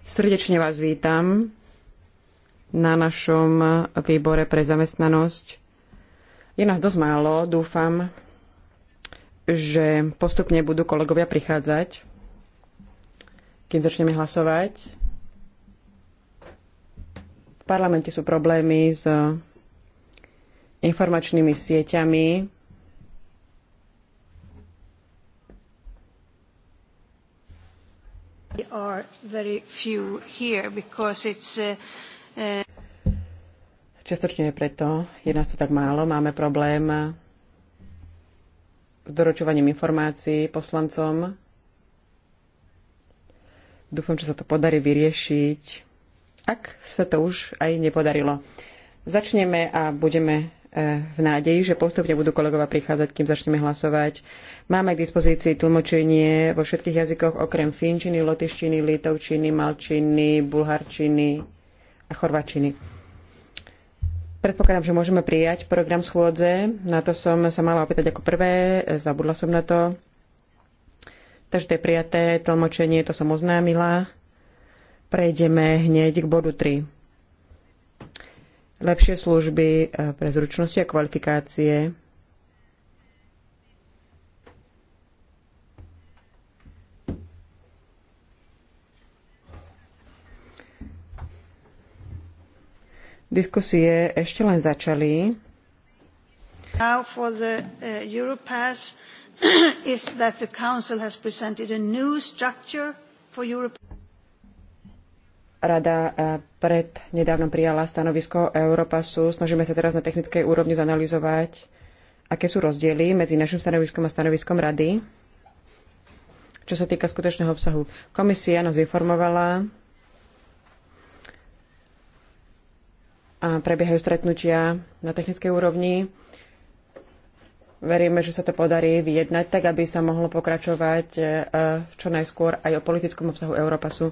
Srdečne vás vítam na našom výbore pre zamestnanosť. Je nás dosť málo, dúfam, že postupne budú kolegovia prichádzať, kým začneme hlasovať. V parlamente sú problémy s informačnými sieťami, Uh, uh, Čiastočne je preto, je nás tu tak málo, máme problém s doručovaním informácií poslancom. Dúfam, že sa to podarí vyriešiť, ak sa to už aj nepodarilo. Začneme a budeme E, v nádeji, že postupne budú kolegova prichádzať, kým začneme hlasovať. Máme k dispozícii tlmočenie vo všetkých jazykoch okrem finčiny, lotištiny, litovčiny, malčiny, bulharčiny a chorvačiny. Predpokladám, že môžeme prijať program schôdze. Na to som sa mala opýtať ako prvé, zabudla som na to. Takže to je prijaté tlmočenie, to som oznámila. Prejdeme hneď k bodu 3 lepšie služby e, pre zručnosti a kvalifikácie. Diskusie ešte len začali. Now for the uh, Europass is that the Council has presented a new structure for Europe. Rada e, pred nedávnom prijala stanovisko Europasu. Snažíme sa teraz na technickej úrovni zanalizovať, aké sú rozdiely medzi našim stanoviskom a stanoviskom Rady, čo sa týka skutočného obsahu. Komisia nás informovala a prebiehajú stretnutia na technickej úrovni. Veríme, že sa to podarí vyjednať tak, aby sa mohlo pokračovať e, čo najskôr aj o politickom obsahu Európasu.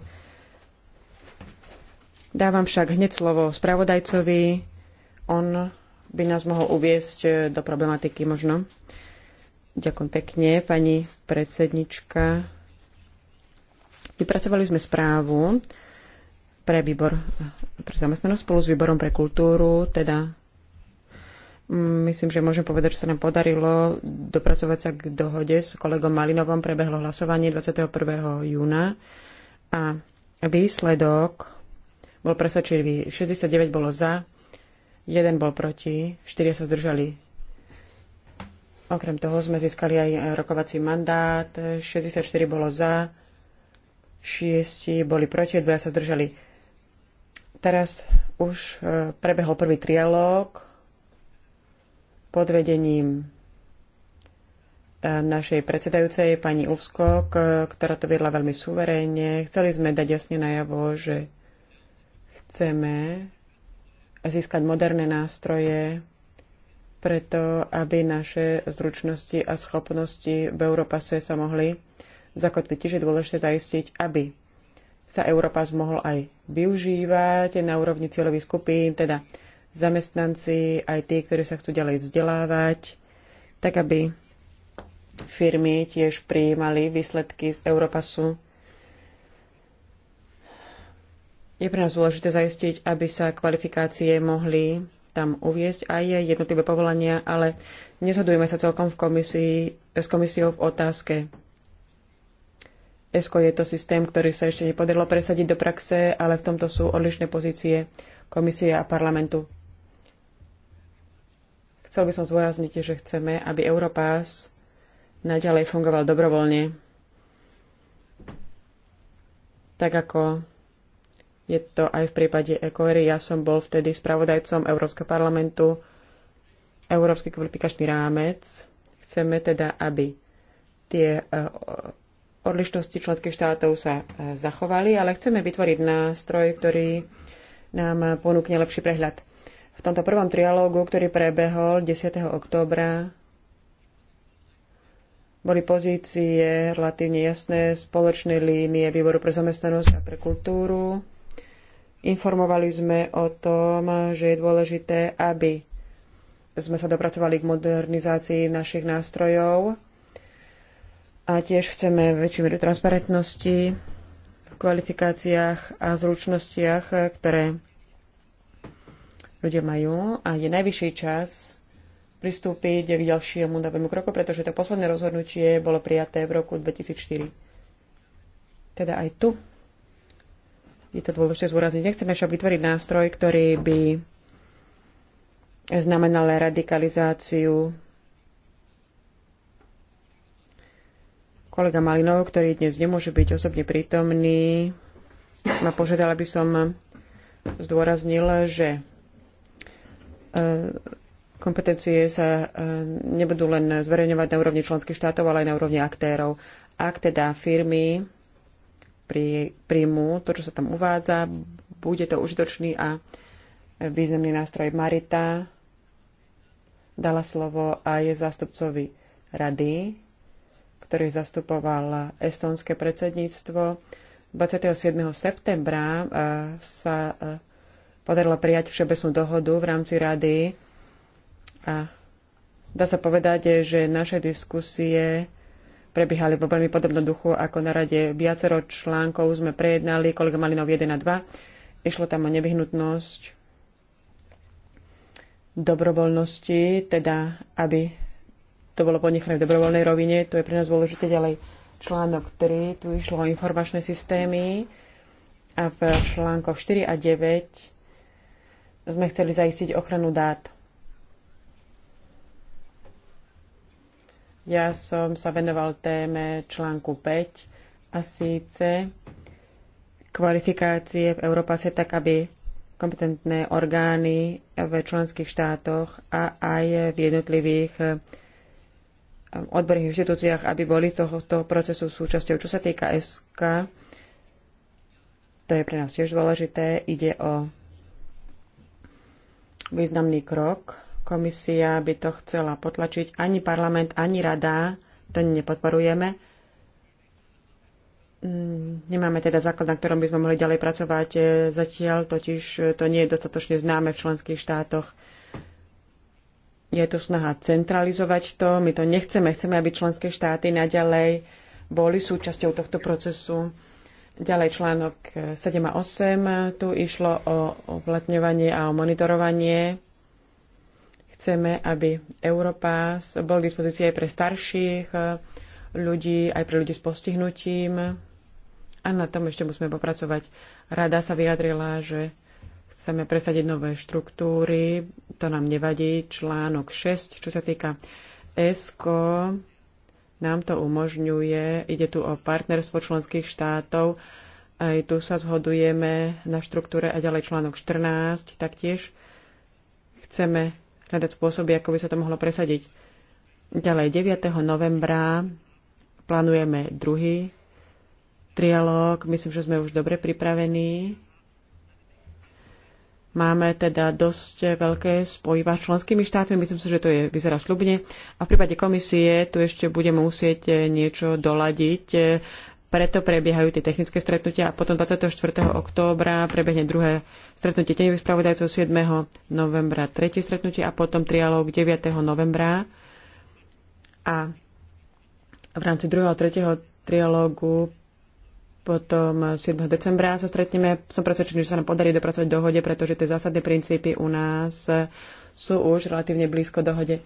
Dávam však hneď slovo spravodajcovi. On by nás mohol uviesť eh, do problematiky možno. Ďakujem pekne, pani predsednička. Vypracovali sme správu pre výbor eh, pre zamestnanosť spolu s výborom pre kultúru, teda mm, myslím, že môžem povedať, že sa nám podarilo dopracovať sa k dohode s kolegom Malinovom. Prebehlo hlasovanie 21. júna a výsledok bol presvedčivý. 69 bolo za, 1 bol proti, 4 sa zdržali. Okrem toho sme získali aj rokovací mandát, 64 bolo za, 6 boli proti, 2 sa zdržali. Teraz už e, prebehol prvý trialóg pod vedením e, našej predsedajúcej pani Uvskok, e, ktorá to viedla veľmi suverénne. Chceli sme dať jasne najavo, že Chceme získať moderné nástroje preto, aby naše zručnosti a schopnosti v Európase sa mohli zakotviť. Tiež je dôležité zaistiť, aby sa Európas mohol aj využívať na úrovni cieľových skupín, teda zamestnanci, aj tí, ktorí sa chcú ďalej vzdelávať, tak aby firmy tiež prijímali výsledky z Európasu. Je pre nás dôležité zaistiť, aby sa kvalifikácie mohli tam uviezť aj jednotlivé povolania, ale nezhodujeme sa celkom v komisii, s komisiou v otázke. ESCO je to systém, ktorý sa ešte nepodarilo presadiť do praxe, ale v tomto sú odlišné pozície komisie a parlamentu. Chcel by som zdôrazniť, že chceme, aby Europass naďalej fungoval dobrovoľne, tak ako je to aj v prípade ECOERY. Ja som bol vtedy spravodajcom Európskeho parlamentu Európsky kvalifikačný rámec. Chceme teda, aby tie e, odlišnosti členských štátov sa e, zachovali, ale chceme vytvoriť nástroj, ktorý nám ponúkne lepší prehľad. V tomto prvom trialógu, ktorý prebehol 10. októbra, boli pozície relatívne jasné, spoločné línie Výboru pre zamestnanosť a pre kultúru, Informovali sme o tom, že je dôležité, aby sme sa dopracovali k modernizácii našich nástrojov a tiež chceme väčšiu mieru transparentnosti v kvalifikáciách a zručnostiach, ktoré ľudia majú a je najvyšší čas pristúpiť k ďalšiemu novému kroku, pretože to posledné rozhodnutie bolo prijaté v roku 2004. Teda aj tu je to dôležité zúrazniť. Nechceme však vytvoriť nástroj, ktorý by znamenal radikalizáciu kolega Malinov, ktorý dnes nemôže byť osobne prítomný, ma požiadala, aby som zdôraznil, že e, kompetencie sa e, nebudú len zverejňovať na úrovni členských štátov, ale aj na úrovni aktérov. Ak teda firmy príjmu to, čo sa tam uvádza. Bude to užitočný a významný nástroj Marita. Dala slovo a je zástupcovi rady, ktorý zastupoval estónske predsedníctvo. 27. septembra e, sa e, podarilo prijať všeobecnú dohodu v rámci rady a dá sa povedať, že naše diskusie prebiehali vo veľmi podobnom duchu ako na rade. Viacero článkov sme prejednali, kolega Malinov 1 a 2. Išlo tam o nevyhnutnosť dobrovoľnosti, teda aby to bolo ponechané v dobrovoľnej rovine, to je pre nás dôležité ďalej. Článok 3, tu išlo o informačné systémy a v článkoch 4 a 9 sme chceli zaistiť ochranu dát. Ja som sa venoval téme článku 5 a síce kvalifikácie v Európase tak, aby kompetentné orgány v členských štátoch a aj v jednotlivých um, odborných inštitúciách, aby boli tohoto procesu súčasťou. Čo sa týka SK, to je pre nás tiež dôležité, ide o významný krok Komisia by to chcela potlačiť. Ani parlament, ani rada to nepodporujeme. Mm, nemáme teda základ, na ktorom by sme mohli ďalej pracovať. E, zatiaľ totiž to nie je dostatočne známe v členských štátoch. Je tu snaha centralizovať to, my to nechceme, chceme, aby členské štáty naďalej boli súčasťou tohto procesu. Ďalej článok 7 a 8, tu išlo o uplatňovanie a o monitorovanie Chceme, aby Europass bol k dispozícii aj pre starších eh, ľudí, aj pre ľudí s postihnutím. A na tom ešte musíme popracovať. Rada sa vyjadrila, že chceme presadiť nové štruktúry, to nám nevadí. Článok 6, čo sa týka ESCO, nám to umožňuje. Ide tu o partnerstvo členských štátov. Aj tu sa zhodujeme na štruktúre a ďalej článok 14. Taktiež chceme hľadať spôsoby, ako by sa to mohlo presadiť. Ďalej, 9. novembra plánujeme druhý trialog. Myslím, že sme už dobre pripravení. Máme teda dosť veľké spojiva s členskými štátmi. Myslím si, že to je, vyzerá slubne. A v prípade komisie tu ešte budeme musieť niečo doladiť preto prebiehajú tie technické stretnutia a potom 24. októbra prebehne druhé stretnutie tenivých spravodajcov 7. novembra, tretie stretnutie a potom trialóg 9. novembra. A v rámci druhého a tretieho trialógu potom 7. decembra sa stretneme. Som presvedčený, že sa nám podarí dopracovať dohode, pretože tie zásadné princípy u nás sú už relatívne blízko dohode.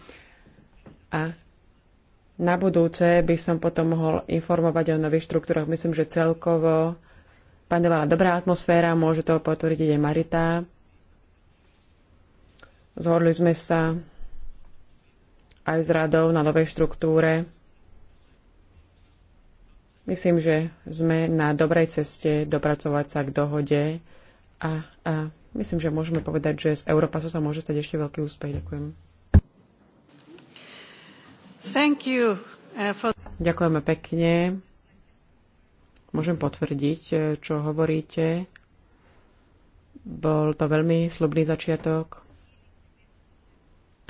A na budúce by som potom mohol informovať o nových štruktúrach. Myslím, že celkovo panovala dobrá atmosféra, môže to potvrdiť aj Marita. Zhodli sme sa aj s radou na novej štruktúre. Myslím, že sme na dobrej ceste dopracovať sa k dohode a, a myslím, že môžeme povedať, že z Európa sa môže stať ešte veľký úspech. Ďakujem. Uh, Ďakujeme pekne. Môžem potvrdiť, eh, čo hovoríte. Bol to veľmi slobný začiatok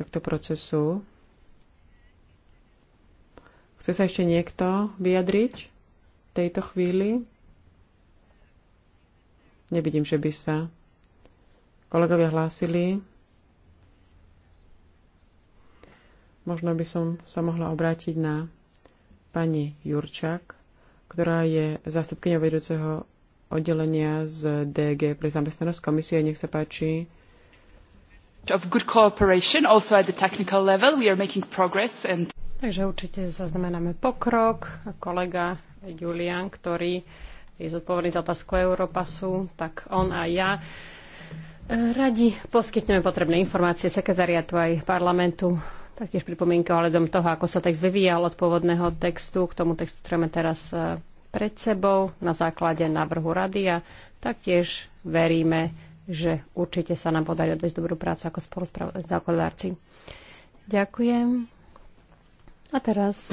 tohto procesu. Chce sa ešte niekto vyjadriť v tejto chvíli? Nevidím, že by sa kolegovia hlásili. Možno by som sa mohla obrátiť na pani Jurčak, ktorá je zástupkynia vedúceho oddelenia z DG pre zamestnanosť komisie. Nech sa páči. Of good cooperation also at the technical level. We are making progress and... Takže určite zaznamenáme pokrok. Kolega Julian, ktorý je zodpovedný za otázku Europasu, tak on a ja eh, radi poskytneme potrebné informácie sekretariatu aj parlamentu Taktiež pripomienka ohľadom toho, ako sa text vyvíjal od pôvodného textu k tomu textu, ktorý máme teraz e, pred sebou na základe návrhu rady a taktiež veríme, že určite sa nám podarí odvieť dobrú prácu ako spoluzákonodárci. Ďakujem. A teraz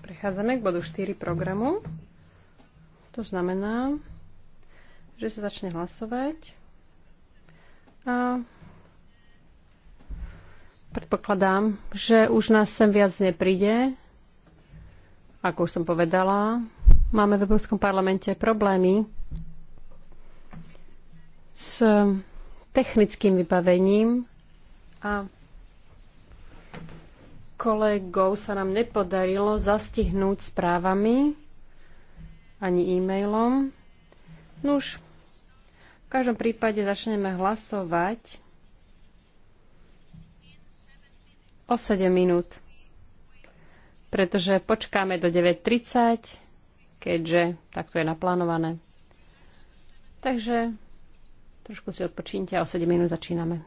prechádzame k bodu 4 programu. To znamená, že sa začne hlasovať. A Predpokladám, že už nás sem viac nepríde. Ako už som povedala, máme v Európskom parlamente problémy s technickým vybavením a kolegov sa nám nepodarilo zastihnúť správami ani e-mailom. Nuž, no v každom prípade začneme hlasovať o 7 minút, pretože počkáme do 9.30, keďže takto je naplánované. Takže trošku si odpočínte a o 7 minút začíname.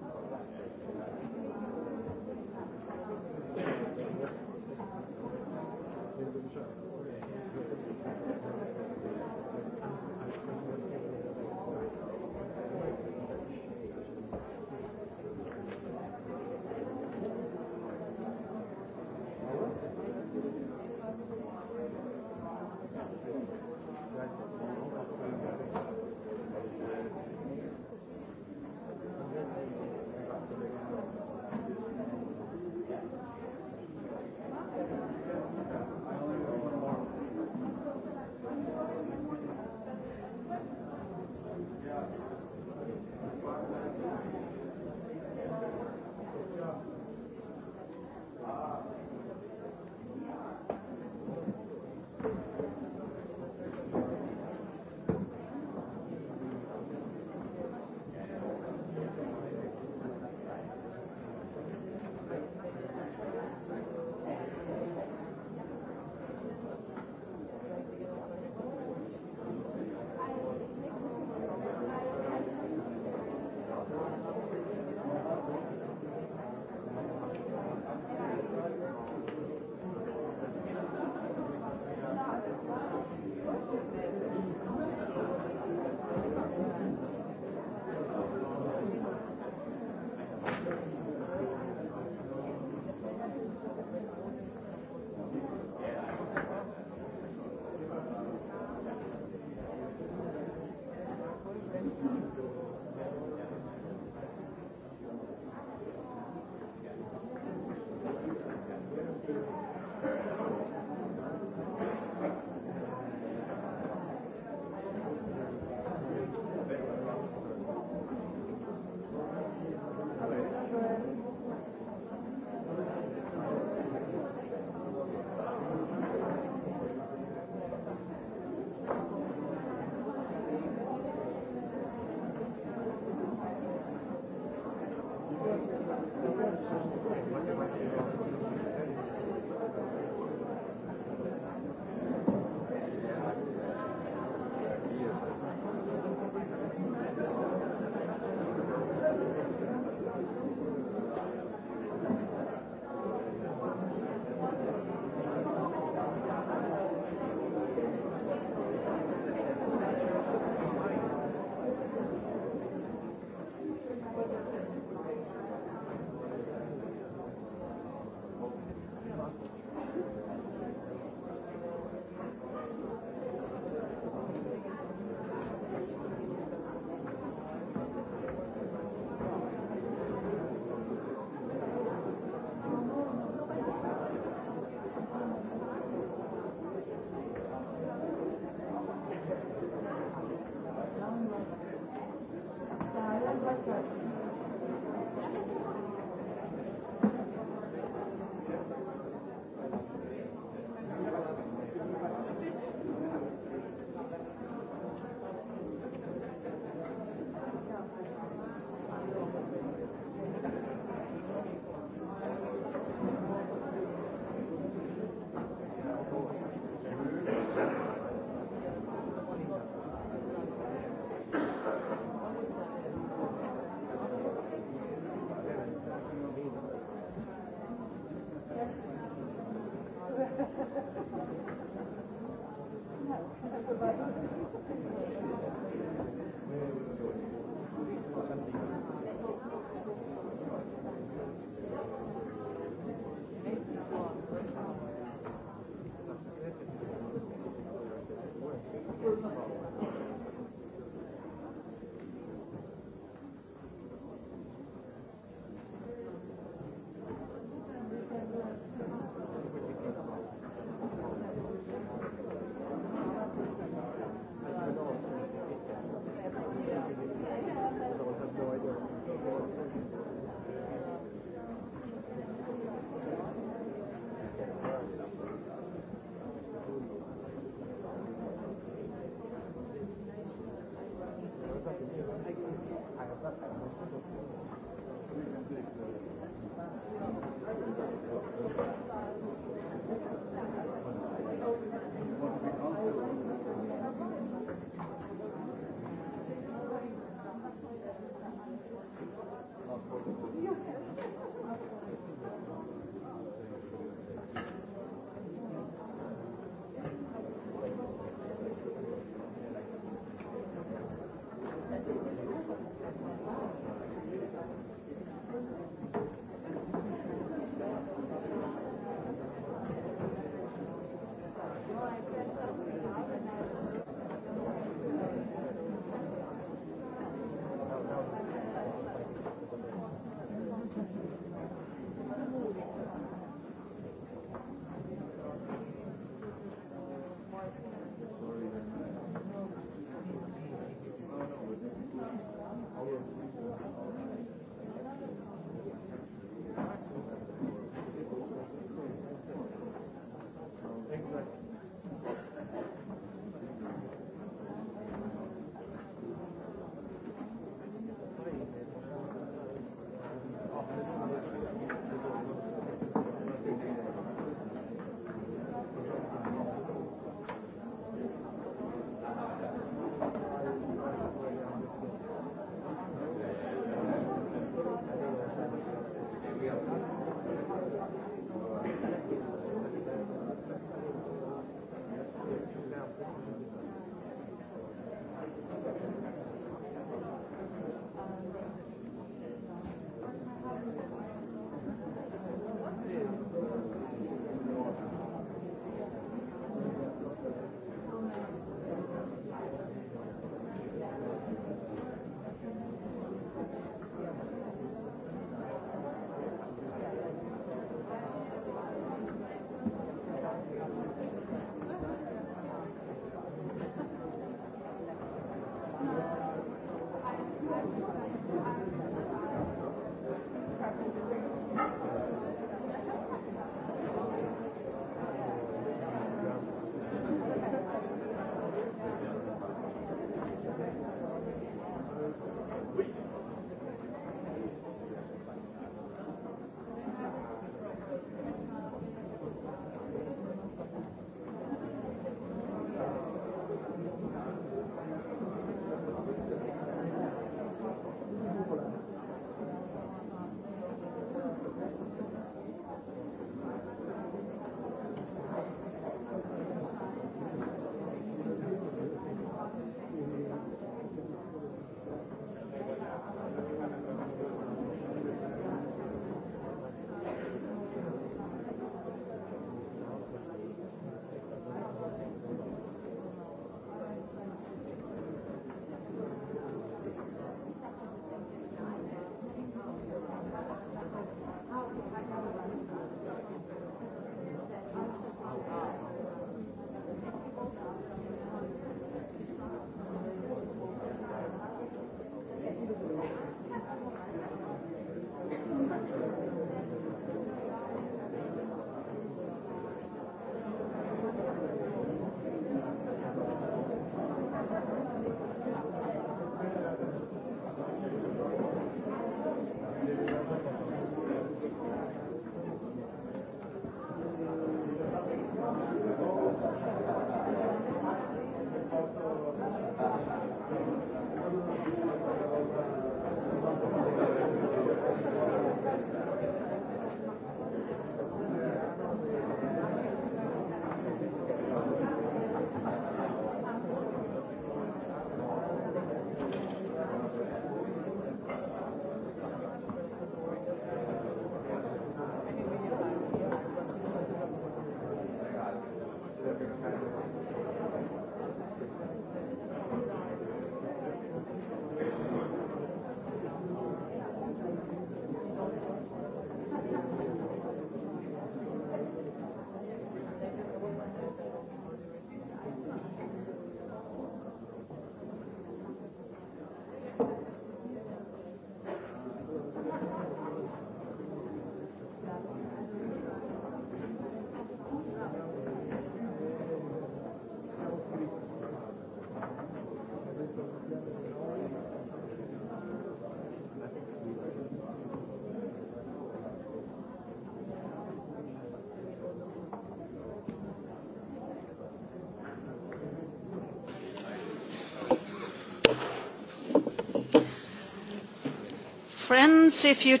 Friends, you...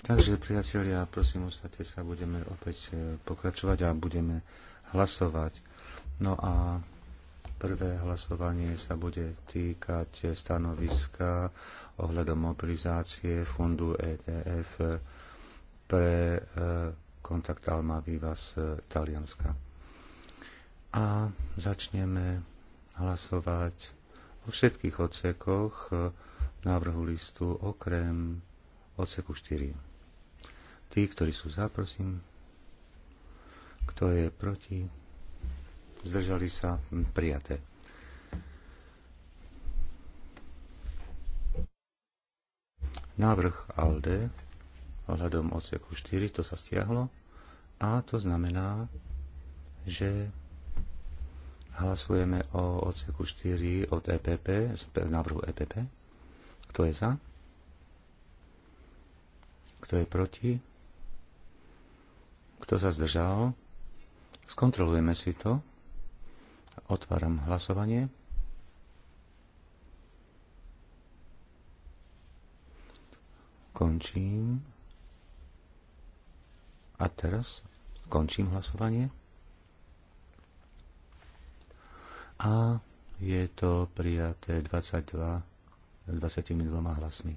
Takže, priatelia, prosím, ostate sa, budeme opäť e, pokračovať a budeme hlasovať. No a prvé hlasovanie sa bude týkať stanoviska ohľadom mobilizácie fondu ETF pre e, kontakt Alma Viva z Talianska. A začneme hlasovať o všetkých odsekoch e, návrhu listu okrem odseku 4. Tí, ktorí sú za, prosím. Kto je proti? Zdržali sa prijaté. Návrh ALDE ohľadom odseku 4, to sa stiahlo a to znamená, že hlasujeme o odseku 4 od EPP, z návrhu EPP. Kto je za? Kto je proti? Kto sa zdržal? Skontrolujeme si to. Otváram hlasovanie. Končím. A teraz končím hlasovanie. A je to prijaté 22, 22 hlasmi.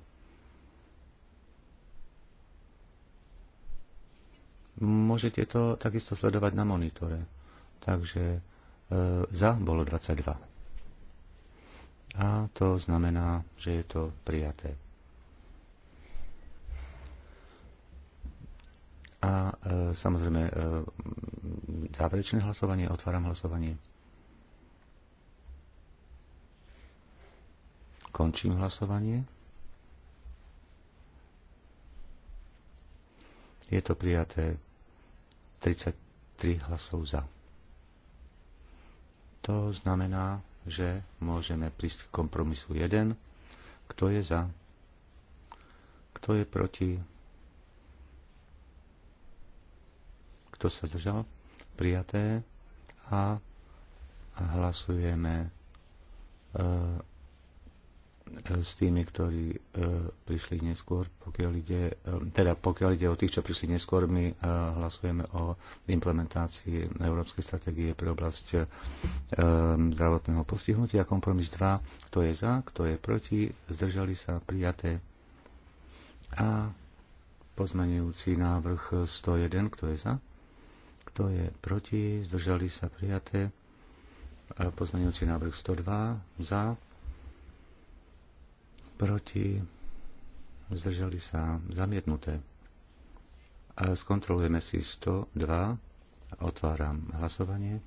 môžete to takisto sledovať na monitore. Takže e, za bolo 22. A to znamená, že je to prijaté. A e, samozrejme, e, záverečné hlasovanie, otváram hlasovanie. Končím hlasovanie. Je to prijaté 33 hlasov za. To znamená, že môžeme prísť k kompromisu 1. Kto je za? Kto je proti? Kto sa zdržal? Prijaté. A hlasujeme e, s tými, ktorí e, prišli neskôr, pokiaľ ide, e, teda pokiaľ ide o tých, čo prišli neskôr, my e, hlasujeme o implementácii Európskej stratégie pre oblasť zdravotného postihnutia. Kompromis 2, kto je za, kto je proti, zdržali sa prijaté. A pozmenujúci návrh 101, kto je za, kto je proti, zdržali sa prijaté. Pozmenujúci návrh 102, za, proti, zdržali sa, zamietnuté. Skontrolujeme si 102, otváram hlasovanie,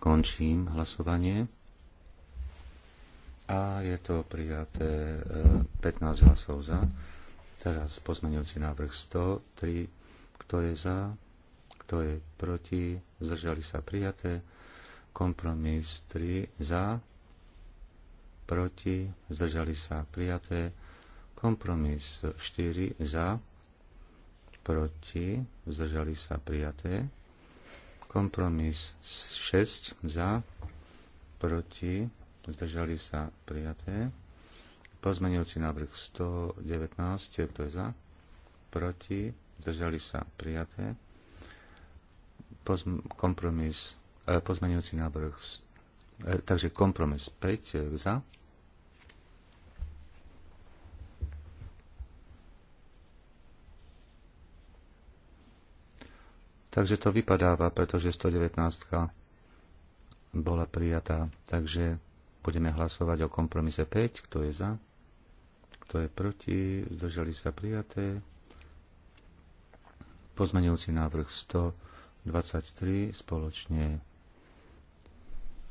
končím hlasovanie a je to prijaté 15 e, hlasov za. Teraz pozmeňujúci návrh 103, kto je za, kto je proti, zdržali sa prijaté, kompromis 3 za, proti, zdržali sa prijaté, kompromis 4 za, proti, zdržali sa prijaté, kompromis 6 za, proti, zdržali sa prijaté, pozmenujúci návrh 119, to je za, proti, zdržali sa prijaté, kompromis, eh, pozmenujúci návrh, eh, takže kompromis 5 za, Takže to vypadáva, pretože 119 bola prijatá. Takže budeme hlasovať o kompromise 5. Kto je za? Kto je proti? Zdržali sa prijaté. Pozmenujúci návrh 123 spoločne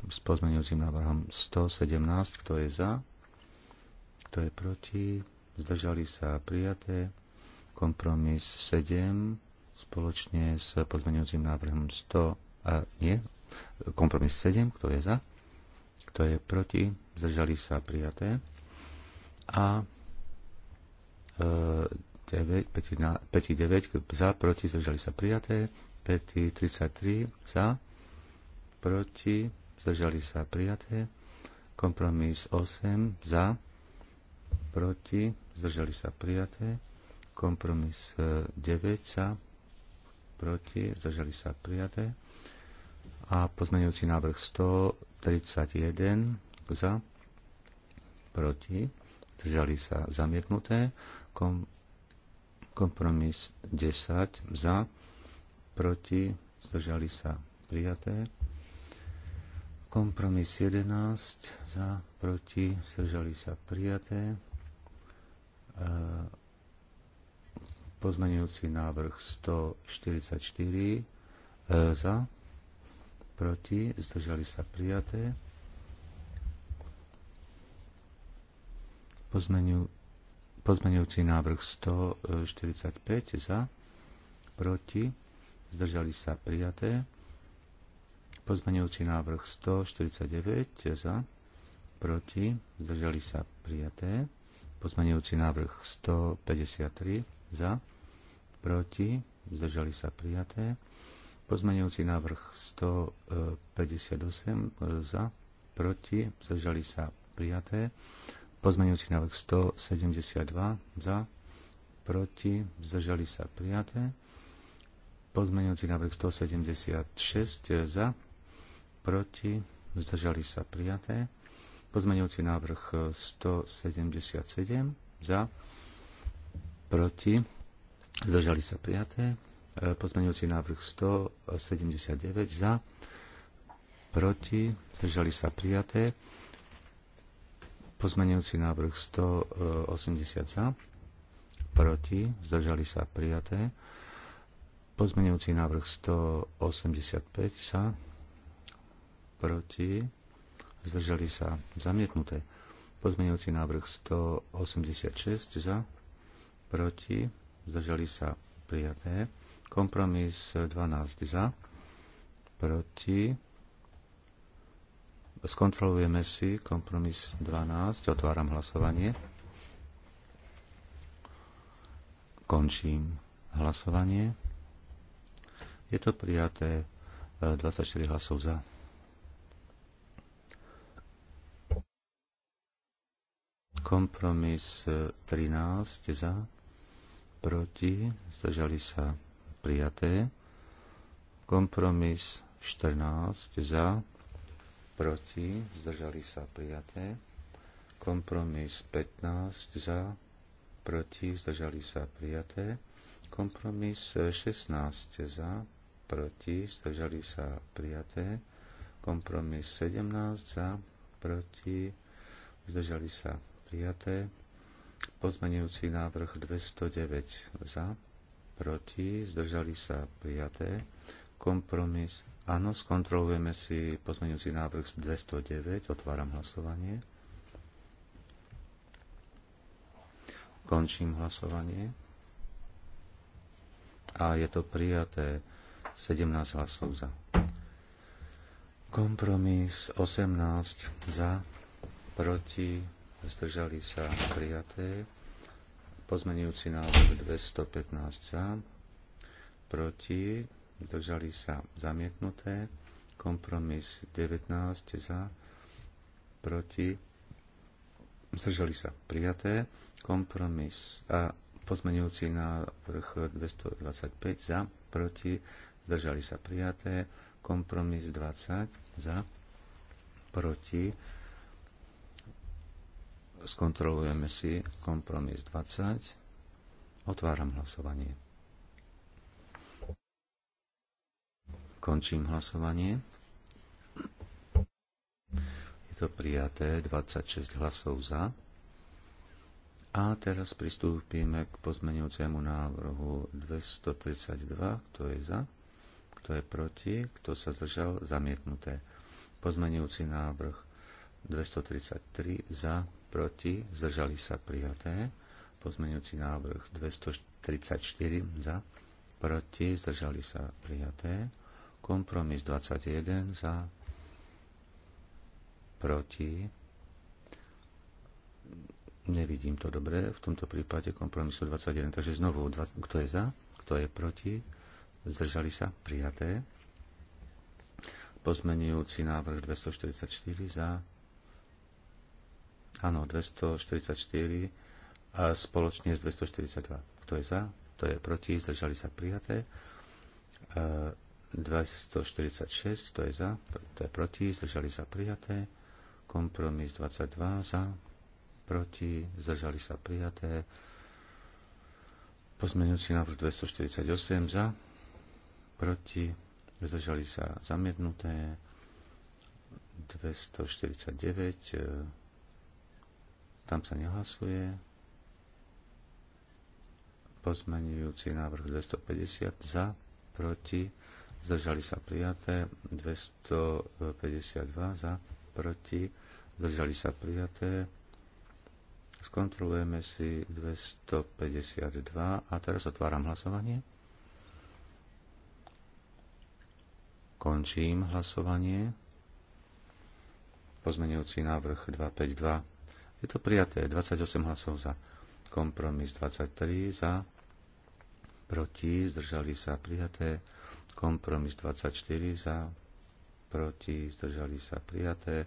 s pozmenujúcim návrhom 117. Kto je za? Kto je proti? Zdržali sa prijaté. Kompromis 7 spoločne s pozmeňujúcim návrhom 100 a nie. Kompromis 7, kto je za, kto je proti, zdržali sa prijaté. A e, 9, 5, 9 za, proti, zdržali sa prijaté. 5, 33 za, proti, zdržali sa prijaté. Kompromis 8 za, proti, zdržali sa prijaté. Kompromis 9 e, za, proti, zdržali sa prijaté. A poznajúci návrh 131 za, proti, zdržali sa zamietnuté. Kom, kompromis 10 za, proti, zdržali sa prijaté. Kompromis 11 za, proti, zdržali sa prijaté. E, Pozmenujúci návrh 144 e, za, proti, zdržali sa prijaté. Pozmeniu, pozmenujúci návrh 145 za, proti, zdržali sa prijaté. Pozmenujúci návrh 149 za, proti, zdržali sa prijaté. Pozmenujúci návrh 153 za, proti, zdržali sa prijaté. Pozmenujúci návrh 158 e, za, proti, zdržali sa prijaté. Pozmenujúci návrh 172 za, proti, zdržali sa prijaté. Pozmenujúci návrh 176 e, za, proti, zdržali sa prijaté. Pozmenujúci návrh 177 za, proti, E, zdržali sa prijaté. Pozmeňujúci návrh 179 za, proti, zdržali sa prijaté. Pozmenujúci návrh 180 za, proti, zdržali sa prijaté. Pozmenujúci návrh 185 za, proti, zdržali sa zamietnuté. Pozmenujúci návrh 186 za, proti, zdržali sa prijaté. Kompromis 12 za, proti. Skontrolujeme si kompromis 12, otváram hlasovanie. Končím hlasovanie. Je to prijaté 24 e, hlasov za. Kompromis 13 e, za, proti, zdržali sa prijaté. Kompromis 14 za, proti, zdržali sa prijaté. Kompromis 15 za, proti, zdržali sa prijaté. Kompromis 16 za, proti, zdržali sa prijaté. Kompromis 17 za, proti, zdržali sa prijaté. Pozmenujúci návrh 209 za, proti, zdržali sa prijaté. Kompromis, áno, skontrolujeme si pozmenujúci návrh 209, otváram hlasovanie. Končím hlasovanie. A je to prijaté 17 hlasov za. Kompromis 18 za, proti, zdržali sa prijaté. Pozmenujúci návrh 215 za, proti, zdržali sa zamietnuté. Kompromis 19 za, proti, zdržali sa prijaté. Kompromis a pozmenujúci návrh 225 za, proti, zdržali sa prijaté. Kompromis 20 za, proti, Skontrolujeme si kompromis 20. Otváram hlasovanie. Končím hlasovanie. Je to prijaté 26 hlasov za. A teraz pristúpime k pozmenujúcemu návrhu 232. Kto je za? Kto je proti? Kto sa zdržal? Zamietnuté. Pozmenujúci návrh 233 za, proti, zdržali sa prijaté. Pozmeňujúci návrh 234 za, proti, zdržali sa prijaté. Kompromis 21 za, proti. Nevidím to dobre v tomto prípade kompromisu 21. Takže znovu, kto je za, kto je proti, zdržali sa prijaté. Pozmenujúci návrh 244 za, Áno, 244 a spoločne s 242. Kto je za? Kto je proti? Zdržali sa prijaté. 246, e, kto je za, to je proti, zdržali sa prijaté. Kompromis 22 za, proti, zdržali sa prijaté. Pozmenujúci návrh 248 za, proti, zdržali sa zamietnuté. 249 tam sa nehlasuje. Pozmenujúci návrh 250 za, proti, zdržali sa prijaté. 252 za, proti, zdržali sa prijaté. Skontrolujeme si 252 a teraz otváram hlasovanie. Končím hlasovanie. Pozmenujúci návrh 252 je to prijaté. 28 hlasov za. Kompromis 23 za. Proti. Zdržali sa. Prijaté. Kompromis 24 za. Proti. Zdržali sa. Prijaté.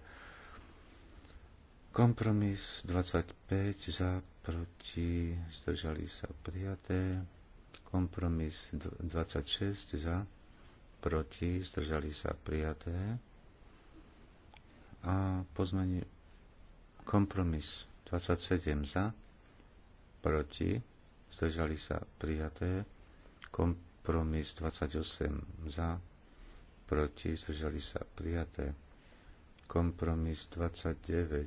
Kompromis 25 za. Proti. Zdržali sa. Prijaté. Kompromis 26 za. Proti. Zdržali sa. Prijaté. A pozmenie Kompromis 27 za, proti, zdržali sa prijaté. Kompromis 28 za, proti, zdržali sa prijaté. Kompromis 29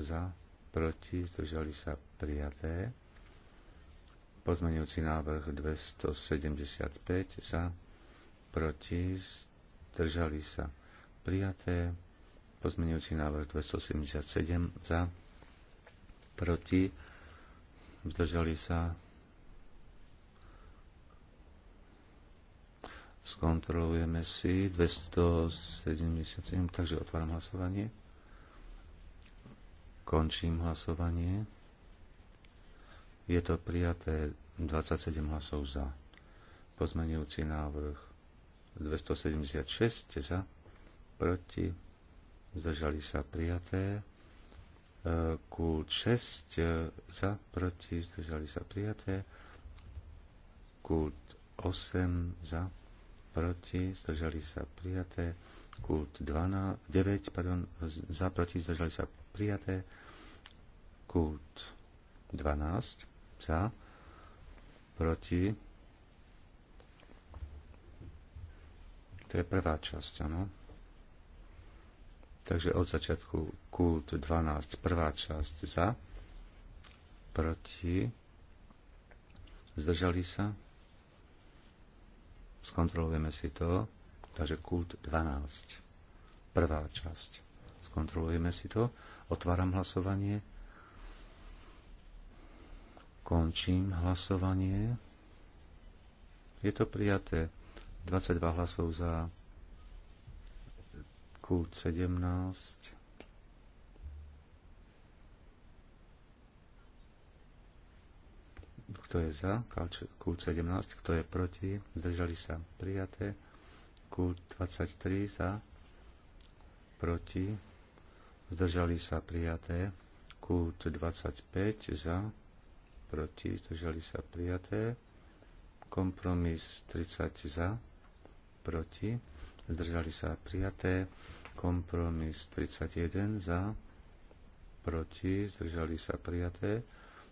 za, proti, zdržali sa prijaté. Pozmenujúci návrh 275 za, proti, zdržali sa prijaté pozmeňujúci návrh 277 za, proti, zdržali sa. Skontrolujeme si 277, takže otváram hlasovanie. Končím hlasovanie. Je to prijaté 27 hlasov za. pozmeňujúci návrh 276 za, proti, zdržali sa prijaté. E, Kult 6 e, za, proti, zdržali sa prijaté. Kult 8 za, proti, zdržali sa prijaté. Kult 12, 9, pardon, za, proti, zdržali sa prijaté. Kult 12 za, proti. To je prvá časť, áno. Takže od začiatku kult 12, prvá časť za, proti, zdržali sa. Skontrolujeme si to. Takže kult 12, prvá časť. Skontrolujeme si to. Otváram hlasovanie. Končím hlasovanie. Je to prijaté. 22 hlasov za, kult 17. Kto je za? Kult 17. Kto je proti? Zdržali sa prijaté. Kult 23 za. Proti. Zdržali sa prijaté. Kult 25 za. Proti. Zdržali sa prijaté. Kompromis 30 za. Proti zdržali sa prijaté, kompromis 31 za, proti, zdržali sa prijaté,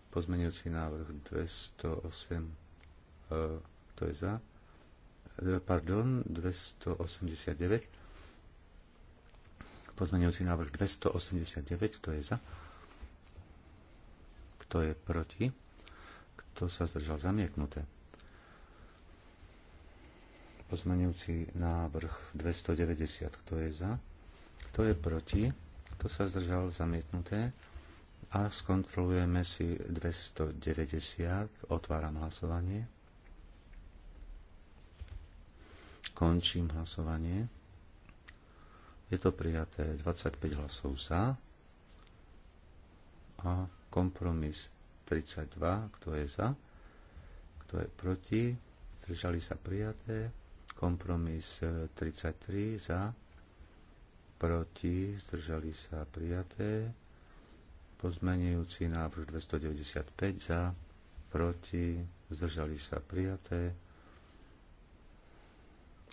pozmenujúci návrh 208, e, to je za, e, pardon, 289, pozmenujúci návrh 289, kto je za, kto je proti, kto sa zdržal zamietnuté. Pozmenujúci návrh 290. Kto je za? Kto je proti? Kto sa zdržal? Zamietnuté. A skontrolujeme si 290. Otváram hlasovanie. Končím hlasovanie. Je to prijaté 25 hlasov za a kompromis 32, kto je za, kto je proti, zdržali sa prijaté. Kompromis 33 e, za, proti, zdržali sa prijaté. Pozmenujúci návrh 295 za, proti, zdržali sa prijaté.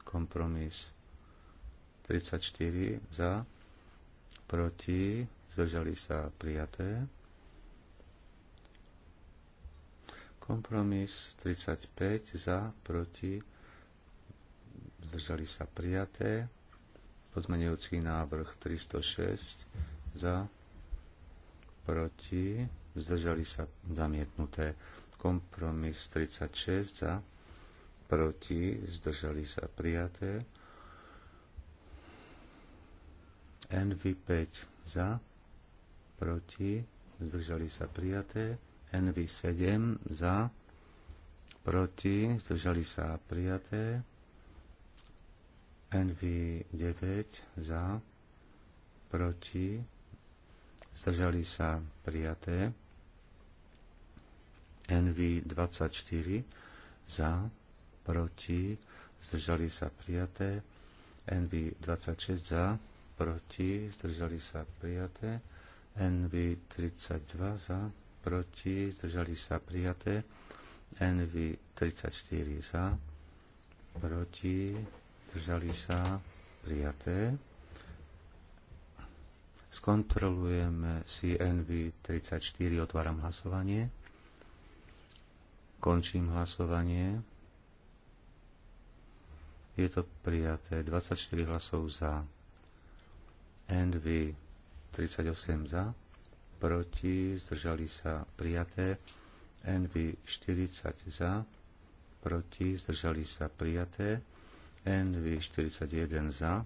Kompromis 34 za, proti, zdržali sa prijaté. Kompromis 35 za, proti, zdržali sa prijaté. Pozmenujúci návrh 306 za, proti, zdržali sa zamietnuté. Kompromis 36 za, proti, zdržali sa prijaté. NV5 za, proti, zdržali sa prijaté. NV7 za, proti, zdržali sa prijaté. NV9 za, proti, zdržali sa prijaté. NV24 za, proti, zdržali sa prijaté. NV26 za, proti, zdržali sa prijaté. NV32 za, proti, zdržali sa prijaté. NV34 za, proti, zdržali sa, prijaté. Skontrolujeme CNV 34, otváram hlasovanie. Končím hlasovanie. Je to prijaté 24 hlasov za. NV 38 za. Proti zdržali sa prijaté. NV 40 za. Proti zdržali sa prijaté. NV 41 za,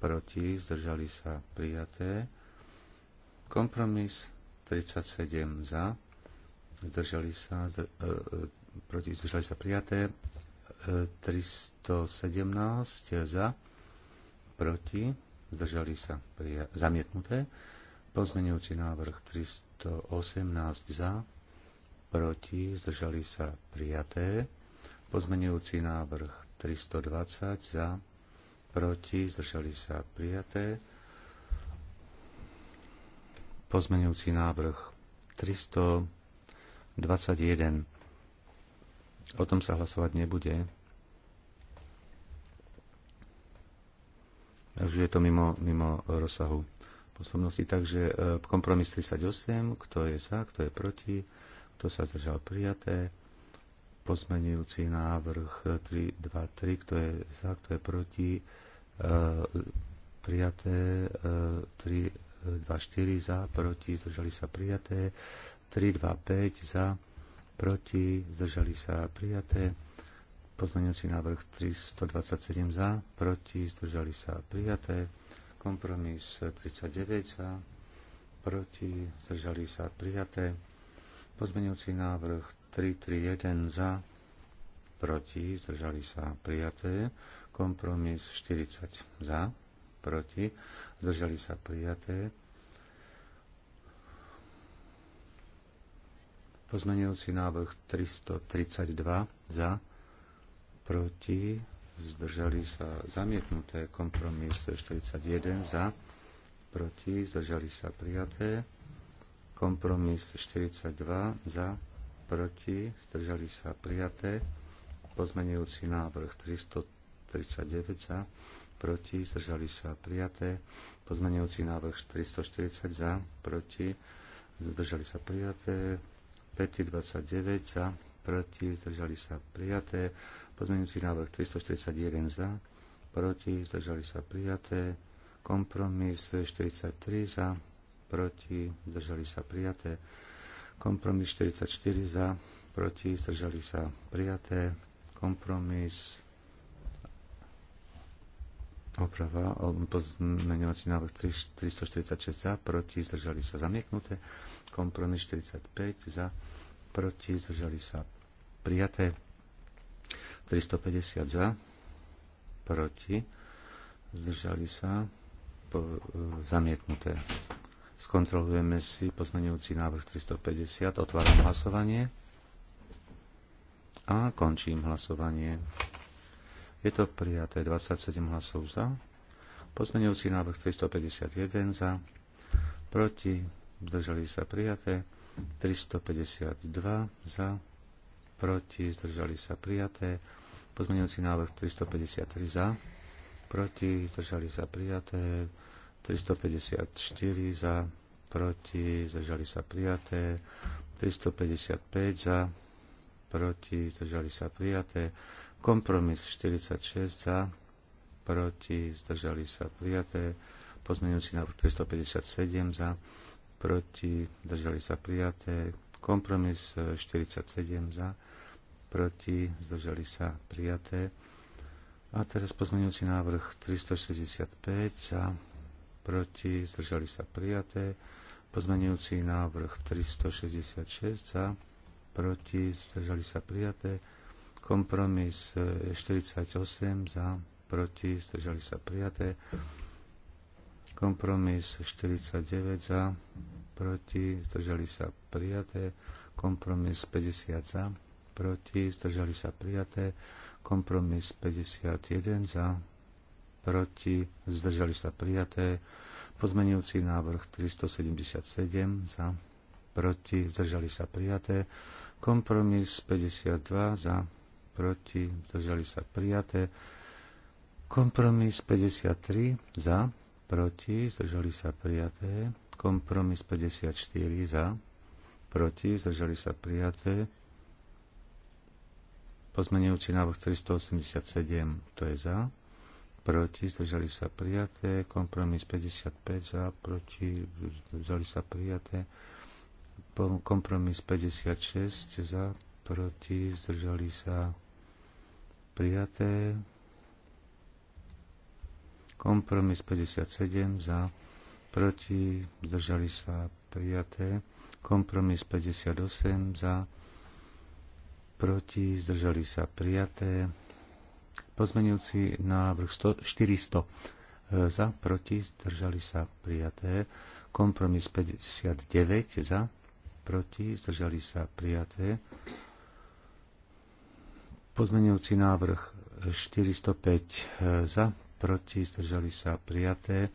proti, zdržali sa prijaté. Kompromis 37 za, zdržali sa, zdr, e, e, proti, zdržali sa prijaté. E, 317 za, proti, zdržali sa prija, zamietnuté. Pozmeňujúci návrh 318 za, proti, zdržali sa prijaté. Pozmeňujúci návrh 320 za, proti, zdržali sa prijaté. Pozmenujúci návrh 321. O tom sa hlasovať nebude. Už je to mimo, mimo rozsahu poslovnosti, Takže e, kompromis 38, kto je za, kto je proti, kto sa zdržal prijaté. Pozmenujúci návrh 323, kto je za, kto je proti. E, prijaté 4 e, za, proti, zdržali sa prijaté. 5 za, proti, zdržali sa prijaté. pozmenujúci návrh 327 za, proti, zdržali sa prijaté. Kompromis 39 za, proti, zdržali sa prijaté. Pozmeňujúci návrh 331 za, proti, zdržali sa prijaté, kompromis 40 za, proti, zdržali sa prijaté. Pozmenujúci návrh 332 za, proti, zdržali sa zamietnuté, kompromis 41 za, proti, zdržali sa prijaté, kompromis 42 za, proti, zdržali sa prijaté. Pozmenujúci návrh 339 za, proti, zdržali sa prijaté. Pozmenujúci návrh 440 za, proti, zdržali sa prijaté. 529 za, proti, zdržali sa prijaté. Pozmenujúci návrh 341 za, proti, zdržali sa prijaté. Kompromis 43 za, proti, zdržali sa prijaté. Kompromis 44 za, proti, zdržali sa prijaté. Kompromis oprava, pozmeňovací návrh 346 za, proti, zdržali sa zamietnuté. Kompromis 45 za, proti, zdržali sa prijaté. 350 za, proti, zdržali sa po, e, zamietnuté. Skontrolujeme si poznaniujúci návrh 350. Otváram hlasovanie. A končím hlasovanie. Je to prijaté 27 hlasov za. Poznaniujúci návrh 351 za. Proti. Zdržali sa prijaté. 352 za. Proti. Zdržali sa prijaté. Pozmeňujúci návrh 353 za. Proti. Zdržali sa prijaté. 354 za, proti, zdržali sa prijaté, 355 za, proti, zdržali sa prijaté, kompromis 46 za, proti, zdržali sa prijaté, pozmeňujúci návrh 357 za, proti, zdržali sa prijaté, kompromis 47 za, proti, zdržali sa prijaté. A teraz pozmeňujúci návrh 365 za, proti, zdržali sa prijaté. Pozmenujúci návrh 366 za, proti, zdržali sa prijaté. Kompromis 48 e, za, proti, zdržali sa prijaté. Kompromis 49 za, proti, zdržali sa prijaté. Kompromis 50 za, proti, zdržali sa prijaté. Kompromis 51 za, proti, zdržali sa prijaté. Pozmenujúci návrh 377 za, proti, zdržali sa prijaté. Kompromis 52 za, proti, zdržali sa prijaté. Kompromis 53 za, proti, zdržali sa prijaté. Kompromis 54 za, proti, zdržali sa prijaté. Pozmenujúci návrh 387, to je za proti, zdržali sa prijaté, kompromis 55 za, proti, zdržali sa prijaté, kompromis 56 za, proti, zdržali sa prijaté, kompromis 57 za, proti, zdržali sa prijaté, kompromis 58 za, proti, zdržali sa prijaté, Pozmenujúci návrh 100, 400 e, za, proti, zdržali sa prijaté. Kompromis 59 za, proti, zdržali sa prijaté. Pozmenujúci návrh 405 e, za, proti, zdržali sa prijaté.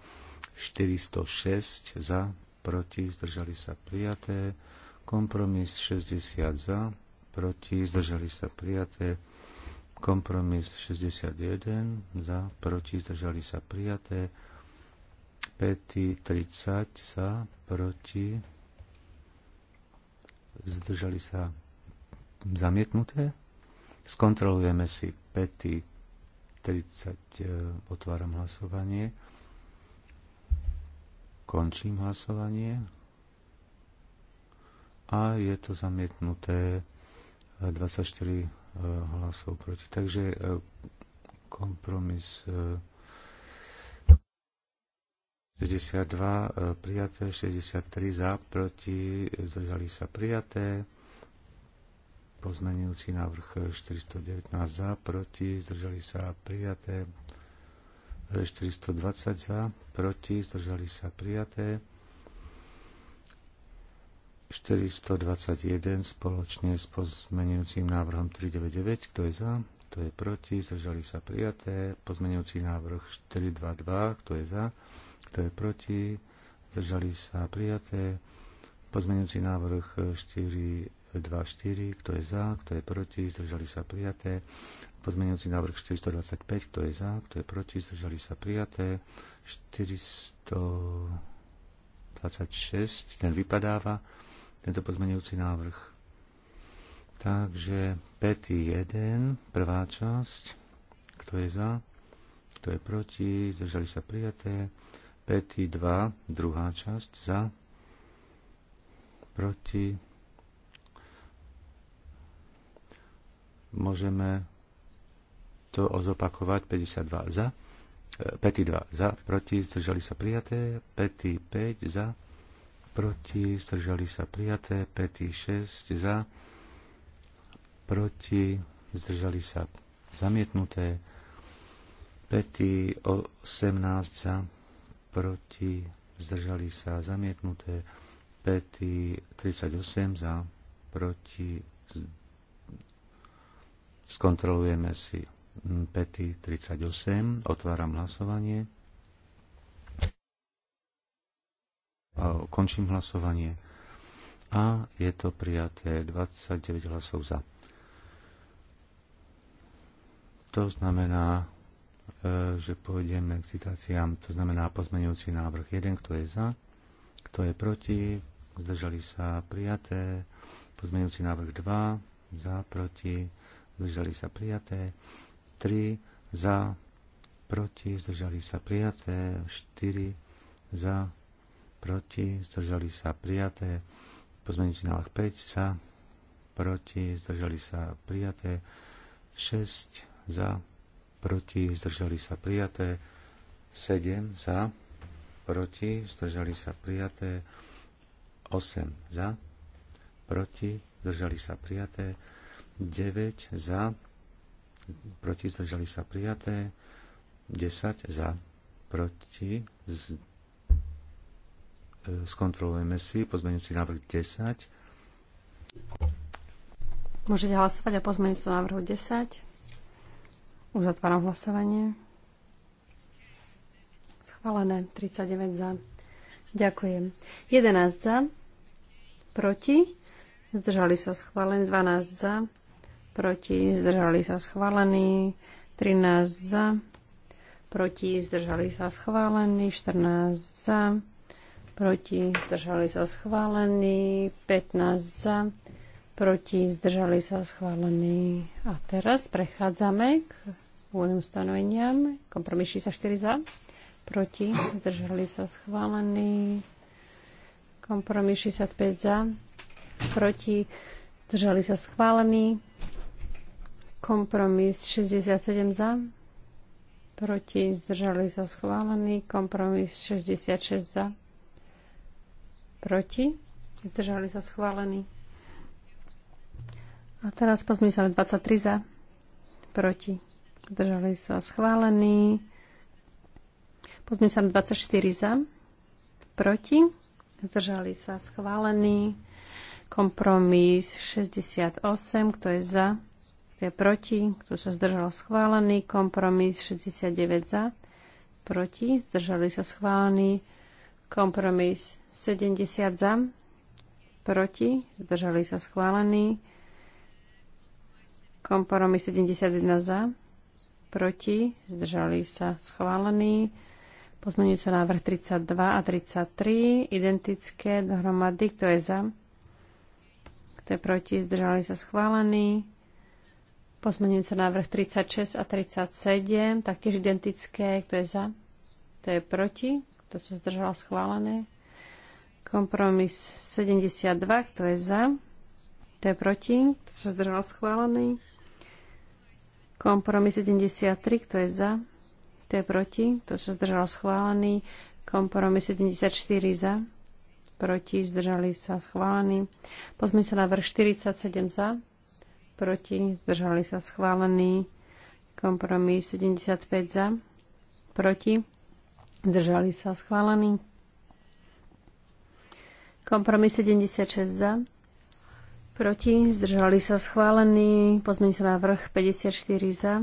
406 za, proti, zdržali sa prijaté. Kompromis 60 za, proti, zdržali sa prijaté. Kompromis 61 za, proti, zdržali sa prijaté. Pety 30 za, proti, zdržali sa zamietnuté. Skontrolujeme si pety 30, e, otváram hlasovanie. Končím hlasovanie. A je to zamietnuté 24 e, Eh, hlasov proti. Takže eh, kompromis 62 eh, prijaté, 63 za, proti, zdržali sa prijaté. Pozmenujúci návrh 419 za, proti, zdržali sa prijaté. 420 za, proti, zdržali sa prijaté. 421 spoločne s pozmenujúcim návrhom 399. Kto je za? Kto je proti? Zdržali sa prijaté. Pozmenujúci návrh 422. Kto je za? Kto je proti? Zdržali sa prijaté. Pozmenujúci návrh 424. Kto je za? Kto je proti? Zdržali sa prijaté. Pozmenujúci návrh 425. Kto je za? Kto je proti? Zdržali sa prijaté. 426. Ten vypadáva tento pozmenujúci návrh. Takže 5. 1, prvá časť, kto je za, kto je proti, zdržali sa prijaté. 5. 2, druhá časť, za, proti. Môžeme to ozopakovať 52 za, 5 2 za, proti, zdržali sa prijaté, 5 5 za, proti, zdržali sa prijaté, 5 6 za, proti, zdržali sa zamietnuté, 5 18 za, proti, zdržali sa zamietnuté, 5 38 za, proti, skontrolujeme si 5 mm, 38, otváram hlasovanie. Končím hlasovanie. A je to prijaté 29 hlasov za. To znamená, e, že pôjdeme k citáciám, to znamená pozmenujúci návrh 1, kto je za, kto je proti, zdržali sa prijaté, pozmenujúci návrh 2, za, proti, zdržali sa prijaté, 3, za, proti, zdržali sa prijaté, 4, za, proti, zdržali sa prijaté. Pozmeňujúci návrh 5 sa, proti, zdržali sa prijaté. 6 za, proti, zdržali sa prijaté. 7 za, proti, zdržali sa prijaté. 8 za, proti, zdržali sa prijaté. 9 za, proti, zdržali sa prijaté. 10 za, proti, E, skontrolujeme si pozmeňujúci návrh 10. Môžete hlasovať o pozmeňujúcom návrhu 10. Uzatváram hlasovanie. Schválené 39 za. Ďakujem. 11 za. Proti. Zdržali sa schválení 12 za. Proti. Zdržali sa schválení 13 za. Proti. Zdržali sa schválení 14 za proti, zdržali sa schválení, 15 za, proti, zdržali sa schválení. A teraz prechádzame k úvodným stanoveniam. Kompromis 64 za, proti, zdržali sa schválení. Kompromis 65 za, proti, zdržali sa schválení. Kompromis 67 za, proti, zdržali sa schválení. Kompromis 66 za, proti, zdržali sa schválení. A teraz pozmysel 23 za, proti, zdržali sa schválení. Pozmysel 24 za, proti, zdržali sa schválení. Kompromis 68, kto je za, kto je proti, kto sa zdržal schválený. Kompromis 69 za, proti, zdržali sa schválený. Kompromis 70 za, proti, zdržali sa schválení. Kompromis 71 za, proti, zdržali sa schválení. Pozmeňujúce návrh 32 a 33, identické dohromady, kto je za, kto je proti, zdržali sa schválení. Pozmeňujúce návrh 36 a 37, taktiež identické, kto je za, kto je proti, kto sa zdržal schválené. Kompromis 72, kto je za, kto je proti, kto sa zdržal schválený. Kompromis 73, kto je za, kto je proti, kto sa zdržal schválený. Kompromis 74 za, proti, zdržali sa schválený. na návrh 47 za, proti, zdržali sa schválený. Kompromis 75 za, proti, Zdržali sa schválený. Kompromis 76 za. Proti. Zdržali sa schválený. Pozmeňte návrh 54 za.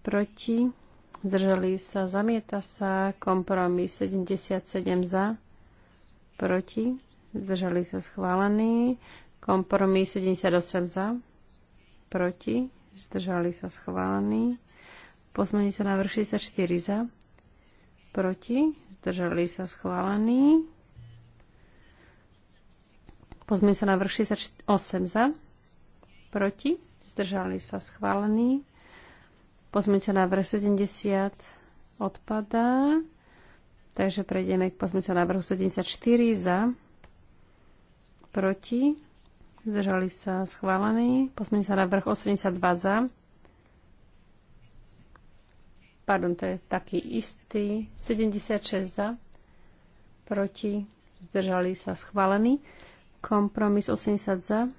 Proti. Zdržali sa. Zamieta sa. Kompromis 77 za. Proti. Zdržali sa schválený. Kompromis 78 za. Proti. Zdržali sa schválený. Pozmeňte návrh 64 za proti, zdržali sa schválení. Pozmeň sa na vrch 68 za, proti, zdržali sa schválení. Pozmeň sa na vrch 70 odpadá. Takže prejdeme k na vrch 74 za, proti, zdržali sa schválení. na vrch 82 za, pardon, to je taký istý, 76 za, proti, zdržali sa schválený. Kompromis 80 za,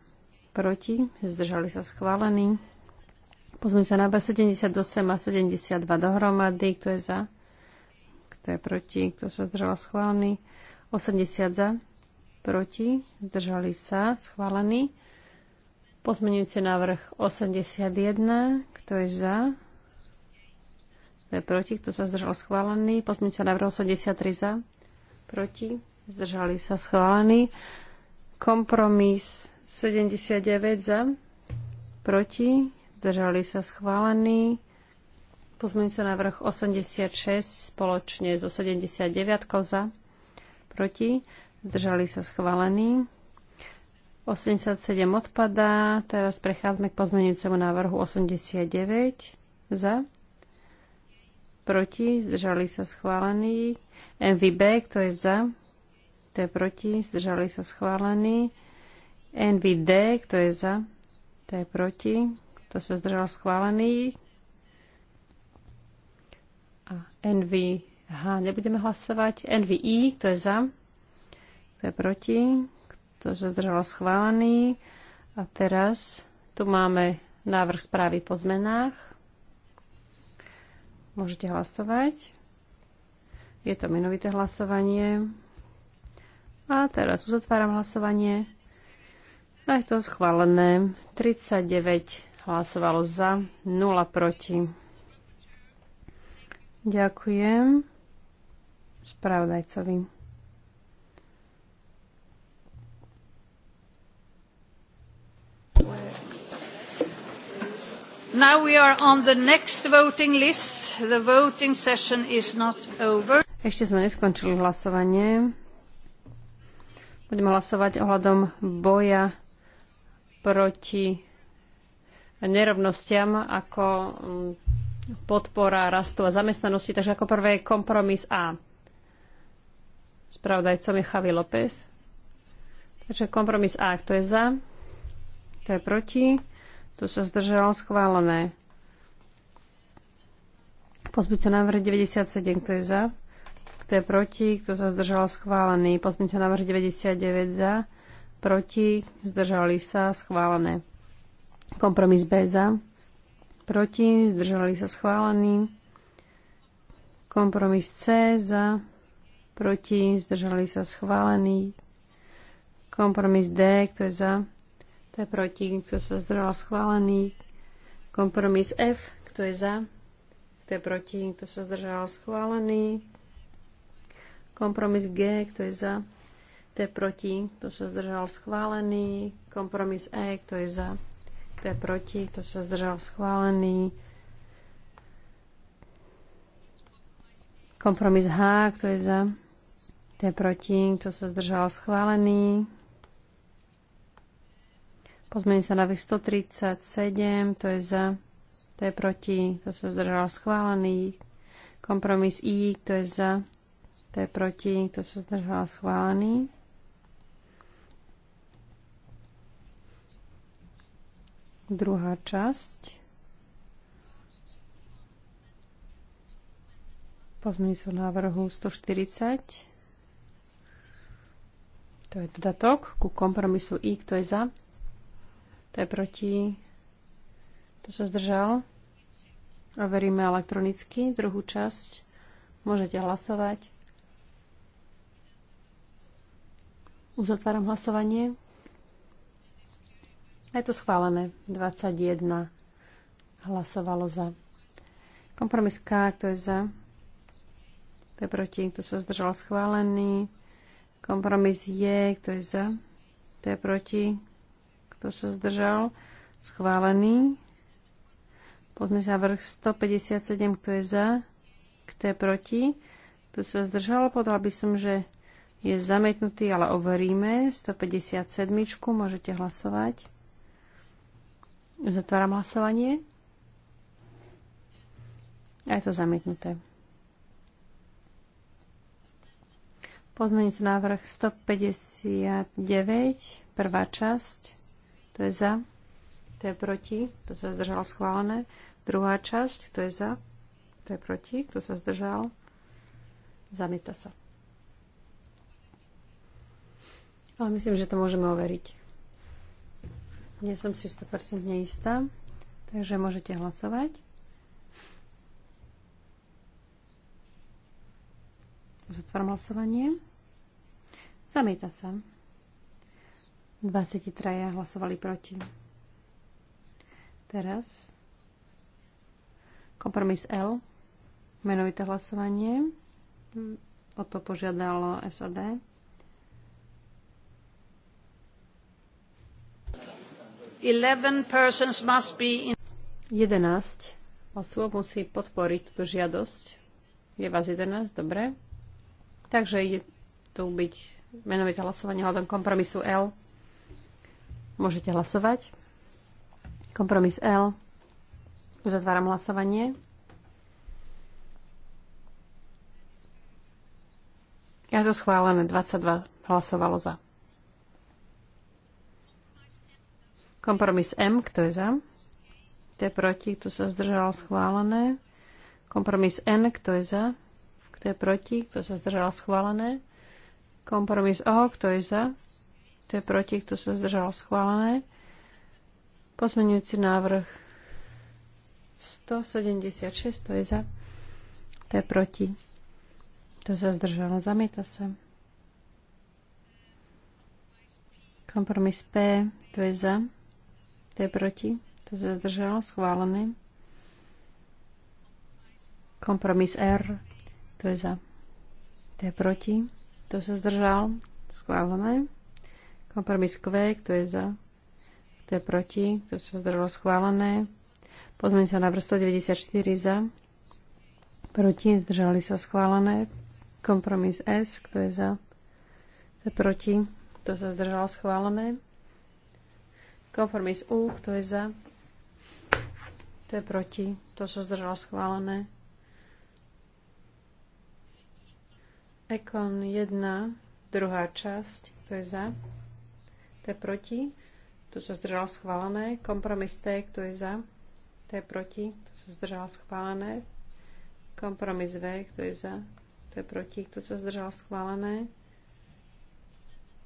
proti, zdržali sa schválený. sa návrh 78 a 72 dohromady, kto je za, kto je proti, kto sa zdržal schválený. 80 za, proti, zdržali sa schválený. Pozmeňujúci návrh 81, kto je za, kto je proti? Kto sa zdržal schválený? Pozmeňujúci návrh 83 za. Proti? Zdržali sa schválený. Kompromis 79 za. Proti? Zdržali sa schválený. Pozmeňujúci návrh 86 spoločne so 79 za. Proti? Zdržali sa schválený. 87 odpadá. Teraz prechádzame k pozmeňujúcemu návrhu 89 za proti, zdržali sa schválení. NVB, kto je za, kto je proti, zdržali sa schválení. NVD, kto je za, kto je proti, kto sa zdržal schválený. A NVH nebudeme hlasovať. NVI, kto je za, kto je proti, kto sa zdržal schválený. A teraz tu máme návrh správy po zmenách. Môžete hlasovať. Je to menovité hlasovanie. A teraz uzatváram hlasovanie. A je to schválené. 39 hlasovalo za, 0 proti. Ďakujem spravodajcovi. Now we are on the next voting list. The voting session is not over. Ešte sme neskončili hlasovanie. Budeme hlasovať ohľadom boja proti nerovnostiam ako mm, podpora rastu a zamestnanosti. Takže ako prvé kompromis A. Spravodajcom je Javi López. Takže kompromis A, kto je za, kto je proti to sa zdržal schválené. Pozbyť sa návrh 97, kto je za. Kto je proti, kto sa zdržal schválený. Pozbyť návrh 99 za. Proti, zdržali sa schválené. Kompromis B za. Proti, zdržali sa schválený. Kompromis C za. Proti, zdržali sa schválený. Kompromis D, kto je za kto je proti? Kto sa zdržal? Schválený. Kompromis F. Kto je za? Kto je proti? Kto sa zdržal? Schválený. Kompromis G. Kto je za? Kto je proti? Kto sa zdržal? Schválený. Kompromis E. Kto je za? Kto je proti? Kto sa zdržal? Schválený. Kompromis H. Kto je za? Kto je proti? Kto sa zdržal? Schválený. Pozmení sa návrh 137, to je za, to je proti, to sa zdržal schválený. Kompromis I, to je za, to je proti, to sa zdržal schválený. Druhá časť. Pozmeňujúcu návrhu 140. To je dodatok ku kompromisu I, kto je za, to je proti, to sa zdržal. Overíme elektronicky druhú časť. Môžete hlasovať. Uzatváram hlasovanie. je to schválené. 21 hlasovalo za. Kompromis K, kto je za? Kto je proti? Kto sa zdržal schválený? Kompromis je, kto je za? Kto je proti? Kto sa zdržal? Schválený. Pozmeňujúci návrh 157, kto je za, kto je proti. Kto sa zdržal? Podal by som, že je zametnutý, ale overíme. 157, môžete hlasovať. Zatváram hlasovanie. A je to zamietnuté. Pozmeňte návrh 159, prvá časť to je za, to je proti, to sa zdržal schválené. Druhá časť, to je za, to je proti, to sa zdržal, zamieta sa. Ale myslím, že to môžeme overiť. Nie som si 100% istá, takže môžete hlasovať. Zatváram hlasovanie. Zamieta sa. 23 hlasovali proti. Teraz kompromis L, menovité hlasovanie. O to požiadalo SAD. Jedenáct osôb musí podporiť túto žiadosť. Je vás 11, dobre. Takže ide tu byť menovité hlasovanie hľadom kompromisu L. Môžete hlasovať. Kompromis L. Uzatváram hlasovanie. Ja to schválené. 22 hlasovalo za. Kompromis M. Kto je za? Kto je proti? Kto sa zdržal? Schválené. Kompromis N. Kto je za? Kto je proti? Kto sa zdržal? Schválené. Kompromis O. Kto je za? kto je proti, kto sa zdržal schválené. Pozmeňujúci návrh 176, to je za, to je proti, To sa zdržalo. zamieta sa. Kompromis P, to je za, to je proti, to sa zdržalo. schválené. Kompromis R, to je za, to je proti, to sa zdržal, schválené. Kompromis Q, kto je za, kto je proti, kto sa zdržalo schválené. Pozmeň sa na 94 za, proti, zdržali sa schválené. Kompromis S, kto je za, kto je proti, kto sa zdržal schválené. Kompromis U, kto je za, kto je proti, kto sa zdržal schválené. Ekon 1, druhá časť, kto je za, to je proti, to sa zdržal schválené. Kompromis T, kto je za, to je proti, to sa zdržal schválené. Kompromis V, kto je za, to je proti, kto sa zdržal schválené.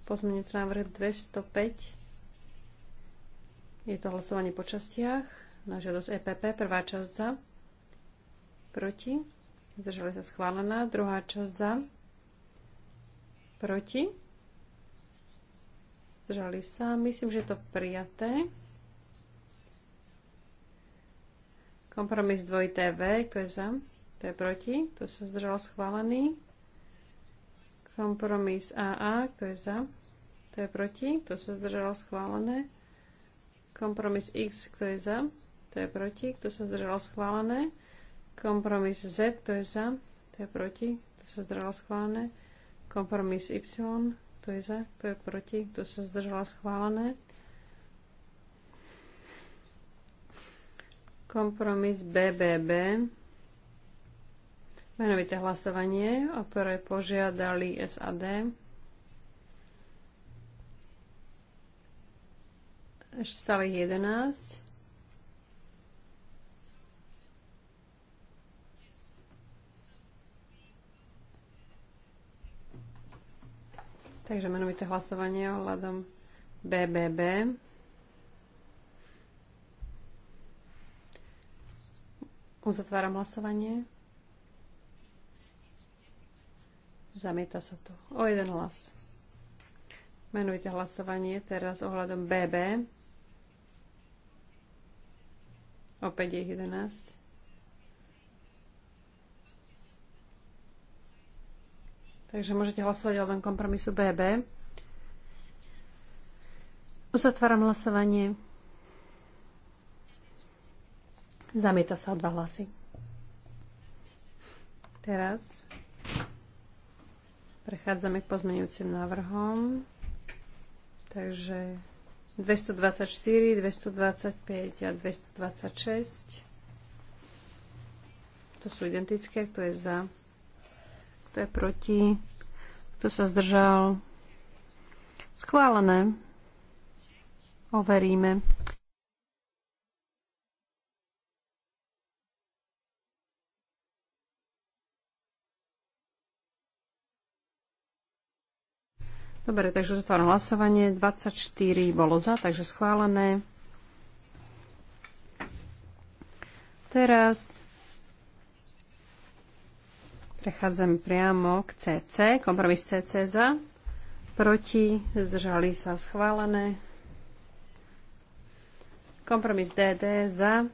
Pozmeňujúci návrh 205. Je to hlasovanie po častiach. Na žiadosť EPP, prvá časť za, proti, zdržali sa schválená, druhá časť za, proti, zdržali sa. Myslím, že je to prijaté. Kompromis 2 V, kto je za, to je proti, to sa zdržalo schválený. Kompromis AA, kto je za, to je proti, to sa zdržalo schválené. Kompromis X, kto je za, to je proti, kto sa zdržalo schválené. Kompromis Z, kto je za, to je proti, kto sa zdržalo schválené. Kompromis Y, kto je za? Kto je proti? Kto sa zdržala Schválené. Kompromis BBB. Menovité hlasovanie, o ktoré požiadali SAD. Ešte stále 11. Takže menovité hlasovanie ohľadom BBB. Uzatváram hlasovanie. Zamieta sa to. O jeden hlas. Menujte hlasovanie teraz ohľadom BB. Opäť je 11. Takže môžete hlasovať o len kompromisu BB. Uzatváram hlasovanie. Zamieta sa o dva hlasy. Teraz prechádzame k pozmeňujúcim návrhom. Takže 224, 225 a 226. To sú identické, kto je za, kto je proti? Kto sa zdržal? Schválené. Overíme. Dobre, takže zatváram hlasovanie. 24 bolo za, takže schválené. Teraz Prechádzame priamo k CC. Kompromis CC za. Proti. Zdržali sa schválené. Kompromis DD za.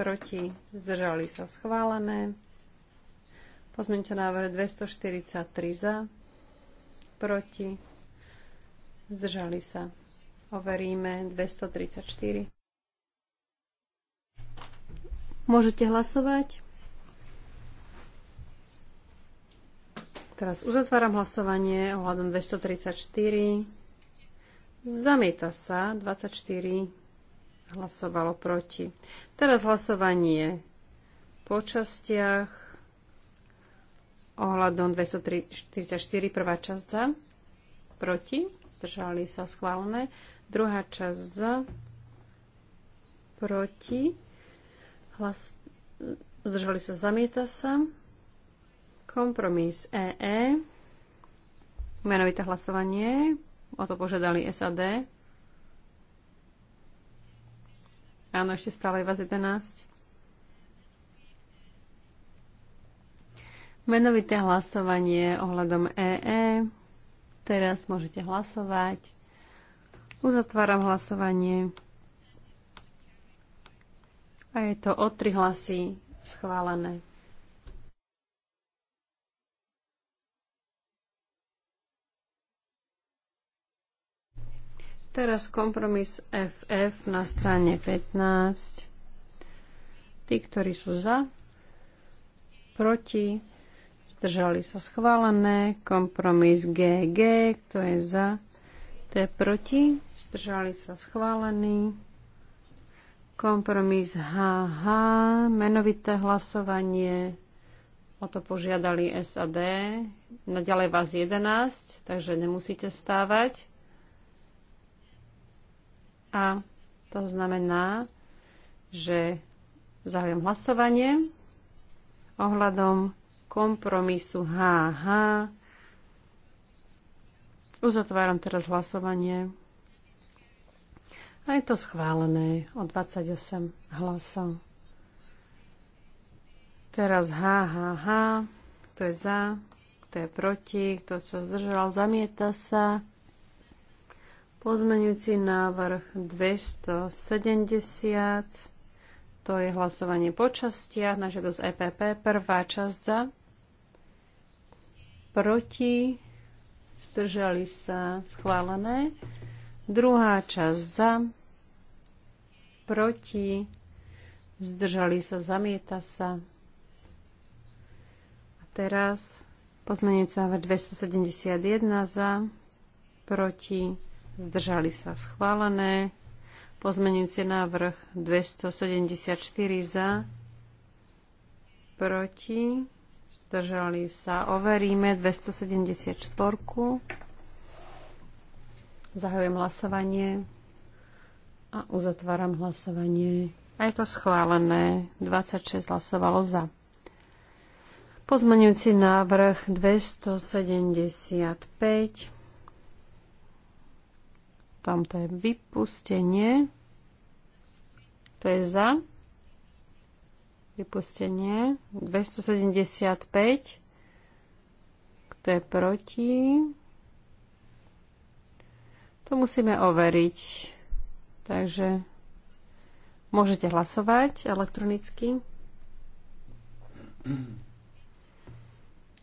Proti. Zdržali sa schválené. Pozmeňte návrh 243 za. Proti. Zdržali sa. Overíme 234. Môžete hlasovať. Teraz uzatváram hlasovanie ohľadom 234. Zamieta sa 24. Hlasovalo proti. Teraz hlasovanie po častiach ohľadom 244. Prvá časť za. Proti. Zdržali sa schválne, Druhá časť za. Proti. Hlas... Zdržali sa. Zamieta sa. Kompromis EE. E. Menovité hlasovanie. O to požiadali SAD. Áno, ešte stále je vás 11. Menovité hlasovanie ohľadom EE. E. Teraz môžete hlasovať. Uzatváram hlasovanie. A je to o tri hlasy schválené. Teraz kompromis FF na strane 15. Tí, ktorí sú za, proti, zdržali sa schválené. Kompromis GG, kto je za, to je proti, zdržali sa schválený. Kompromis HH, menovité hlasovanie, o to požiadali SAD. Naďalej vás 11, takže nemusíte stávať. A to znamená, že zahajujem hlasovanie ohľadom kompromisu HH. Uzatváram teraz hlasovanie. A je to schválené o 28 hlasov. Teraz HHH, kto je za, kto je proti, kto sa zdržal, zamieta sa. Pozmeňujúci návrh 270. To je hlasovanie po častiach na žiadosť EPP. Prvá časť za. Proti. Zdržali sa. Schválené. Druhá časť za. Proti. Zdržali sa. Zamieta sa. A teraz pozmeňujúci návrh 271 za. Proti zdržali sa schválené. Pozmenujúci návrh 274 za, proti, zdržali sa. Overíme 274. Zahajujem hlasovanie a uzatváram hlasovanie. A je to schválené. 26 hlasovalo za. Pozmenujúci návrh 275 Tamto je vypustenie. To je za. Vypustenie. 275. To je proti? To musíme overiť. Takže môžete hlasovať elektronicky.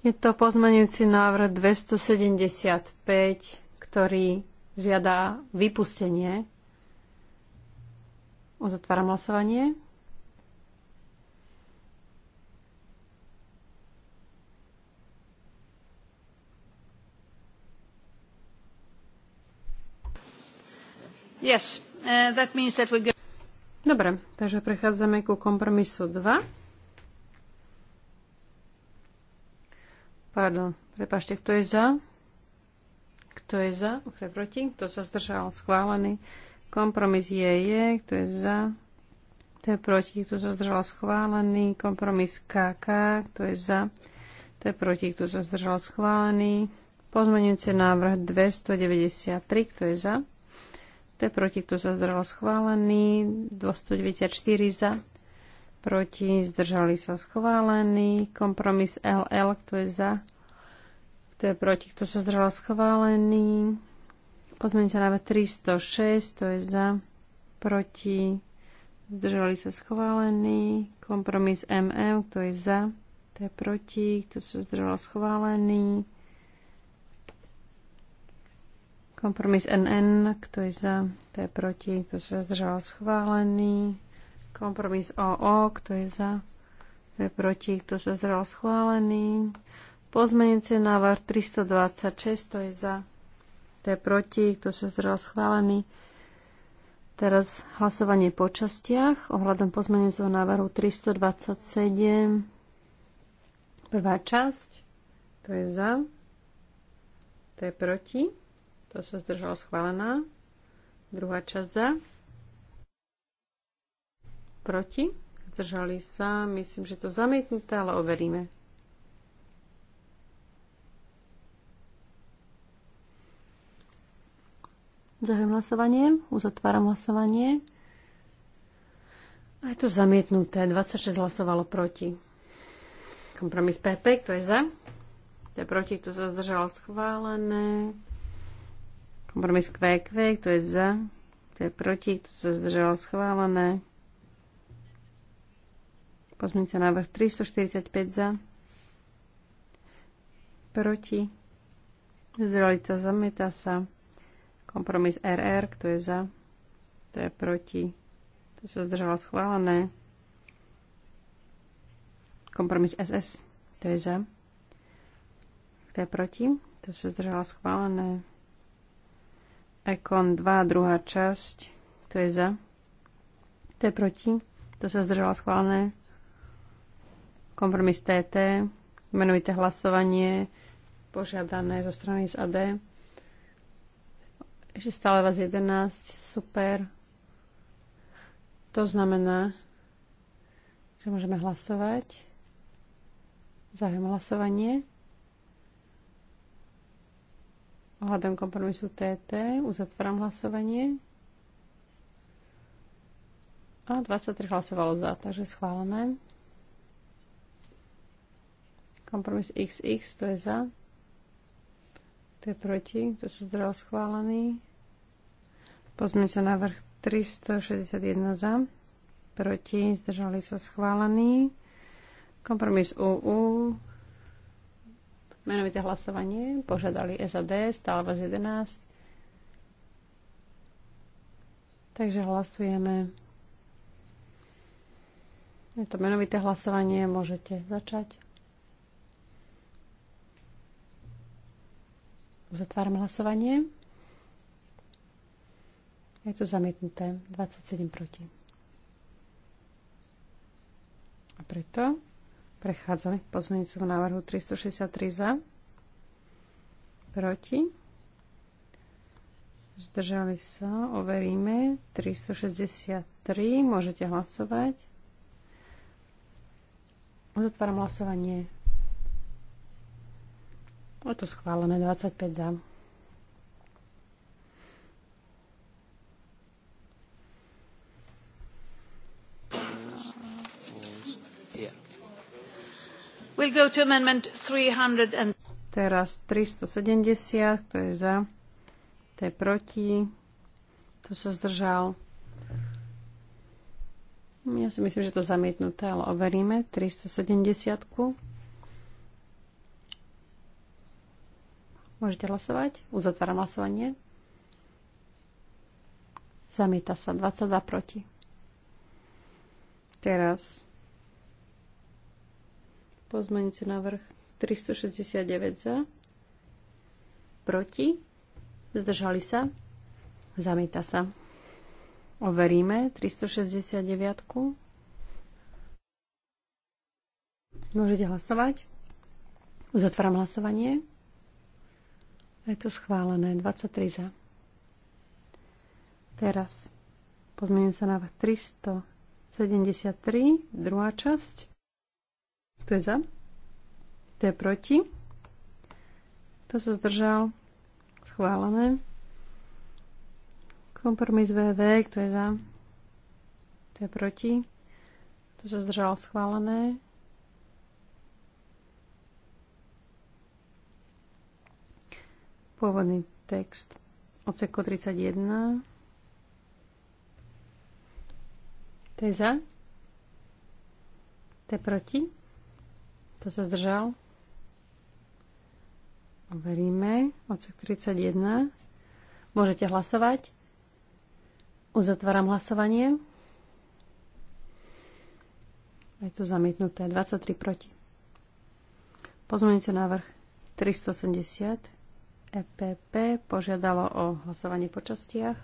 Je to pozmenujúci návrh 275, ktorý žiada vypustenie. Uzatváram hlasovanie. Yes, uh, that means that we go... Dobre, takže prechádzame ku kompromisu 2. Pardon, prepašte, kto je za? Kto je za? Kto je proti? Kto sa zdržal? Schválený. Kompromis je je. Kto je za? Kto je proti? Kto sa zdržal? Schválený. Kompromis KK. Kto je za? Kto je proti? Kto sa zdržal? Schválený. Pozmenujúce návrh 293. Kto je za? Kto je proti? Kto sa zdržal? Schválený. 294 za. Proti? Zdržali sa? Schválený. Kompromis LL. Kto je za? Kto je proti? Kto sa zdržal schválený? Pozmeňte návrh 306. To je za. Proti. Zdržali sa schválený. Kompromis MM. Kto je za? Kto je proti? Kto sa zdržal schválený? Kompromis NN, kto je za, kto je proti, kto sa zdržal schválený. Kompromis OO, kto je za, kto je proti, kto sa zdržal schválený. Pozmenujúci návrh 326, to je za, to je proti, kto sa zdržal schválený. Teraz hlasovanie po častiach ohľadom pozmenujúceho návrhu 327. Prvá časť, to je za, to je proti, to sa zdržalo schválená. Druhá časť za, proti, zdržali sa, myslím, že to zamietnuté, ale overíme. Zahajujem hlasovanie. Uzatváram hlasovanie. A je to zamietnuté. 26 hlasovalo proti. Kompromis PP, kto je za? Kto je proti, kto sa zdržal schválené? Kompromis QQ, kto je za? Kto je proti, kto sa zdržal schválené? Pozmeňte návrh 345 za. Proti. Zdržali zamieta sa. Kompromis RR, kto je za, kto je proti, to sa zdržalo schválené. Kompromis SS, kto je za, kto je proti, To sa zdržalo schválené. Ekon 2, druhá časť, kto je za, kto je proti, To sa zdržalo schválené. Kompromis TT, menujte hlasovanie, požiadané zo strany SAD. Ešte stále vás 11, super. To znamená, že môžeme hlasovať. Zájem hlasovanie. Ohľadom kompromisu TT uzatváram hlasovanie. A 23 hlasovalo za, takže schválené. Kompromis XX, to je za. Kto je proti? Kto sa zdržal schválený? Pozme sa návrh 361 za. Proti? Zdržali sa schválený. Kompromis UU. Menovité hlasovanie. Požiadali SAD. Stále vás 11. Takže hlasujeme. Je to menovité hlasovanie. Môžete začať. Uzatváram hlasovanie. Je to zamietnuté. 27 proti. A preto prechádzame k pozmeňujúcemu návrhu 363 za. Proti. Zdržali sa. Overíme. 363. Môžete hlasovať. Uzatváram hlasovanie. O to schválené 25 za. We'll go to amendment 300 and... Teraz 370, kto je za, kto je proti, kto sa zdržal. Ja si myslím, že to zamietnuté, ale overíme. 370. -ku. Môžete hlasovať. Uzatváram hlasovanie. Zamieta sa 22 proti. Teraz pozmeňujúci návrh 369 za. Proti. Zdržali sa. Zamieta sa. Overíme 369. -ku. Môžete hlasovať. Uzatváram hlasovanie. Je to schválené. 23 za. Teraz pozmením sa na 373, druhá časť. Kto je za? Kto je proti? To sa zdržal? Schválené. Kompromis VV, kto je za? To je proti? to sa zdržal? Schválené. Pôvodný text odseku 31. To je za. To je proti. To sa zdržal. Overíme. ocek 31. Môžete hlasovať. Uzatváram hlasovanie. Je to zamietnuté. 23 proti. Pozmeňujúci návrh 380. EPP požiadalo o hlasovanie po častiach.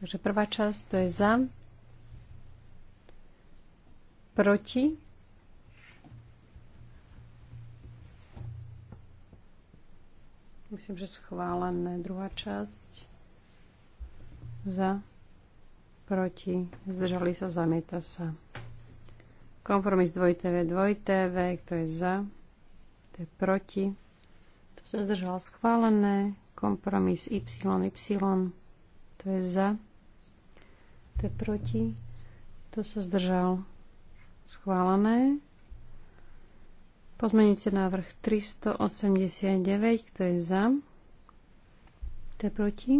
Takže prvá časť, to je za, proti, myslím, že schválené, druhá časť, za, proti, zdržali sa, zamieta sa. Kompromis 2TV, 2TV, kto je za, kto je proti, zdržal schválené, kompromis YY, to je za, to je proti, to sa zdržal schválené. Pozmeníte návrh 389, kto je za, to je proti,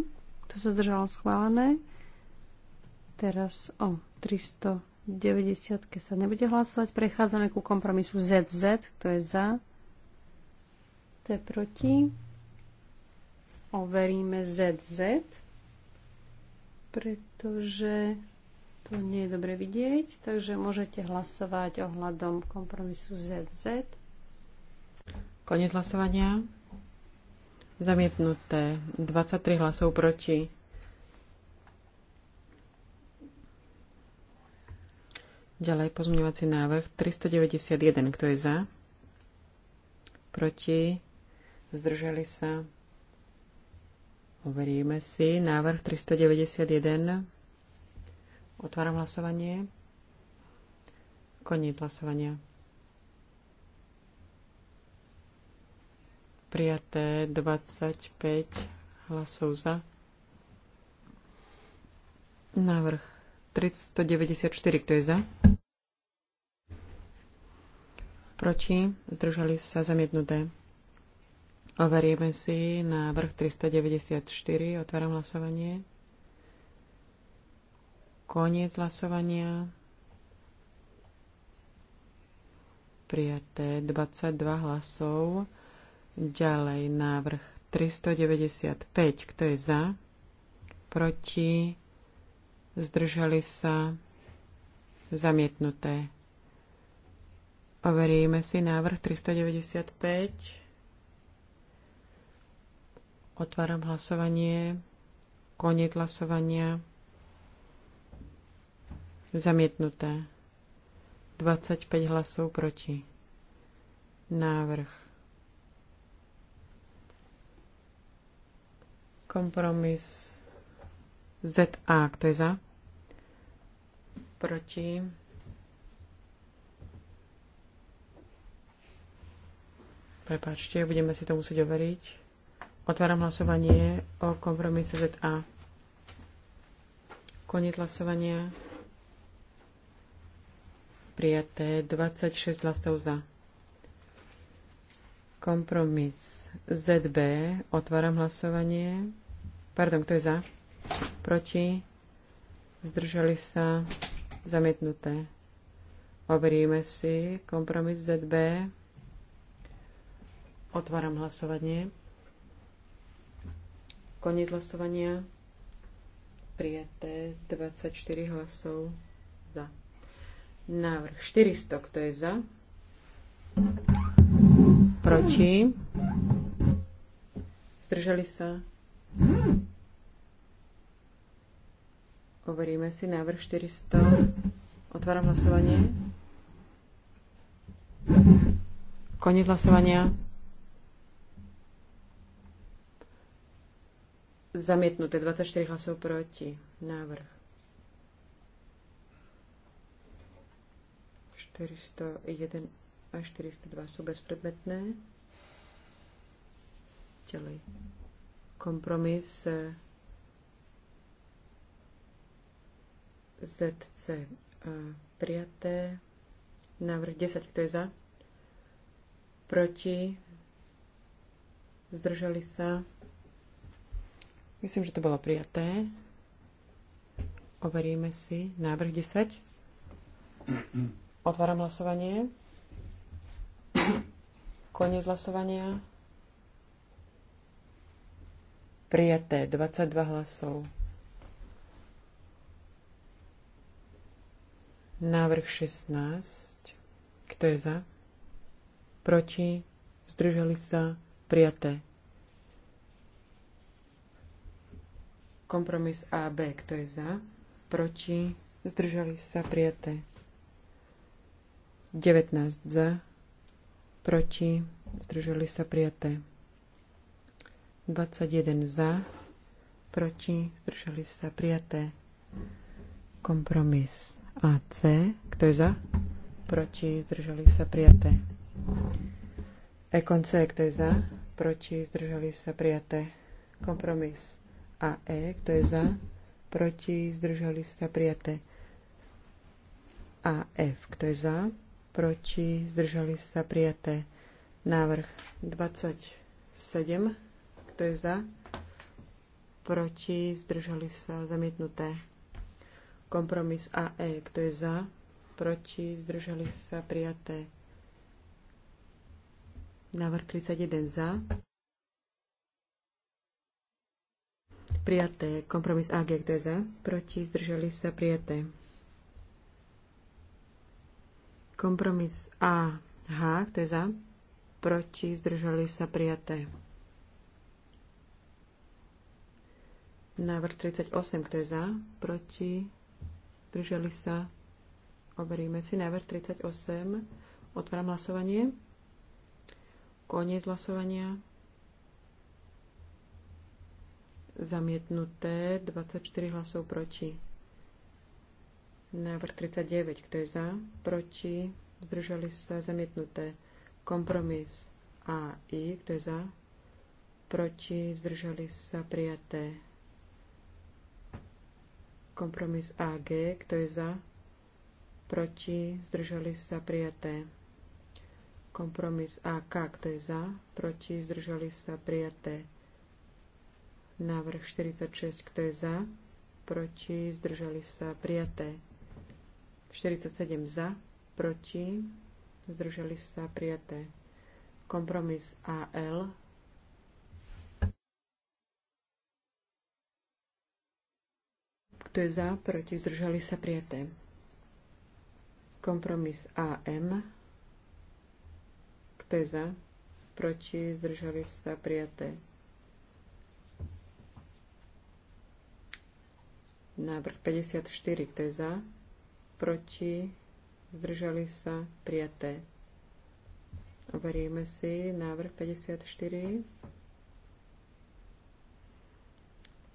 to sa zdržal schválené. Teraz o 390 sa nebude hlasovať. Prechádzame ku kompromisu ZZ, kto je za, ste proti. Overíme ZZ, pretože to nie je dobre vidieť, takže môžete hlasovať ohľadom kompromisu ZZ. Konec hlasovania. Zamietnuté. 23 hlasov proti. Ďalej pozmeňovací návrh 391. Kto je za? Proti? zdržali sa. Overíme si návrh 391. Otváram hlasovanie. Koniec hlasovania. Prijaté 25 hlasov za. Návrh 394, kto je za? Proti? Zdržali sa zamietnuté. Overieme si návrh 394. Otváram hlasovanie. Koniec hlasovania. Prijaté 22 hlasov. Ďalej návrh 395. Kto je za? Proti? Zdržali sa? Zamietnuté. Overíme si návrh 395. Otváram hlasovanie. Koniec hlasovania. Zamietnuté. 25 hlasov proti. Návrh. Kompromis ZA. Kto je za? Proti. Prepačte, budeme si to musieť overiť. Otváram hlasovanie o kompromise ZA. Koniec hlasovania. Prijaté 26 hlasov za. Kompromis ZB. Otváram hlasovanie. Pardon, kto je za? Proti? Zdržali sa? Zamietnuté. Overíme si kompromis ZB. Otváram hlasovanie. Koniec hlasovania. Prijaté 24 hlasov za. Návrh 400, kto je za? Proti? Zdržali sa? Overíme si návrh 400. Otváram hlasovanie. Koniec hlasovania. Zamietnuté 24 hlasov proti. Návrh. 401 a 402 sú bezpredmetné. Ďalej. Kompromis eh, ZC eh, prijaté. Návrh 10, kto je za? Proti? Zdržali sa? Myslím, že to bolo prijaté. Overíme si návrh 10. Otváram hlasovanie. Koniec hlasovania. Prijaté 22 hlasov. Návrh 16. Kto je za? Proti? Zdržali sa? Prijaté Kompromis AB, kto je za? Proti? Zdržali sa prijaté. 19 za, proti, zdržali sa prijaté. 21 za, proti, zdržali sa prijaté. Kompromis AC, kto je za? Proti, zdržali sa prijaté. Ekon C, kto je za? Proti, zdržali sa prijaté. Kompromis a E, kto je za, proti, zdržali sa prijaté. A F, kto je za, proti, zdržali sa prijaté. Návrh 27, kto je za, proti, zdržali sa zamietnuté. Kompromis A E, kto je za, proti, zdržali sa prijaté. Návrh 31 za. Prijaté. Kompromis AG, kto je za? Proti. Zdržali sa. Prijaté. Kompromis H, kto je za? Proti. Zdržali sa. Prijaté. Návrh 38, kto je za? Proti. Zdržali sa. Overíme si návrh 38. Otváram hlasovanie. Koniec hlasovania. Zamietnuté 24 hlasov proti. Návrh 39, kto je za? Proti. Zdržali sa zamietnuté. Kompromis A, I, kto je za? Proti. Zdržali sa prijaté. Kompromis AG, kto je za? Proti. Zdržali sa prijaté. Kompromis AK, kto je za? Proti. Zdržali sa prijaté Návrh 46, kto je za? Proti, zdržali sa prijaté. 47 za, proti, zdržali sa prijaté. Kompromis AL. Kto je za, proti, zdržali sa prijaté. Kompromis AM. Kto je za, proti, zdržali sa prijaté Návrh 54, kto je za? Proti? Zdržali sa? Prijaté. Overíme si návrh 54.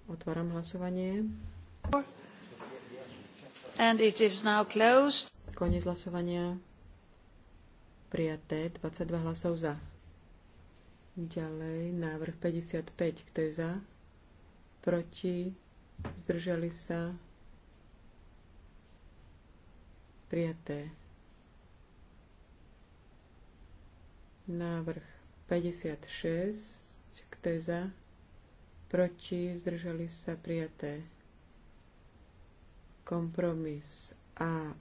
Otváram hlasovanie. And it is now closed. Koniec hlasovania. Prijaté 22 hlasov za. Ďalej návrh 55. Kto je za? Proti? zdržali sa, prijaté. Návrh 56, kto je za, proti, zdržali sa, prijaté. Kompromis A,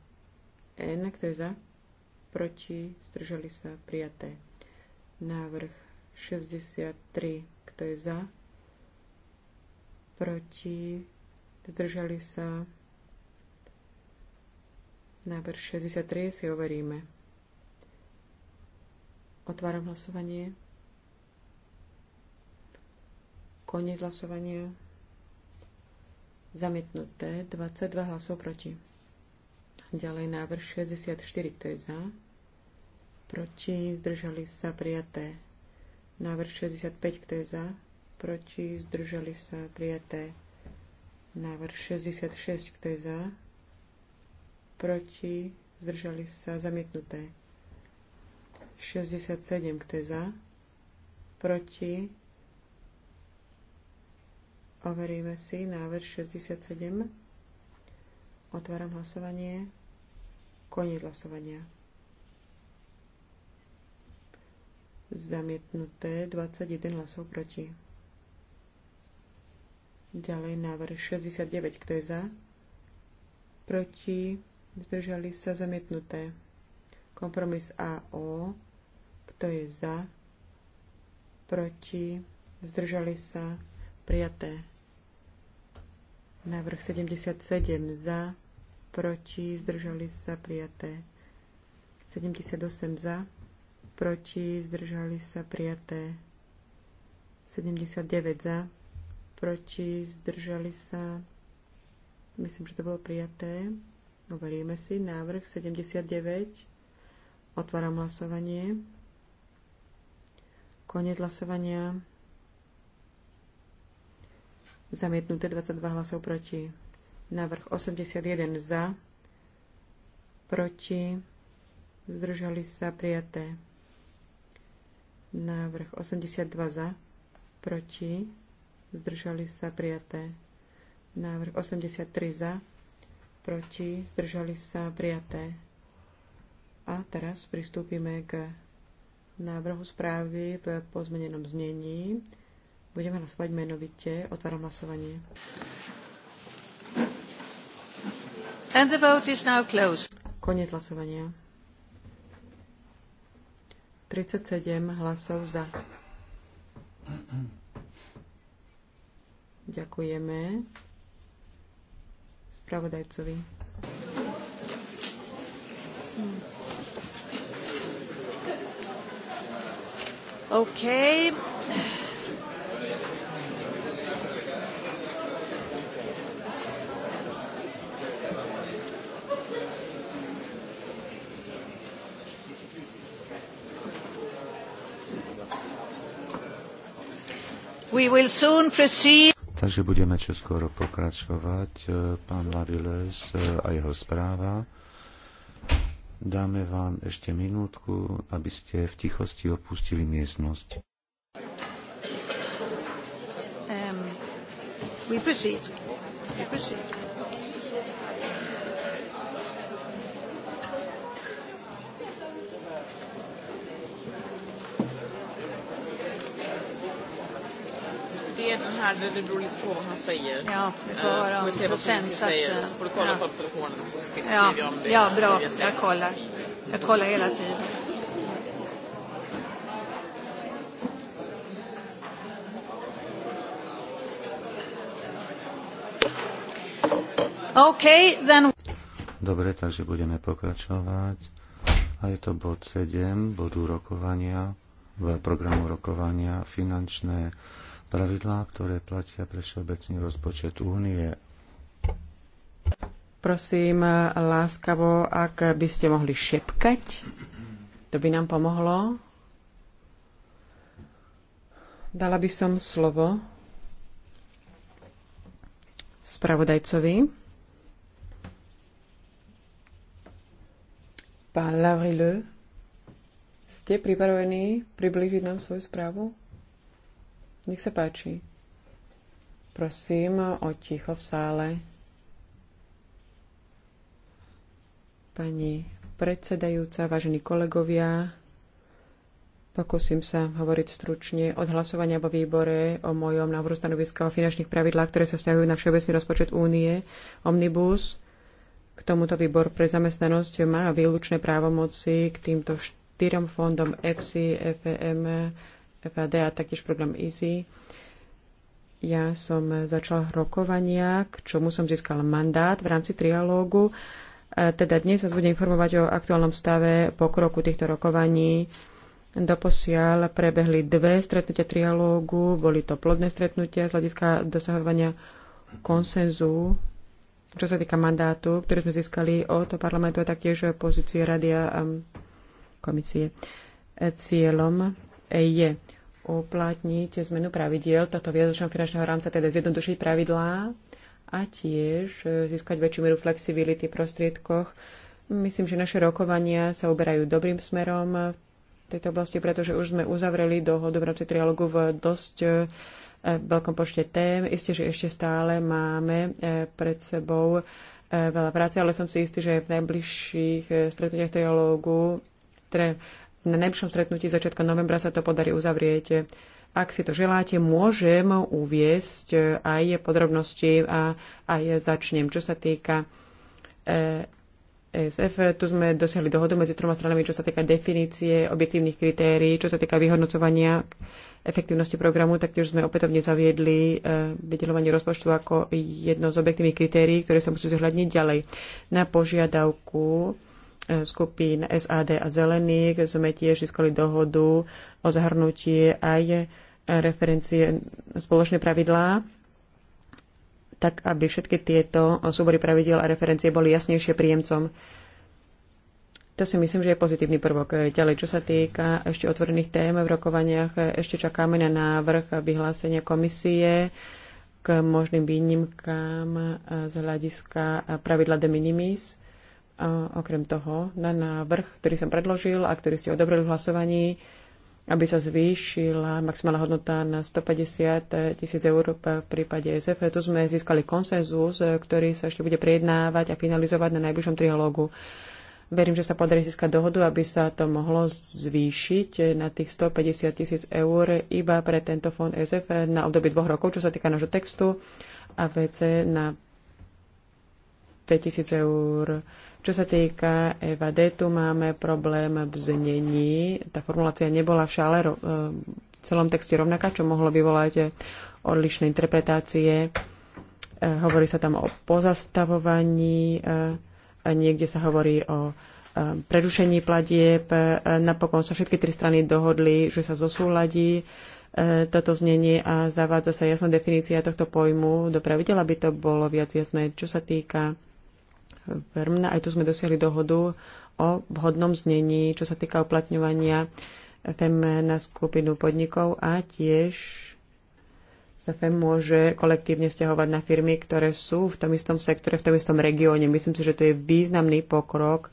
N, kto je za, proti, zdržali sa, prijaté. Návrh 63, kto je za, proti, zdržali sa. Návrh 63 si overíme. Otváram hlasovanie. Koniec hlasovania. Zamietnuté 22 hlasov proti. Ďalej návrh 64, kto je za. Proti zdržali sa prijaté. Návrh 65, kto je za. Proti zdržali sa prijaté. Návrh 66, kto je za? Proti? Zdržali sa? Zamietnuté. 67, kto je za? Proti? Overíme si návrh 67. Otváram hlasovanie. Koniec hlasovania. Zamietnuté 21 hlasov proti. Ďalej návrh 69. Kto je za? Proti? Zdržali sa zamietnuté. Kompromis AO. Kto je za? Proti? Zdržali sa prijaté. Návrh 77 za, proti, zdržali sa prijaté. 78 za, proti, zdržali sa prijaté. 79 za, proti, zdržali sa. Myslím, že to bolo prijaté. Overíme si. Návrh 79. Otváram hlasovanie. Koniec hlasovania. Zamietnuté 22 hlasov proti. Návrh 81 za. Proti. Zdržali sa prijaté. Návrh 82 za. Proti zdržali sa prijaté. Návrh 83 za, proti, zdržali sa prijaté. A teraz pristúpime k návrhu správy v pozmenenom znení. Budeme hlasovať menovite. Otváram hlasovanie. And the vote is now closed. Koniec hlasovania. 37 hlasov za. Ďakujeme spravodajcovi. OK. We will soon proceed. Takže budeme čoskoro pokračovať. E, pán Laviles e, a jeho správa. Dáme vám ešte minútku, aby ste v tichosti opustili miestnosť. Um, we proceed. We proceed. här det beror lite på vad han säger. Ja, vi får eh, höra om procentsatser. Så får du kolla ja. på telefonen så skriver ja. jag om det. Ja, bra. Jag, Jag kollar. Jag kollar hela tiden. Okay, then... Dobre, takže budeme pokračovať. A je to bod 7, bodu rokovania, v programu rokovania finančné pravidlá, ktoré platia pre všeobecný rozpočet únie. Prosím, láskavo, ak by ste mohli šepkať, to by nám pomohlo. Dala by som slovo spravodajcovi. Pán Lavrileux, ste pripravení priblížiť nám svoju správu? Nech sa páči. Prosím o ticho v sále. Pani predsedajúca, vážení kolegovia, pokúsim sa hovoriť stručne. Od hlasovania vo výbore o mojom návrhu stanoviska o finančných pravidlách, ktoré sa vzťahujú na všeobecný rozpočet únie, Omnibus, k tomuto výbor pre zamestnanosť má výlučné právomoci k týmto štyrom fondom EFSI, FEM, FAD a taktiež program EASY. Ja som začala rokovania, k čomu som získala mandát v rámci trialógu. E, teda dnes sa budem informovať o aktuálnom stave pokroku týchto rokovaní. Doposiaľ prebehli dve stretnutia trialógu, boli to plodné stretnutia z hľadiska dosahovania konsenzu, čo sa týka mandátu, ktorý sme získali od parlamentu a taktiež pozície Rady a komisie. E, cieľom je uplatniť zmenu pravidiel tohto viazočného finančného rámca, teda zjednodušiť pravidlá a tiež e, získať väčšiu mieru flexibility v prostriedkoch. Myslím, že naše rokovania sa uberajú dobrým smerom v tejto oblasti, pretože už sme uzavreli dohodu v rámci trialogu v dosť e, veľkom počte tém. Isté, že ešte stále máme e, pred sebou veľa práce, ale som si istý, že v najbližších stretnutiach trialógu, teda na najbližšom stretnutí začiatka novembra sa to podarí uzavrieť. Ak si to želáte, môžem uviesť aj podrobnosti a aj začnem. Čo sa týka ESF, e tu sme dosiahli dohodu medzi troma stranami, čo sa týka definície objektívnych kritérií, čo sa týka vyhodnocovania efektivnosti programu, tak tiež sme opätovne zaviedli e, vydelovanie rozpočtu ako jedno z objektívnych kritérií, ktoré sa musí zohľadniť ďalej. Na požiadavku E, skupín SAD a Zelených sme tiež získali dohodu o zahrnutie aj referencie spoločné pravidlá, tak aby všetky tieto súbory pravidel a referencie boli jasnejšie príjemcom. To si myslím, že je pozitívny prvok. Ďalej, čo sa týka ešte otvorených tém v rokovaniach, ešte čakáme na návrh vyhlásenia komisie k možným výnimkám z hľadiska pravidla de minimis a okrem toho, na návrh, ktorý som predložil a ktorý ste odobrili v hlasovaní, aby sa zvýšila maximálna hodnota na 150 tisíc eur v prípade SF. Tu sme získali konsenzus, ktorý sa ešte bude prejednávať a finalizovať na najbližšom trialógu. Verím, že sa podarí získať dohodu, aby sa to mohlo zvýšiť na tých 150 tisíc eur iba pre tento fond SF na období dvoch rokov, čo sa týka nášho textu a VC na 5 tisíc eur čo sa týka EVD, tu máme problém v znení. Tá formulácia nebola v šále e, v celom texte rovnaká, čo mohlo vyvolať odlišné interpretácie. E, hovorí sa tam o pozastavovaní, e, niekde sa hovorí o prerušení platieb. Napokon sa všetky tri strany dohodli, že sa zosúladí toto znenie a zavádza sa jasná definícia tohto pojmu do aby to bolo viac jasné, čo sa týka PERM, Aj tu sme dosiahli dohodu o vhodnom znení, čo sa týka uplatňovania FEM na skupinu podnikov a tiež sa FEM môže kolektívne stiahovať na firmy, ktoré sú v tom istom sektore, v tom istom regióne. Myslím si, že to je významný pokrok,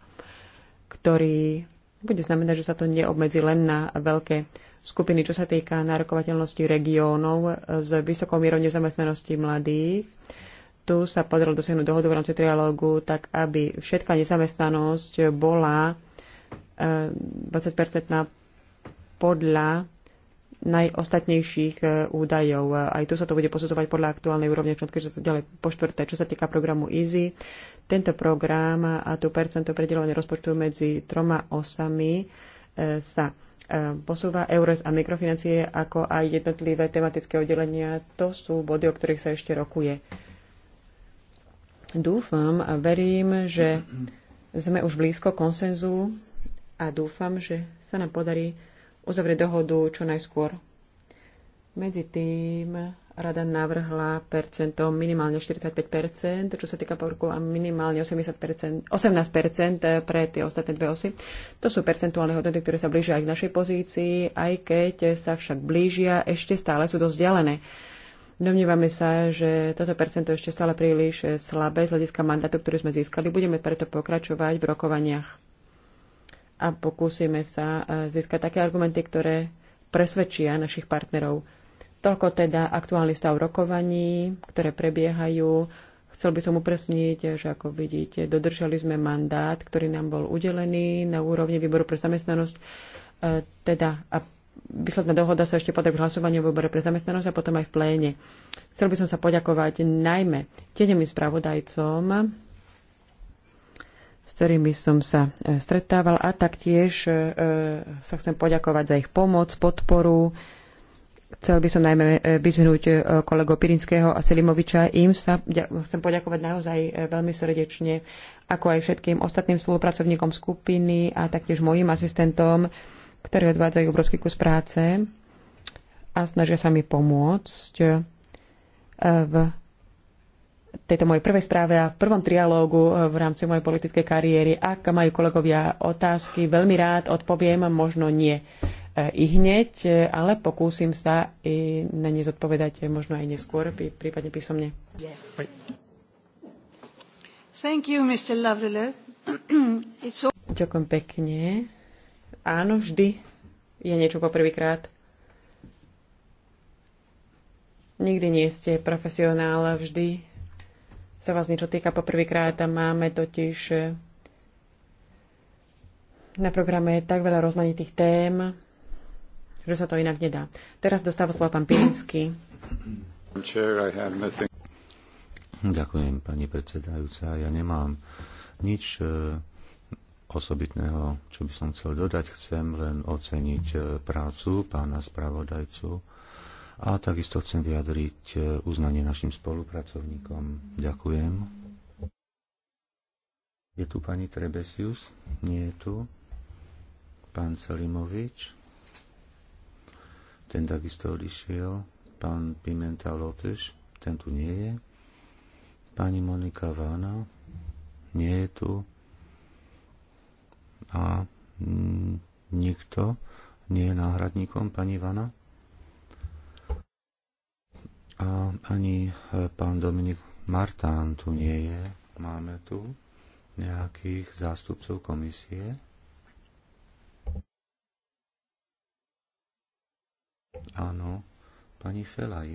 ktorý bude znamenať, že sa to neobmedzi len na veľké skupiny, čo sa týka nárokovateľnosti regiónov s vysokou mierou nezamestnanosti mladých tu sa podarilo dosiahnuť dohodu v rámci trialógu, tak aby všetká nezamestnanosť bola 20-percentná e, podľa najostatnejších e, údajov. Aj tu sa to bude posudzovať podľa aktuálnej úrovne členských to ďalej po štvrté. Čo sa týka programu EASY, tento program a tu percento predelovania rozpočtu medzi troma osami e, sa posúva EURES a mikrofinancie, ako aj jednotlivé tematické oddelenia. To sú body, o ktorých sa ešte rokuje. Dúfam a verím, že sme už blízko konsenzu a dúfam, že sa nám podarí uzavrieť dohodu čo najskôr. Medzi tým rada navrhla percentom minimálne 45%, čo sa týka porku a minimálne 80%, 18% pre tie ostatné dve osy. To sú percentuálne hodnoty, ktoré sa blížia aj k našej pozícii, aj keď sa však blížia, ešte stále sú dosť ďalené. Domnívame sa, že toto percento ešte stále príliš slabé z hľadiska mandátu, ktorý sme získali. Budeme preto pokračovať v rokovaniach a pokúsime sa e, získať také argumenty, ktoré presvedčia našich partnerov. Toľko teda aktuálny stav rokovaní, ktoré prebiehajú. Chcel by som upresniť, že ako vidíte, dodržali sme mandát, ktorý nám bol udelený na úrovni výboru pre zamestnanosť. E, teda a výsledná dohoda sa ešte podrobí hlasovaniu v obore pre zamestnanosť a potom aj v pléne. Chcel by som sa poďakovať najmä tieňovým spravodajcom, s ktorými som sa e, stretával a taktiež e, e, sa chcem poďakovať za ich pomoc, podporu. Chcel by som najmä vyzhnúť kolego Pirinského a Selimoviča. Im sa chcem poďakovať naozaj veľmi srdečne, ako aj všetkým ostatným spolupracovníkom skupiny a taktiež mojim asistentom, ktoré odvádzajú obrovský kus práce a snažia sa mi pomôcť eh, v tejto mojej prvej správe a v prvom trialógu eh, v rámci mojej politickej kariéry. Ak majú kolegovia otázky, veľmi rád odpoviem, možno nie eh, i hneď, ale pokúsim sa i na ne zodpovedať možno aj neskôr, prípadne písomne. Thank you, Mr. Ďakujem pekne áno, vždy je niečo poprvýkrát. Nikdy nie ste profesionál, vždy sa vás niečo týka poprvýkrát a máme totiž eh, na programe je tak veľa rozmanitých tém, že sa to inak nedá. Teraz dostáva slovo pán Pirinsky. Ďakujem, pani predsedajúca. Ja nemám nič eh, osobitného, čo by som chcel dodať. Chcem len oceniť e, prácu pána spravodajcu a takisto chcem vyjadriť e, uznanie našim spolupracovníkom. Ďakujem. Je tu pani Trebesius? Nie je tu. Pán Selimovič? Ten takisto odišiel. Pán Pimenta López? Ten tu nie je. Pani Monika Vána? Nie je tu a mm, nikto nie je náhradníkom pani Vana? A ani e, pán Dominik Martán tu nie je. Máme tu nejakých zástupcov komisie? Áno, pani Felaj.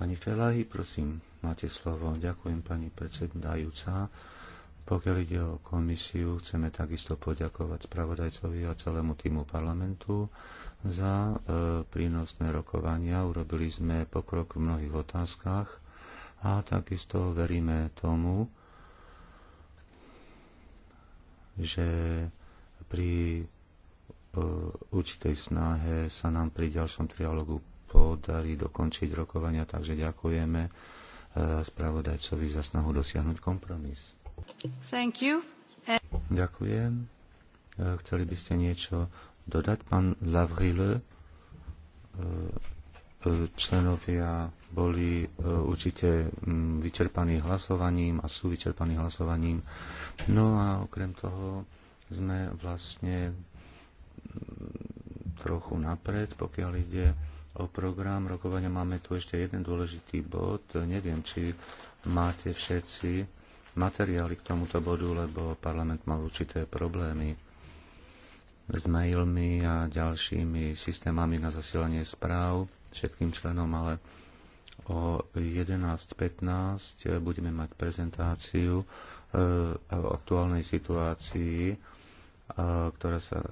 Pani Felaj, prosím, máte slovo. Ďakujem, pani predsedajúca. Pokiaľ ide o komisiu, chceme takisto poďakovať spravodajcovi a celému týmu parlamentu za e, prínosné rokovania. Urobili sme pokrok v mnohých otázkach a takisto veríme tomu, že pri e, určitej snahe sa nám pri ďalšom trialogu podarí dokončiť rokovania, takže ďakujeme e, spravodajcovi za snahu dosiahnuť kompromis. Ďakujem. E, chceli by ste niečo dodať, pán Lavrille, e, e, Členovia boli určite vyčerpaní hlasovaním a sú vyčerpaní hlasovaním. No a okrem toho sme vlastne trochu napred, pokiaľ ide o program rokovania. Máme tu ešte jeden dôležitý bod. Neviem, či máte všetci materiály k tomuto bodu, lebo parlament mal určité problémy s mailmi a ďalšími systémami na zasielanie správ všetkým členom, ale o 11.15 budeme mať prezentáciu e, o aktuálnej situácii, e, ktorá sa e,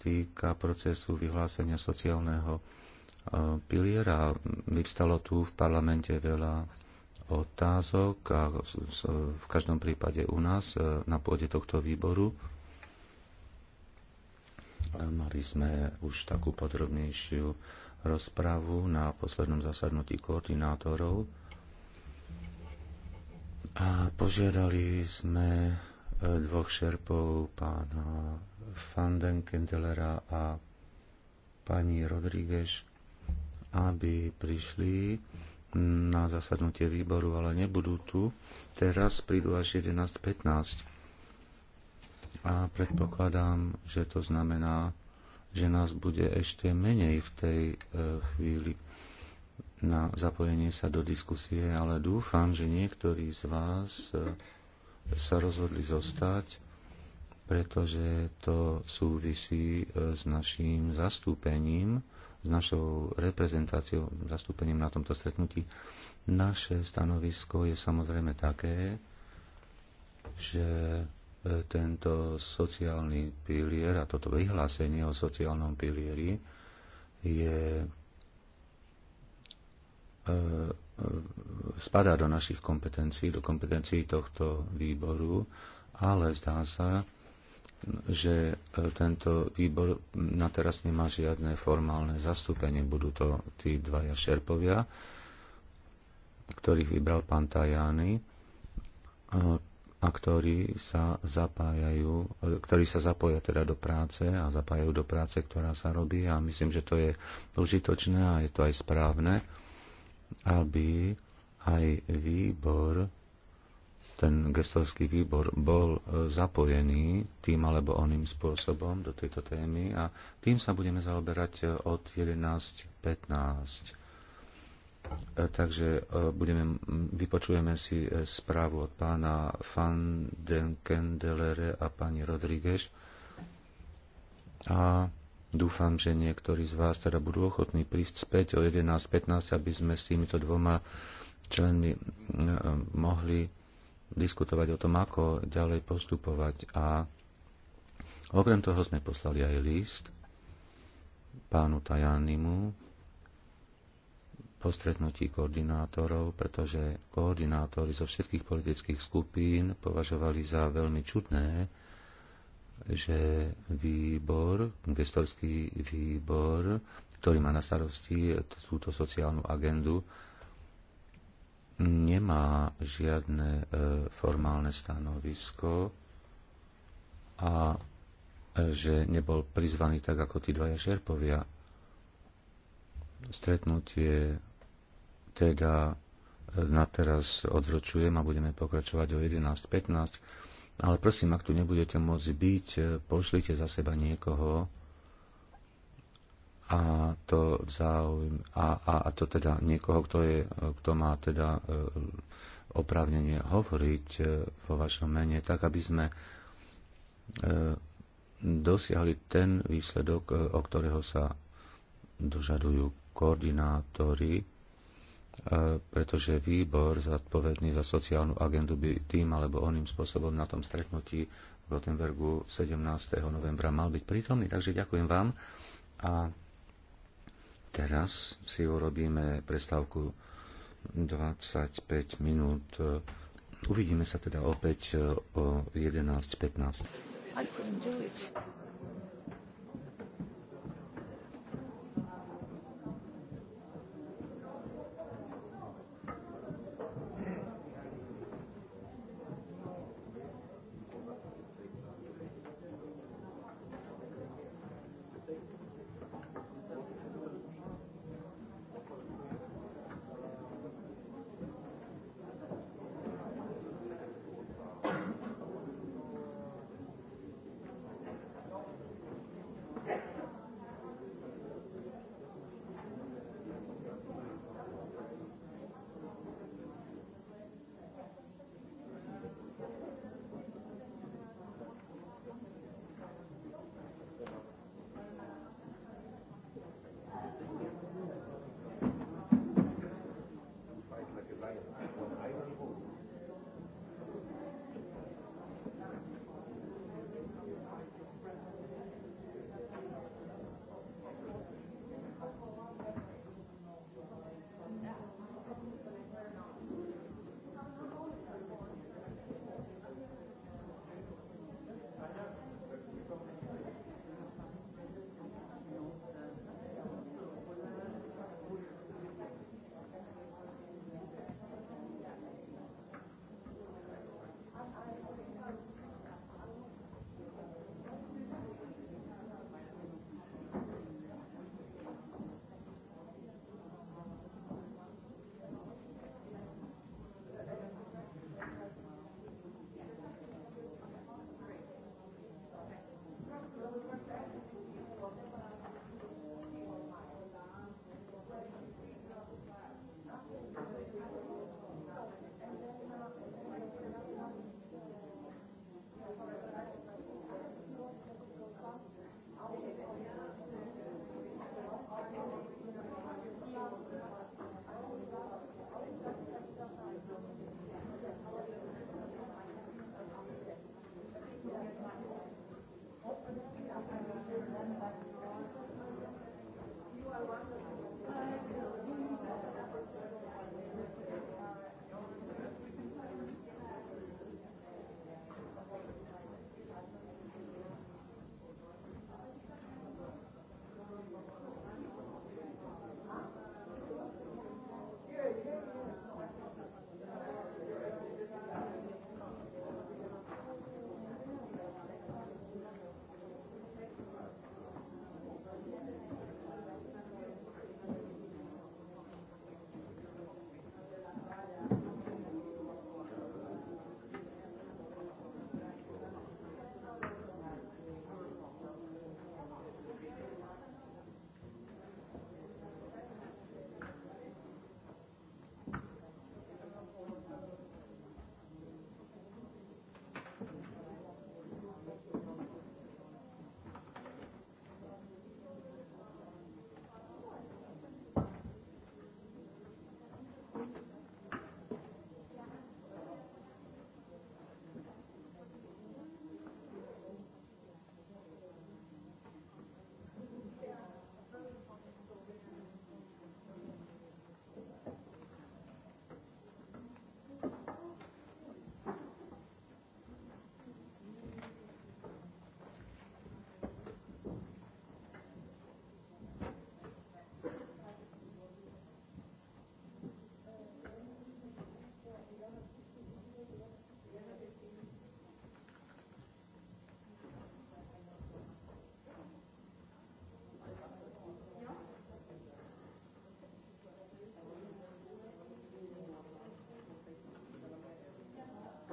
týka procesu vyhlásenia sociálneho piliera. Vyvstalo tu v parlamente veľa otázok a v každom prípade u nás e, na pôde tohto výboru. Mali sme už takú podrobnejšiu rozpravu na poslednom zasadnutí koordinátorov a požiadali sme e, dvoch šerpov, pána Fanden Kendelera a pani Rodríguez, aby prišli na zasadnutie výboru, ale nebudú tu. Teraz prídu až 11.15. A predpokladám, že to znamená, že nás bude ešte menej v tej e, chvíli na zapojenie sa do diskusie, ale dúfam, že niektorí z vás e, sa rozhodli zostať, pretože to súvisí e, s naším zastúpením s našou reprezentáciou, zastúpením na tomto stretnutí. Naše stanovisko je samozrejme také, že e, tento sociálny pilier a toto vyhlásenie o sociálnom pilieri je e, e, spadá do našich kompetencií, do kompetencií tohto výboru, ale zdá sa, že e, tento výbor na teraz nemá žiadne formálne zastúpenie. Budú to tí dvaja šerpovia, ktorých vybral pán Tajany e, a ktorí sa zapájajú, e, ktorí sa zapoja teda do práce a zapájajú do práce, ktorá sa robí a myslím, že to je užitočné a je to aj správne, aby aj výbor ten gestorský výbor bol e, zapojený tým alebo oným spôsobom do tejto témy a tým sa budeme zaoberať e, od 11.15. E, takže budeme, vypočujeme si správu od pána Van den Kendelere a pani Rodríguez. A dúfam, že niektorí z vás teda budú ochotní prísť späť o 11.15, aby sme s týmito dvoma členmi mohli diskutovať o tom, ako ďalej postupovať. A okrem toho sme poslali aj list pánu Tajanimu po stretnutí koordinátorov, pretože koordinátori zo všetkých politických skupín považovali za veľmi čudné, že výbor, gestorský výbor, ktorý má na starosti túto sociálnu agendu, nemá žiadne e, formálne stanovisko a e, že nebol prizvaný tak ako tí dvaja šerpovia. Stretnutie teda e, na teraz odročujem a budeme pokračovať o 11.15, ale prosím, ak tu nebudete môcť byť, e, pošlite za seba niekoho, a to, záujm, a, a, a to teda niekoho, kto, je, kto má teda e, oprávnenie hovoriť e, vo vašom mene, tak aby sme e, dosiahli ten výsledok, o ktorého sa dožadujú koordinátori, pretože výbor zodpovedný za sociálnu agendu by tým alebo oným spôsobom na tom stretnutí v Rotenbergu 17. novembra mal byť prítomný. Takže ďakujem vám a Teraz si urobíme prestávku 25 minút. Uvidíme sa teda opäť o 11.15.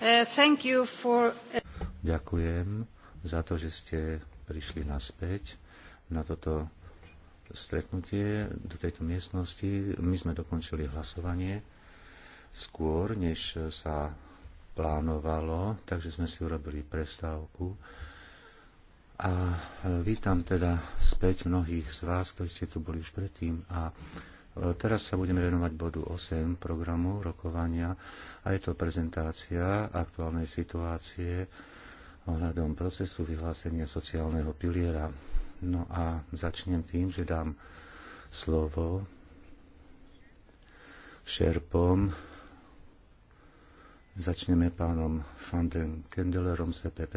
Uh, uh, Ďakujem za to, že ste prišli naspäť na toto stretnutie do tejto miestnosti. My sme dokončili hlasovanie skôr, než sa plánovalo, takže sme si urobili prestávku. A vítam teda späť mnohých z vás, ktorí ste tu boli už predtým a E, teraz sa budeme venovať bodu 8 programu rokovania a je to prezentácia aktuálnej situácie ohľadom procesu vyhlásenia sociálneho piliera. No a začnem tým, že dám slovo šerpom. Začneme pánom Fanden Kendelerom z EPP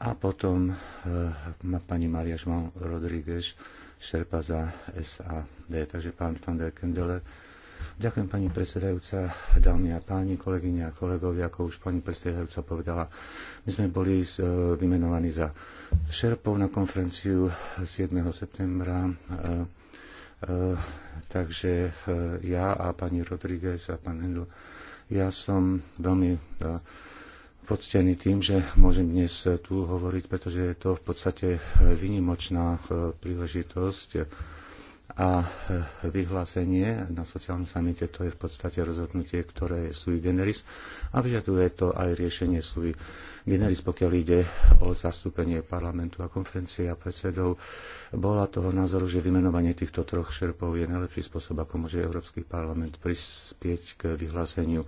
a potom eh, pani Maria Žmon Rodríguez, šerpa za SAD. Takže pán van der Kendeler. Ďakujem pani predsedajúca, dámy a páni, kolegyne a kolegovia, ako už pani predsedajúca povedala. My sme boli eh, vymenovaní za šerpov na konferenciu 7. septembra. Eh, takže ja a pani Rodríguez a pán Hendel, ja som veľmi poctený tým, že môžem dnes tu hovoriť, pretože je to v podstate vynimočná eh, príležitosť a e, vyhlásenie na sociálnom samite to je v podstate rozhodnutie, ktoré je sui generis a vyžaduje to aj riešenie sui generis, pokiaľ ide o zastúpenie parlamentu a konferencie a predsedov. Bola toho názoru, že vymenovanie týchto troch šerpov je najlepší spôsob, ako môže Európsky parlament prispieť k vyhláseniu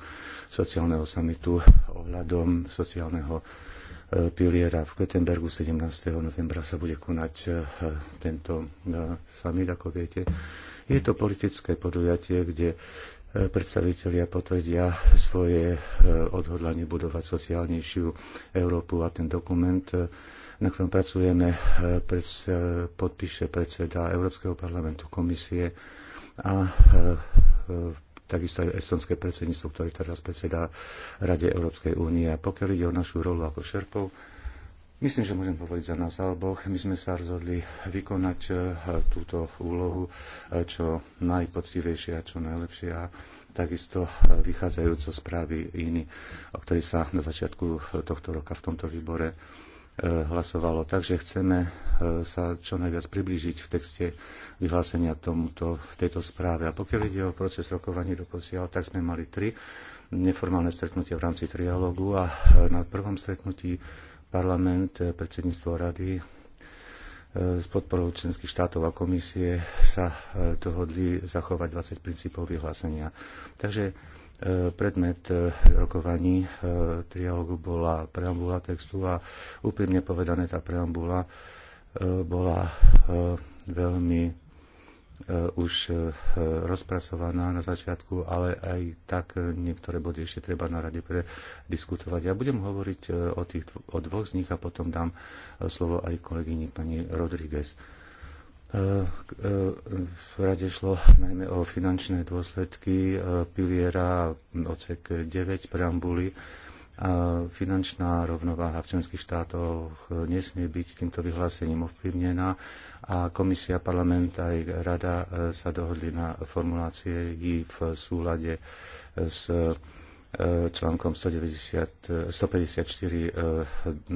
sociálneho samitu ohľadom sociálneho E, piliera v Göteborgu 17. novembra sa bude konať e, tento e, summit, ako viete. Je to politické podujatie, kde predstavitelia potvrdia svoje odhodlanie budovať sociálnejšiu Európu a ten dokument, na ktorom pracujeme, podpíše predseda Európskeho parlamentu, komisie a takisto aj estonské predsedníctvo, ktoré teraz predsedá Rade Európskej únie. A pokiaľ ide o našu rolu ako šerpov, myslím, že môžem povedať za nás oboch. My sme sa rozhodli vykonať e, túto úlohu e, čo najpoctivejšie a čo najlepšie. A takisto e, vychádzajúco správy iní, o ktorých sa na začiatku tohto roka v tomto výbore E, hlasovalo. Takže chceme e, sa čo najviac priblížiť v texte vyhlásenia tomuto, v tejto správe. A pokiaľ ide o proces rokovaní do posiaľ, tak sme mali tri neformálne stretnutia v rámci trialógu a e, na prvom stretnutí parlament, predsedníctvo rady s podporou členských štátov a komisie sa dohodli zachovať 20 princípov vyhlásenia. Takže E, predmet e, rokovaní e, trialógu bola preambula textu a úprimne povedané tá preambula bola veľmi už rozpracovaná na začiatku, ale aj tak niektoré body ešte treba na rade prediskutovať. Ja budem hovoriť o, tých, o dvoch z nich a potom dám slovo aj kolegyni pani Rodriguez. Eh, eh, v rade šlo najmä o finančné dôsledky eh, piliera odsek 9 preambuly. A finančná rovnováha v členských štátoch nesmie byť týmto vyhlásením ovplyvnená a komisia, parlament aj rada sa dohodli na formulácii v súlade s E, článkom 190, 154 e, e,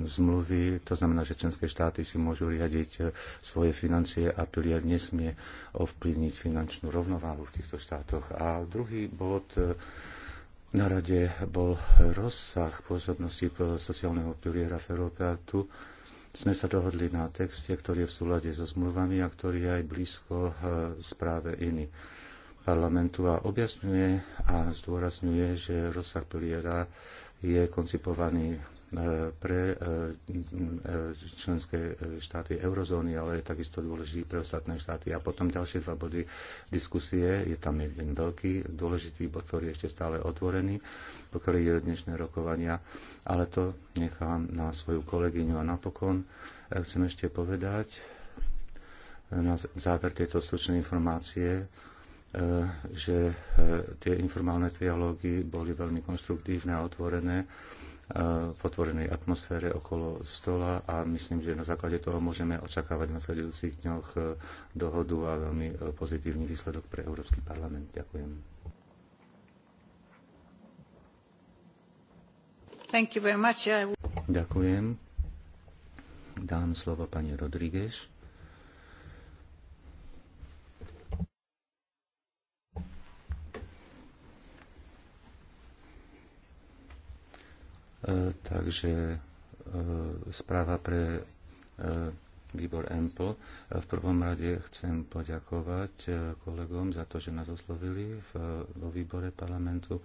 zmluvy. To znamená, že členské štáty si môžu riadiť svoje financie a pilier nesmie ovplyvniť finančnú rovnováhu v týchto štátoch. A druhý bod na rade bol rozsah pôsobnosti sociálneho piliera v Európe a tu sme sa dohodli na texte, ktorý je v súlade so zmluvami a ktorý je aj blízko správe iných parlamentu a objasňuje a zdôrazňuje, že rozsah piliera je koncipovaný e, pre e, e, členské štáty eurozóny, ale je takisto dôležitý pre ostatné štáty. A potom ďalšie dva body diskusie. Je tam jeden veľký dôležitý bod, ktorý je ešte stále otvorený, pokiaľ je dnešné rokovania, ale to nechám na svoju kolegyňu. A napokon chcem ešte povedať na záver tejto slučnej informácie, E, že e, tie informálne trialógy boli veľmi konstruktívne a otvorené e, v otvorenej atmosfére okolo stola a myslím, že na základe toho môžeme očakávať v nasledujúcich dňoch dohodu a veľmi pozitívny výsledok pre Európsky parlament. Ďakujem. Thank you very much. Ďakujem. Dám slovo pani Rodríguez. E, takže e, správa pre e, výbor EMPL. V prvom rade chcem poďakovať kolegom za to, že nás oslovili vo výbore parlamentu,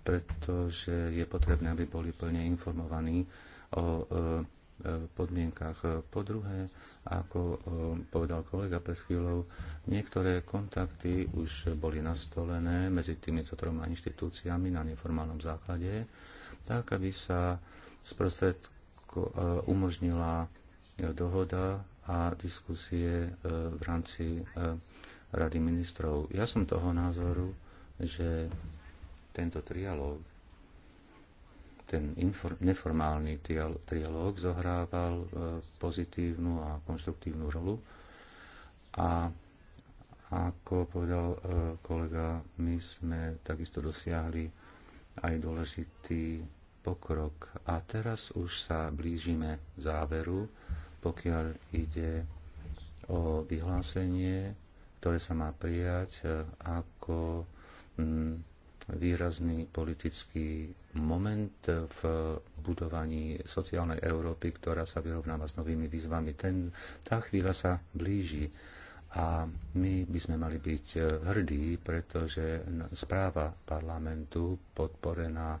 pretože je potrebné, aby boli plne informovaní o podmienkach. Po druhé, ako povedal kolega pred chvíľou, niektoré kontakty už boli nastolené medzi týmito troma inštitúciami na neformálnom základe tak aby sa sprostredko e, umožnila e, dohoda a diskusie e, v rámci Rady ministrov. Ja som toho názoru, že tento trialóg, ten neformálny trialóg zohrával pozitívnu a konstruktívnu rolu a ako povedal kolega, my sme takisto dosiahli aj dôležitý pokrok. A teraz už sa blížime záveru, pokiaľ ide o vyhlásenie, ktoré sa má prijať e, ako mm, výrazný politický moment v budovaní sociálnej Európy, ktorá sa vyrovnáva s novými výzvami. Ten, tá chvíľa sa blíži a my by sme mali byť e, hrdí, pretože správa parlamentu podporená e,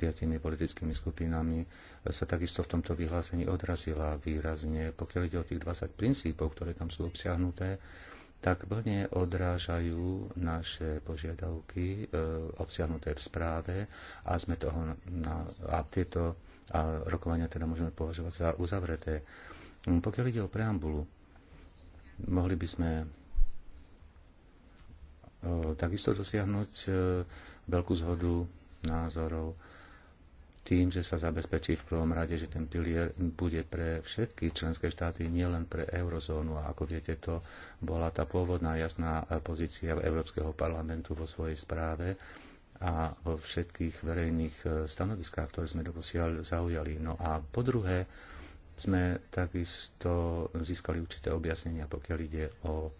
piatimi politickými skupinami e, sa takisto v tomto vyhlásení odrazila výrazne. Pokiaľ ide o tých 20 princípov, ktoré tam sú obsiahnuté, tak plne odrážajú naše požiadavky e, obsiahnuté v správe a, sme toho na, a tieto a rokovania teda môžeme považovať za uzavreté. Pokiaľ ide o preambulu, Mohli by sme takisto dosiahnuť e, veľkú zhodu názorov tým, že sa zabezpečí v prvom rade, že ten pilier bude pre všetky členské štáty, nielen pre eurozónu. A ako viete, to bola tá pôvodná jasná e, pozícia Európskeho parlamentu vo svojej správe a vo všetkých verejných e, stanoviskách, ktoré sme doposiaľ zaujali. No a po druhé, sme takisto získali určité objasnenia, pokiaľ ide o e,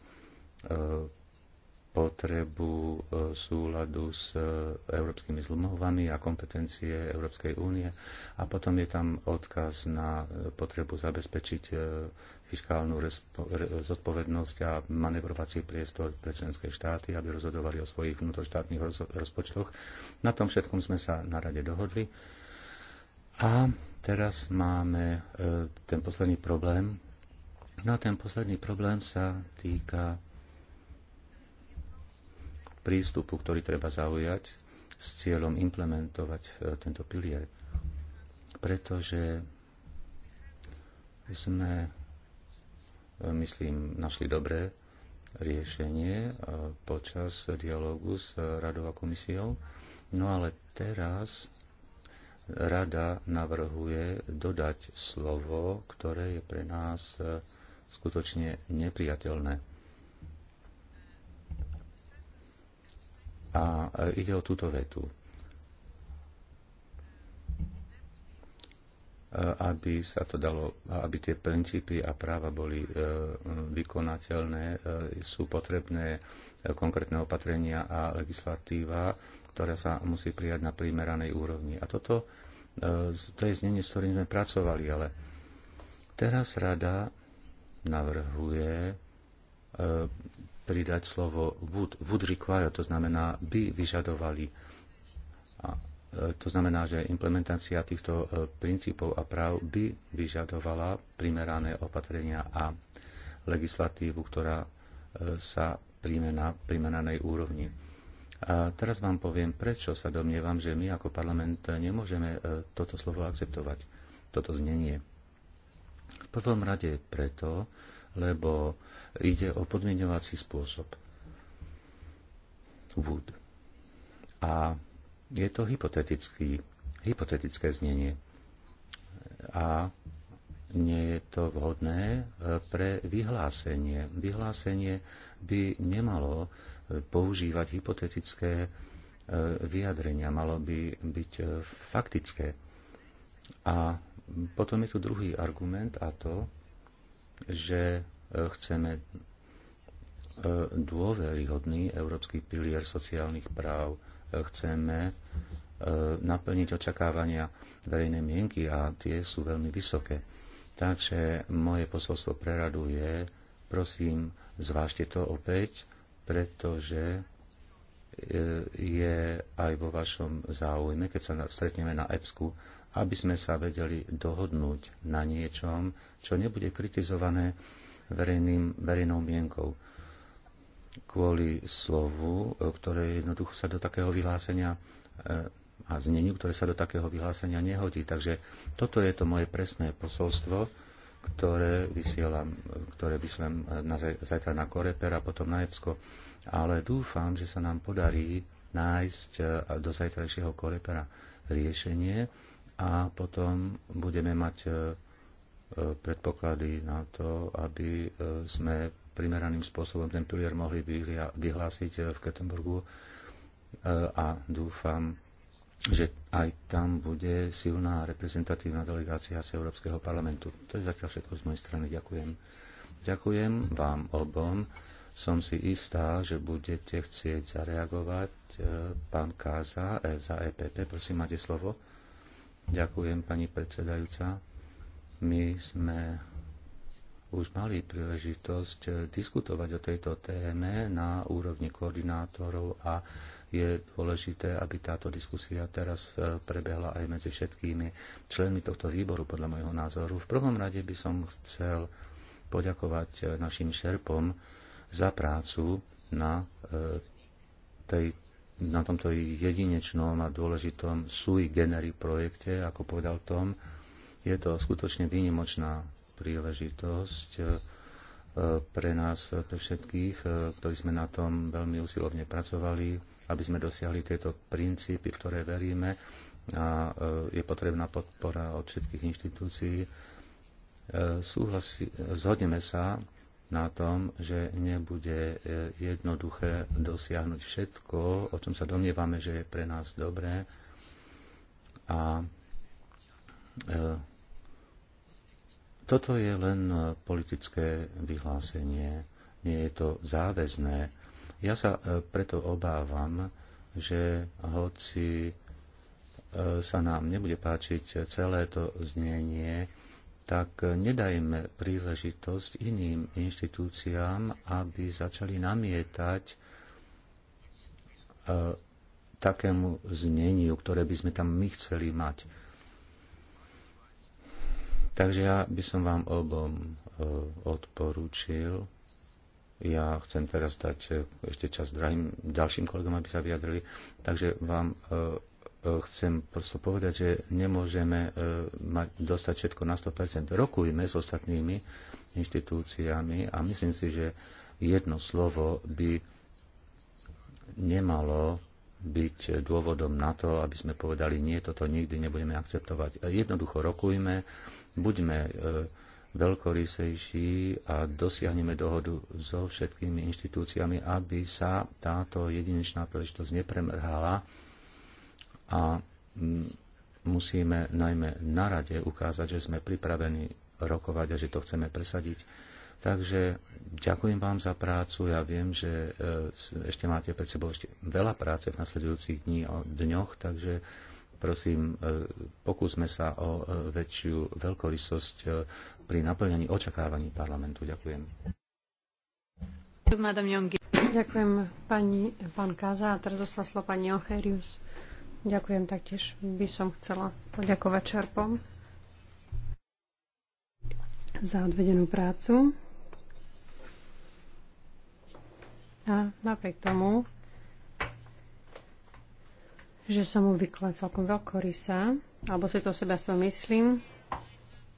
potrebu e, súladu s e, európskymi zlomovami a kompetencie Európskej únie. A potom je tam odkaz na potrebu zabezpečiť fiskálnu zodpovednosť a manevrovací priestor pre členské štáty, aby rozhodovali o svojich vnútroštátnych rozpočtoch. Na tom všetkom sme sa na rade dohodli. A Teraz máme e, ten posledný problém. No a ten posledný problém sa týka prístupu, ktorý treba zaujať s cieľom implementovať e, tento pilier. Pretože sme, e, myslím, našli dobré riešenie počas dialogu s Radou a komisiou. No ale teraz Rada navrhuje dodať slovo, ktoré je pre nás e, skutočne nepriateľné. A e, ide o túto vetu. E, aby sa to dalo, aby tie princípy a práva boli vykonateľné, sú potrebné konkrétne opatrenia a legislatíva, ktorá sa musí prijať na primeranej úrovni. A toto to je znenie, s ktorým sme pracovali, ale teraz rada navrhuje e, pridať slovo would, would require, to znamená by vyžadovali. A e, to znamená, že implementácia týchto e, princípov a práv by vyžadovala primerané opatrenia a legislatívu, ktorá sa príjme na primeranej úrovni. A teraz vám poviem, prečo sa domnievam, že my ako parlament nemôžeme e, toto slovo akceptovať, toto znenie. V prvom rade preto, lebo ide o podmienovací spôsob. Wood. A je to hypotetický, hypotetické znenie. A nie je to vhodné e, pre vyhlásenie. Vyhlásenie by nemalo používať hypotetické e, vyjadrenia, malo by byť e, faktické. A potom je tu druhý argument a to, že e, chceme dôveryhodný európsky pilier sociálnych práv, chceme naplniť očakávania verejnej mienky a tie sú veľmi vysoké. Takže moje posolstvo pre radu je, prosím, zvážte to opäť, pretože e, je aj vo vašom záujme, keď sa stretneme na EPSku, aby sme sa vedeli dohodnúť na niečom, čo nebude kritizované verejným, verejnou mienkou kvôli slovu, e, ktoré jednoducho sa do takého vyhlásenia e, a zneniu, ktoré sa do takého vyhlásenia nehodí. Takže toto je to moje presné posolstvo ktoré vysielam, ktoré vyšlem eh, na zajtra na Koreper a potom na Epsko. Ale dúfam, že sa nám podarí nájsť eh, do zajtrajšieho Korepera riešenie a potom budeme mať eh, predpoklady na to, aby sme primeraným spôsobom ten pilier mohli vyhlásiť v Kettenburgu a dúfam, že aj tam bude silná reprezentatívna delegácia z Európskeho parlamentu. To je zatiaľ všetko z mojej strany. Ďakujem. Ďakujem vám obom. Som si istá, že budete chcieť zareagovať. E, pán Káza e, za EPP, prosím, máte slovo. Ďakujem, pani predsedajúca. My sme už mali príležitosť e, diskutovať o tejto téme na úrovni koordinátorov a je dôležité, aby táto diskusia teraz e, prebehla aj medzi všetkými členmi tohto výboru, podľa môjho názoru. V prvom rade by som chcel poďakovať e, našim šerpom za prácu na, e, tej, na tomto jedinečnom a dôležitom sui generi projekte, ako povedal Tom. Je to skutočne výnimočná príležitosť pre nás, pre všetkých, ktorí sme na tom veľmi usilovne pracovali aby sme dosiahli tieto princípy, v ktoré veríme a e, je potrebná podpora od všetkých inštitúcií. E, Súhlasi, zhodneme sa na tom, že nebude e, jednoduché dosiahnuť všetko, o čom sa domnievame, že je pre nás dobré. A toto je len politické vyhlásenie, nie je to záväzné ja sa e, preto obávam, že hoci e, sa nám nebude páčiť celé to znenie, tak nedajme príležitosť iným inštitúciám, aby začali namietať e, takému zneniu, ktoré by sme tam my chceli mať. Takže ja by som vám obom odporúčil, ja chcem teraz dať e, ešte čas drahým, ďalším kolegom, aby sa vyjadrili. Takže vám e, e, chcem prosto povedať, že nemôžeme mať, dostať všetko na 100%. Rokujme s ostatnými inštitúciami a myslím si, že jedno slovo by nemalo byť dôvodom na to, aby sme povedali, nie, toto nikdy nebudeme akceptovať. Jednoducho rokujme, buďme veľkorysejší a dosiahneme dohodu so všetkými inštitúciami, aby sa táto jedinečná príležitosť nepremrhala a mm, musíme najmä na rade ukázať, že sme pripravení rokovať a že to chceme presadiť. Takže ďakujem vám za prácu. Ja viem, že e, ešte máte pred sebou ešte veľa práce v nasledujúcich dní a dňoch, takže Prosím, e, pokúsme sa o e, väčšiu veľkorysosť e, pri naplňaní očakávaní parlamentu. Ďakujem. Ďakujem pani, pán Káza. A teraz dostala slovo pani Ocherius. Ďakujem taktiež. By som chcela poďakovať Čerpom za odvedenú prácu. A napriek tomu že som obvykle celkom veľkorysá, alebo si to o sebe aspoň myslím.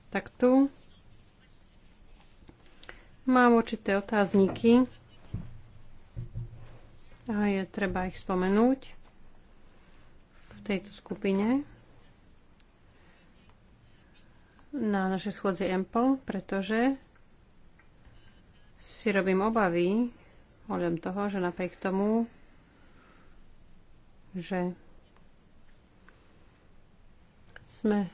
Tak tu mám určité otázniky a je treba ich spomenúť v tejto skupine na našej schôdzi Ample, pretože si robím obavy ohľadom toho, že napriek tomu, že sme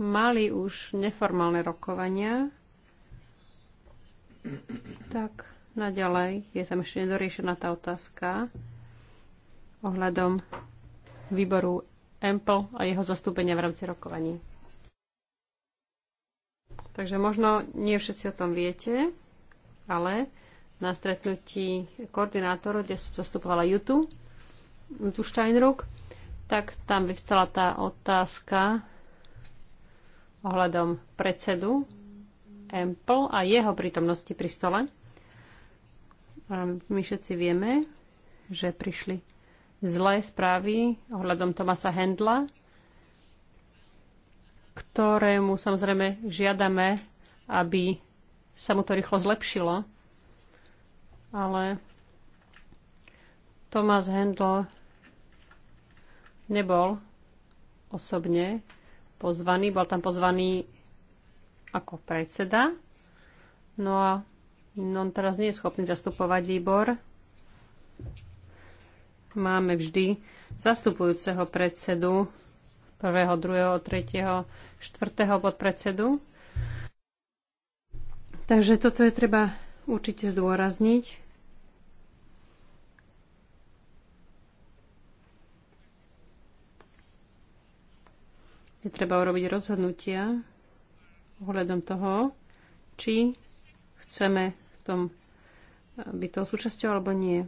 mali už neformálne rokovania, tak naďalej je tam ešte nedoriešená tá otázka ohľadom výboru EMPL a jeho zastúpenia v rámci rokovaní. Takže možno nie všetci o tom viete, ale na stretnutí koordinátorov, kde som zastupovala Jutu, Jutu Steinruck, tak tam vyvstala tá otázka ohľadom predsedu Apple a jeho prítomnosti pri stole. Ehm, my všetci vieme, že prišli zlé správy ohľadom Tomasa Hendla, ktorému samozrejme žiadame, aby sa mu to rýchlo zlepšilo. Ale Tomás Hendl nebol osobne pozvaný, bol tam pozvaný ako predseda. No a no on teraz nie je schopný zastupovať výbor. Máme vždy zastupujúceho predsedu, prvého, druhého, tretieho, štvrtého podpredsedu. Takže toto je treba určite zdôrazniť. je treba urobiť rozhodnutia ohľadom toho, či chceme v tom eh, byť toho súčasťou alebo nie.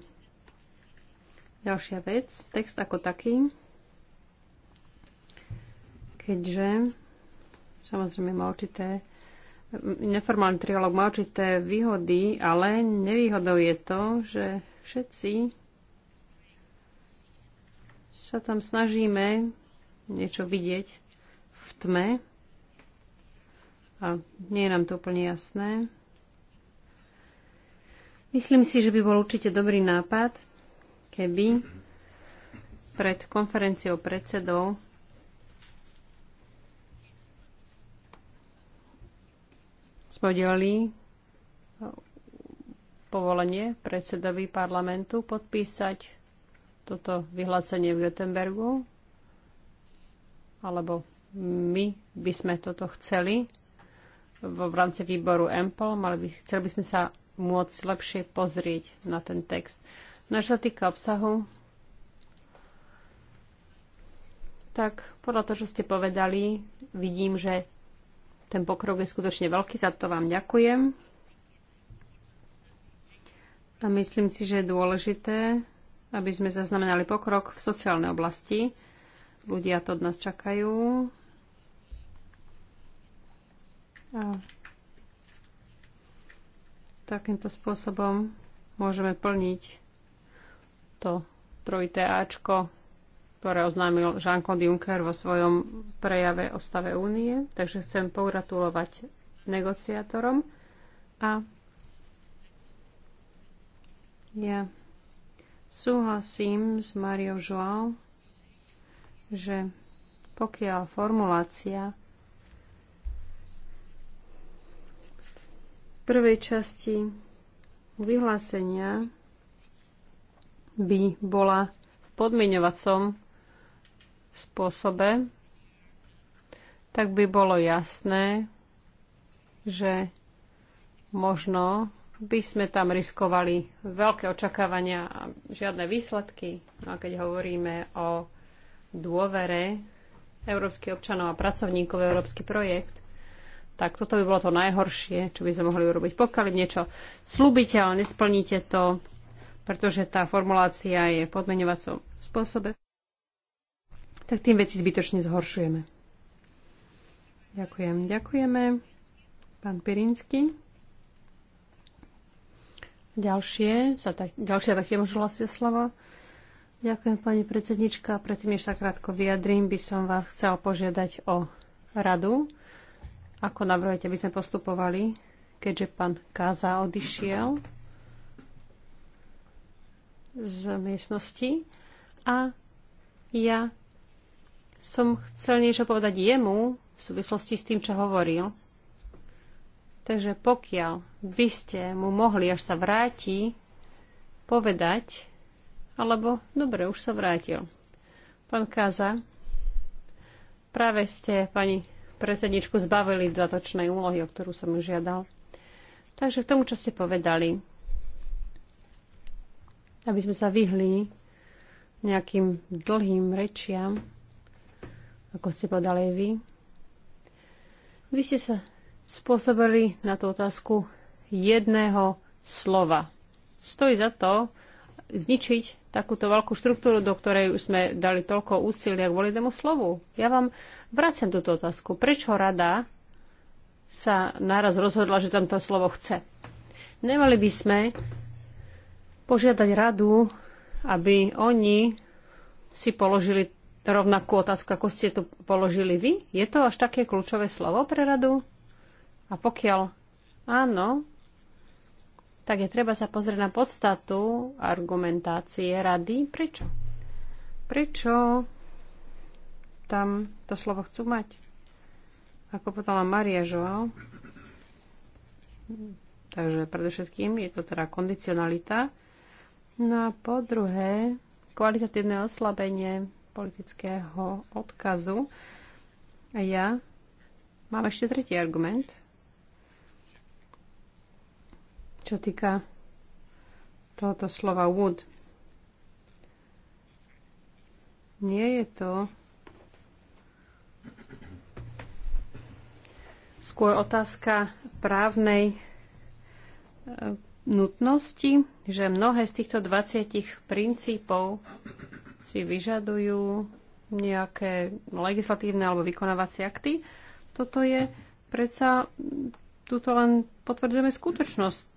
Ďalšia vec, text ako taký, keďže samozrejme má určité eh, neformálny trialog má určité výhody, ale nevýhodou je to, že všetci sa tam snažíme niečo vidieť v tme a nie je nám to úplne jasné. Myslím si, že by bol určite dobrý nápad, keby pred konferenciou predsedov spodeli povolenie predsedovi parlamentu podpísať toto vyhlásenie v Göteborgu alebo my by sme toto chceli v rámci výboru EMPL, mali by, chceli by sme sa môcť lepšie pozrieť na ten text. No čo týka obsahu, tak podľa toho, čo ste povedali, vidím, že ten pokrok je skutočne veľký, za to vám ďakujem. A myslím si, že je dôležité, aby sme zaznamenali pokrok v sociálnej oblasti. Ľudia to od nás čakajú. A takýmto spôsobom môžeme plniť to trojité Ačko, ktoré oznámil Jean-Claude Juncker vo svojom prejave o stave únie. Takže chcem pogratulovať negociátorom a ja súhlasím s Mariou Joao, že pokiaľ formulácia prvej časti vyhlásenia by bola v podmiňovacom spôsobe, tak by bolo jasné, že možno by sme tam riskovali veľké očakávania a žiadne výsledky. No a keď hovoríme o dôvere európskych občanov a pracovníkov európsky projekt, tak toto by bolo to najhoršie, čo by sme mohli urobiť. Pokiaľ niečo slúbite, ale nesplníte to, pretože tá formulácia je v podmenovacom spôsobe, tak tým veci zbytočne zhoršujeme. Ďakujem, ďakujeme. Pán Pirinsky. Ďalšie, sa tak, ďalšia možno hlasia slovo. Ďakujem, pani predsednička. Predtým, než sa krátko vyjadrím, by som vás chcel požiadať o radu ako navrhujete, aby sme postupovali, keďže pán Káza odišiel z miestnosti a ja som chcel niečo povedať jemu v súvislosti s tým, čo hovoril. Takže pokiaľ by ste mu mohli, až sa vráti, povedať, alebo dobre, už sa vrátil. Pán Kaza, práve ste, pani predsedničku zbavili dodatočnej úlohy, o ktorú som ju žiadal. Takže k tomu, čo ste povedali, aby sme sa vyhli nejakým dlhým rečiam, ako ste podali vy. Vy ste sa spôsobili na tú otázku jedného slova. Stojí za to zničiť takúto veľkú štruktúru, do ktorej už sme dali toľko úsilia kvôli tomu slovu. Ja vám vraciam túto otázku. Prečo rada sa naraz rozhodla, že tam to slovo chce? Nemali by sme požiadať radu, aby oni si položili rovnakú otázku, ako ste tu položili vy? Je to až také kľúčové slovo pre radu? A pokiaľ áno, tak je treba sa pozrieť na podstatu argumentácie rady. Prečo? Prečo tam to slovo chcú mať? Ako povedala Maria Joao. Takže predovšetkým je to teda kondicionalita. No a po druhé, kvalitatívne oslabenie politického odkazu. A ja mám ešte tretí argument, čo týka tohoto slova would. Nie je to skôr otázka právnej e, nutnosti, že mnohé z týchto 20 princípov si vyžadujú nejaké legislatívne alebo vykonávacie akty. Toto je predsa, tuto len potvrdzujeme skutočnosť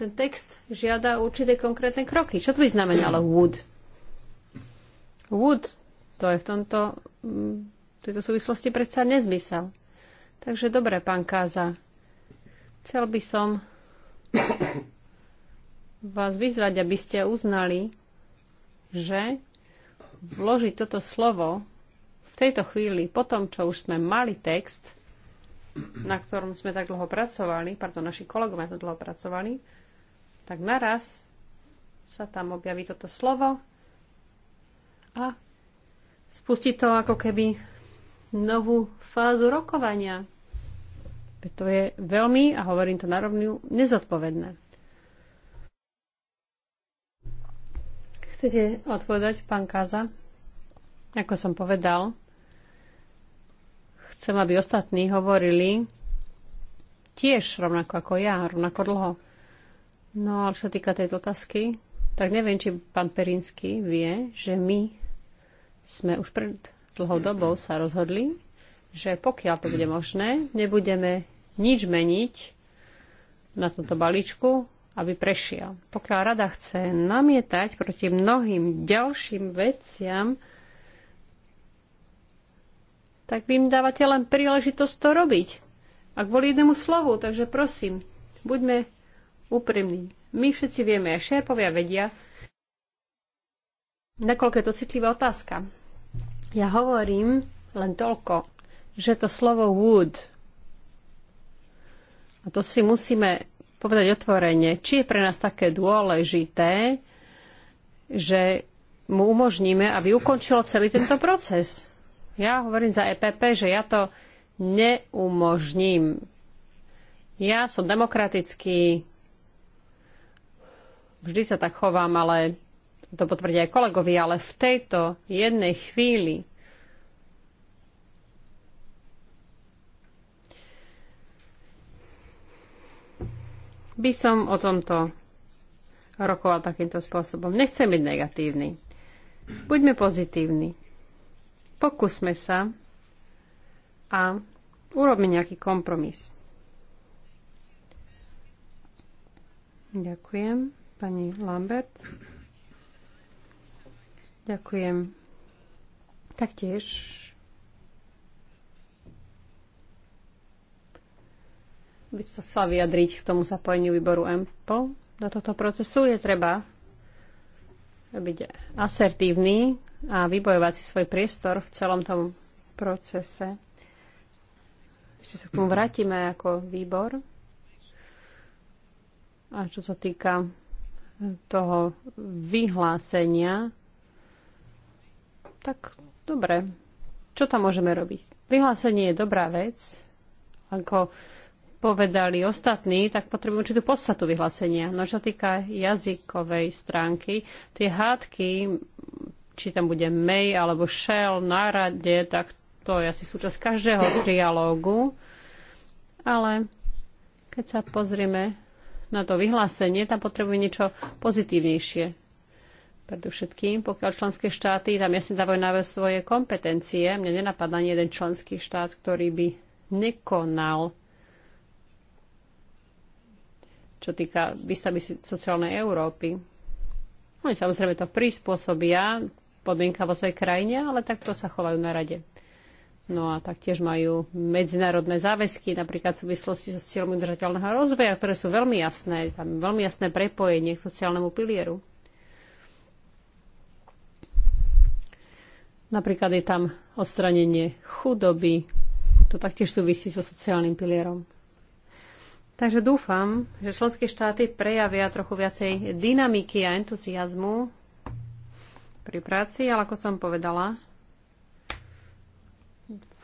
ten text žiada určité konkrétne kroky. Čo to by znamenalo would? Would, to je v tomto, mm, v tejto súvislosti predsa nezmysel. Takže dobre, pán Káza, chcel by som vás vyzvať, aby ste uznali, že vložiť toto slovo v tejto chvíli, po tom, čo už sme mali text, na ktorom sme tak dlho pracovali, pardon, naši kolegovia to dlho pracovali, tak naraz sa tam objaví toto slovo a spustí to ako keby novú fázu rokovania. To je veľmi, a hovorím to na nezodpovedné. Chcete odpovedať, pán Kaza? Ako som povedal, chcem, aby ostatní hovorili tiež rovnako ako ja, rovnako dlho. No a čo sa týka tejto otázky, tak neviem, či pán Perinsky vie, že my sme už pred dlhou dobou sa rozhodli, že pokiaľ to bude možné, nebudeme nič meniť na tomto balíčku, aby prešiel. Pokiaľ rada chce namietať proti mnohým ďalším veciam, tak vy im dávate len príležitosť to robiť. A kvôli jednému slovu, takže prosím, buďme Úprimný, My všetci vieme, aj šerpovia vedia, nakoľko je to citlivá otázka. Ja hovorím len toľko, že to slovo would, a to si musíme povedať otvorene, či je pre nás také dôležité, že mu umožníme, aby ukončilo celý tento proces. Ja hovorím za EPP, že ja to neumožním. Ja som demokratický Vždy sa tak chovám, ale to potvrdia aj kolegovi, ale v tejto jednej chvíli by som o tomto rokoval takýmto spôsobom. Nechcem byť negatívny. Buďme pozitívni. Pokúsme sa a urobme nejaký kompromis. Ďakujem. Pani Lambert. Ďakujem. Taktiež by sa chcela vyjadriť k tomu zapojeniu výboru EMPO do tohto procesu. Je treba byť asertívny a vybojovať si svoj priestor v celom tom procese. Ešte sa k tomu vrátime ako výbor. A čo sa týka toho vyhlásenia, tak dobre, čo tam môžeme robiť? Vyhlásenie je dobrá vec, ako povedali ostatní, tak potrebujú určitú podstatu vyhlásenia. No čo sa týka jazykovej stránky, tie hádky, či tam bude may alebo shell na rade, tak to je asi súčasť každého trialógu. Ale keď sa pozrieme na to vyhlásenie, tam potrebuje niečo pozitívnejšie. Predovšetkým, pokiaľ členské štáty tam jasne dávajú na svoje kompetencie, mne nenapadá ani jeden členský štát, ktorý by nekonal čo týka výstavby sociálnej Európy. Oni samozrejme to prispôsobia podmienka vo svojej krajine, ale takto sa chovajú na rade. No a taktiež majú medzinárodné záväzky, napríklad v súvislosti so cieľom udržateľného rozvoja, ktoré sú veľmi jasné. Tam je veľmi jasné prepojenie k sociálnemu pilieru. Napríklad je tam odstranenie chudoby. To taktiež súvisí so sociálnym pilierom. Takže dúfam, že členské štáty prejavia trochu viacej dynamiky a entuziasmu pri práci, ale ako som povedala,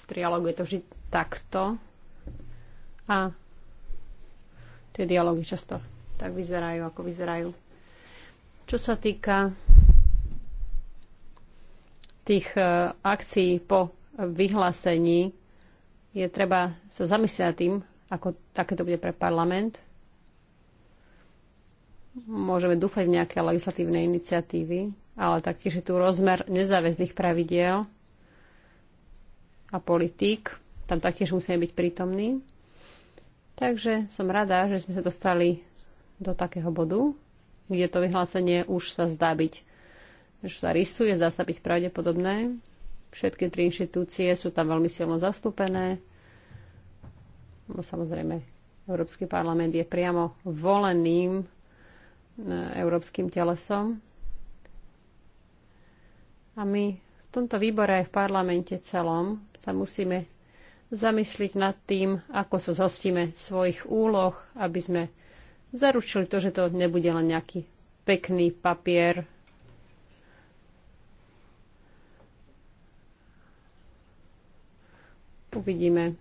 trialógu je to vždy takto. A tie dialógy často tak vyzerajú, ako vyzerajú. Čo sa týka tých e, akcií po vyhlásení, je treba sa zamyslieť tým, ako takéto bude pre parlament. Môžeme dúfať v nejaké legislatívne iniciatívy, ale taktiež je tu rozmer nezáväzných pravidiel, a politík. Tam taktiež musíme byť prítomní. Takže som rada, že sme sa dostali do takého bodu, kde to vyhlásenie už sa zdá byť, že sa rysuje, zdá sa byť pravdepodobné. Všetky tri inštitúcie sú tam veľmi silno zastúpené. No, samozrejme, Európsky parlament je priamo voleným e, európskym telesom. A my v tomto výbore aj v parlamente celom sa musíme zamysliť nad tým, ako sa zhostíme svojich úloh, aby sme zaručili to, že to nebude len nejaký pekný papier. Uvidíme,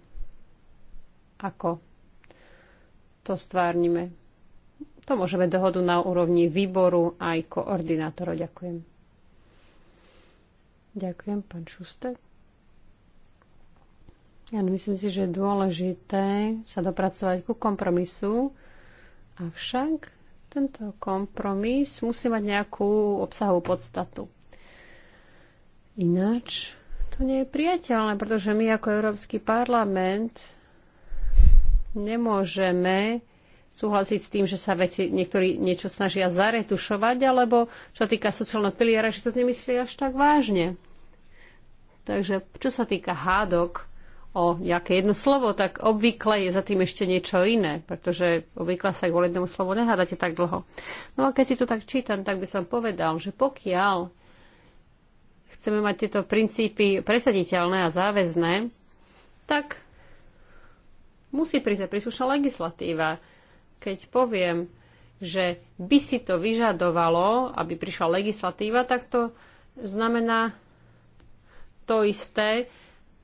ako to stvárnime. To môžeme dohodu na úrovni výboru aj koordinátorov. Ďakujem. Ďakujem, pán Šustek. Ja myslím si, že je dôležité sa dopracovať ku kompromisu, avšak tento kompromis musí mať nejakú obsahovú podstatu. Ináč to nie je priateľné, pretože my ako Európsky parlament nemôžeme súhlasiť s tým, že sa veci niektorí niečo snažia zaretušovať, alebo čo sa týka sociálneho piliera, že to nemyslí až tak vážne. Takže čo sa týka hádok o nejaké jedno slovo, tak obvykle je za tým ešte niečo iné, pretože obvykle sa kvôli jednému slovu nehádate tak dlho. No a keď si to tak čítam, tak by som povedal, že pokiaľ chceme mať tieto princípy presaditeľné a záväzné, tak musí prísť príslušná legislatíva. Keď poviem, že by si to vyžadovalo, aby prišla legislatíva, tak to znamená to isté,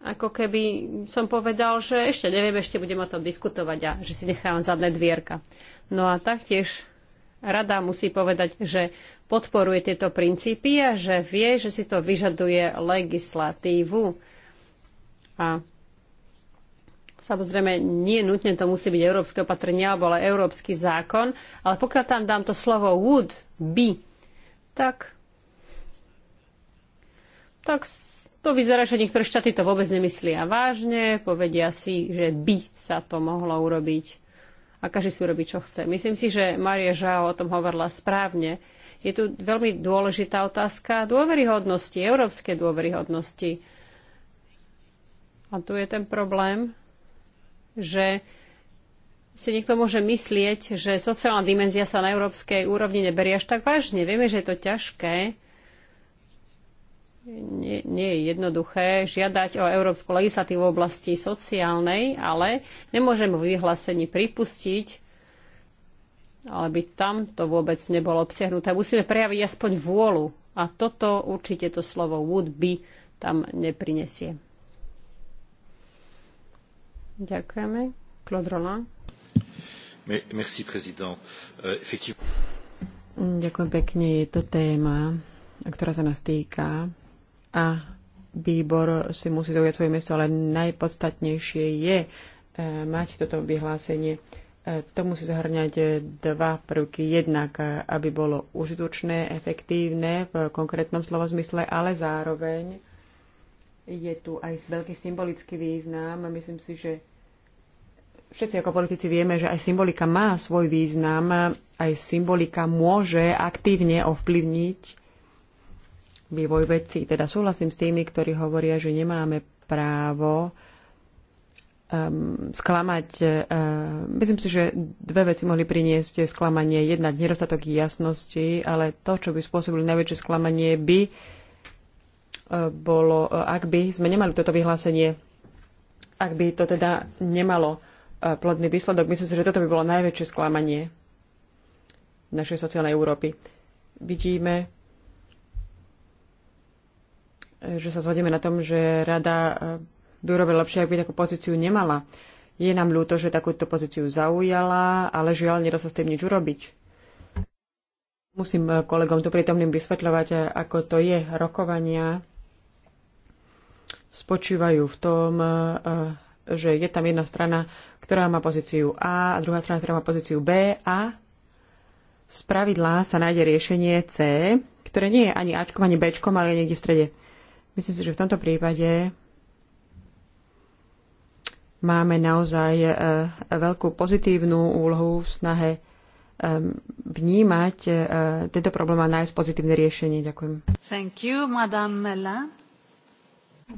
ako keby som povedal, že ešte neviem, ešte budem o tom diskutovať a že si nechávam zadné dvierka. No a taktiež rada musí povedať, že podporuje tieto princípy a že vie, že si to vyžaduje legislatívu. A Samozrejme, nie nutne to musí byť európske opatrenie alebo ale európsky zákon, ale pokiaľ tam dám to slovo would, by, tak, tak to vyzerá, že niektoré štáty to vôbec nemyslia vážne, povedia si, že by sa to mohlo urobiť a každý si urobi, čo chce. Myslím si, že Maria Žao o tom hovorila správne. Je tu veľmi dôležitá otázka dôveryhodnosti, európskej dôveryhodnosti. A tu je ten problém, že si niekto môže myslieť, že sociálna dimenzia sa na európskej úrovni neberie až tak vážne. Vieme, že je to ťažké, nie, nie je jednoduché žiadať o európsku legislatívu v oblasti sociálnej, ale nemôžeme v vyhlásení pripustiť, ale by tam to vôbec nebolo obsiahnuté. Musíme prejaviť aspoň vôľu. A toto určite to slovo would be tam neprinesie. Ďakujeme. Claude Roland. Merci, prezident. Euh, Ďakujem pekne. Je to téma, ktorá sa nás týka a výbor si musí zaujať svoje miesto, ale najpodstatnejšie je e, mať toto vyhlásenie. E, to musí zahrňať e, dva prvky. Jednak, aby bolo užitočné, efektívne v konkrétnom slovo zmysle, ale zároveň je tu aj veľký symbolický význam. Myslím si, že všetci ako politici vieme, že aj symbolika má svoj význam. Aj symbolika môže aktívne ovplyvniť vývoj vecí. Teda súhlasím s tými, ktorí hovoria, že nemáme právo um, sklamať. Um, myslím si, že dve veci mohli priniesť sklamanie. Jednak nedostatok jasnosti, ale to, čo by spôsobilo najväčšie sklamanie, by uh, bolo, uh, ak by sme nemali toto vyhlásenie, ak by to teda nemalo uh, plodný výsledok. Myslím si, že toto by bolo najväčšie sklamanie našej sociálnej Európy. Vidíme, že sa zhodneme na tom, že rada e, by urobila lepšie, ak by takú pozíciu nemala. Je nám ľúto, že takúto pozíciu zaujala, ale žiaľ, nedá sa s tým nič urobiť. Musím e, kolegom tu prítomným vysvetľovať, e, ako to je. Rokovania spočívajú v tom, že je tam jedna strana, ktorá má pozíciu A a druhá strana, ktorá má pozíciu B a z pravidla sa nájde riešenie C, ktoré nie je ani Ačkom, ani Bčkom, ale je niekde v strede. Myslím si, že v tomto prípade máme naozaj e, veľkú pozitívnu úlohu v snahe e, vnímať e, tento problém a nájsť pozitívne riešenie. Ďakujem. Thank you, Madame Mela.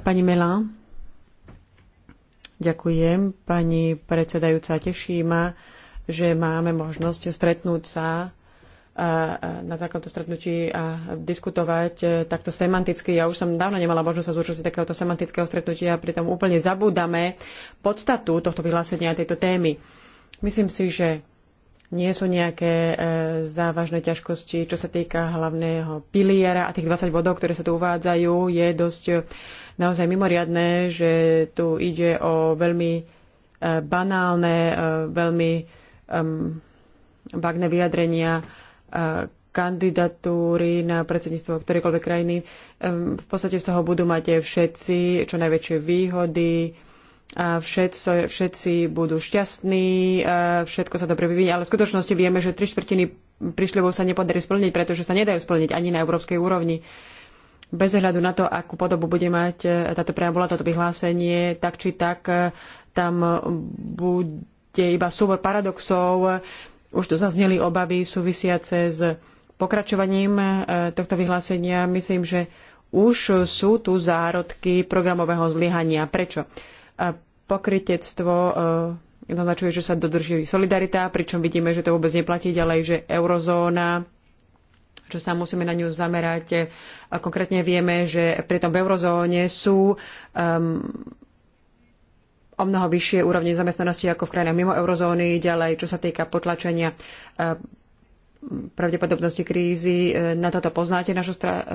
Pani Mela. Ďakujem, pani predsedajúca. Teší ma, že máme možnosť stretnúť sa na takomto stretnutí a diskutovať e, takto semanticky. Ja už som dávno nemala možnosť sa zúčastniť takéhoto semantického stretnutia a pritom úplne zabúdame podstatu tohto vyhlásenia a tejto témy. Myslím si, že nie sú nejaké e, závažné ťažkosti, čo sa týka hlavného piliera a tých 20 bodov, ktoré sa tu uvádzajú, je dosť e, naozaj mimoriadné, že tu ide o veľmi banálne, veľmi um, vágne vyjadrenia kandidatúry na predsedníctvo ktorejkoľvek krajiny. V podstate z toho budú mať všetci čo najväčšie výhody a všetci, všetci budú šťastní, všetko sa dobre vyvinie, ale v skutočnosti vieme, že tri štvrtiny prísľubov sa nepodarí splniť, pretože sa nedajú splniť ani na európskej úrovni. Bez ohľadu na to, akú podobu bude mať e, táto preambula, toto vyhlásenie, tak či tak e, tam bude iba súbor paradoxov, už tu zazneli obavy súvisiace s pokračovaním e, tohto vyhlásenia. Myslím, že už sú tu zárodky programového zlyhania. Prečo? E, pokrytectvo e, naznačuje, že sa dodrží solidarita, pričom vidíme, že to vôbec neplatí ďalej, že eurozóna že sa musíme na ňu zamerať. A konkrétne vieme, že pritom v eurozóne sú um, o mnoho vyššie úrovni zamestnanosti ako v krajinách mimo eurozóny, ďalej čo sa týka potlačenia eh, pravdepodobnosti krízy. Eh, na toto poznáte našu eh,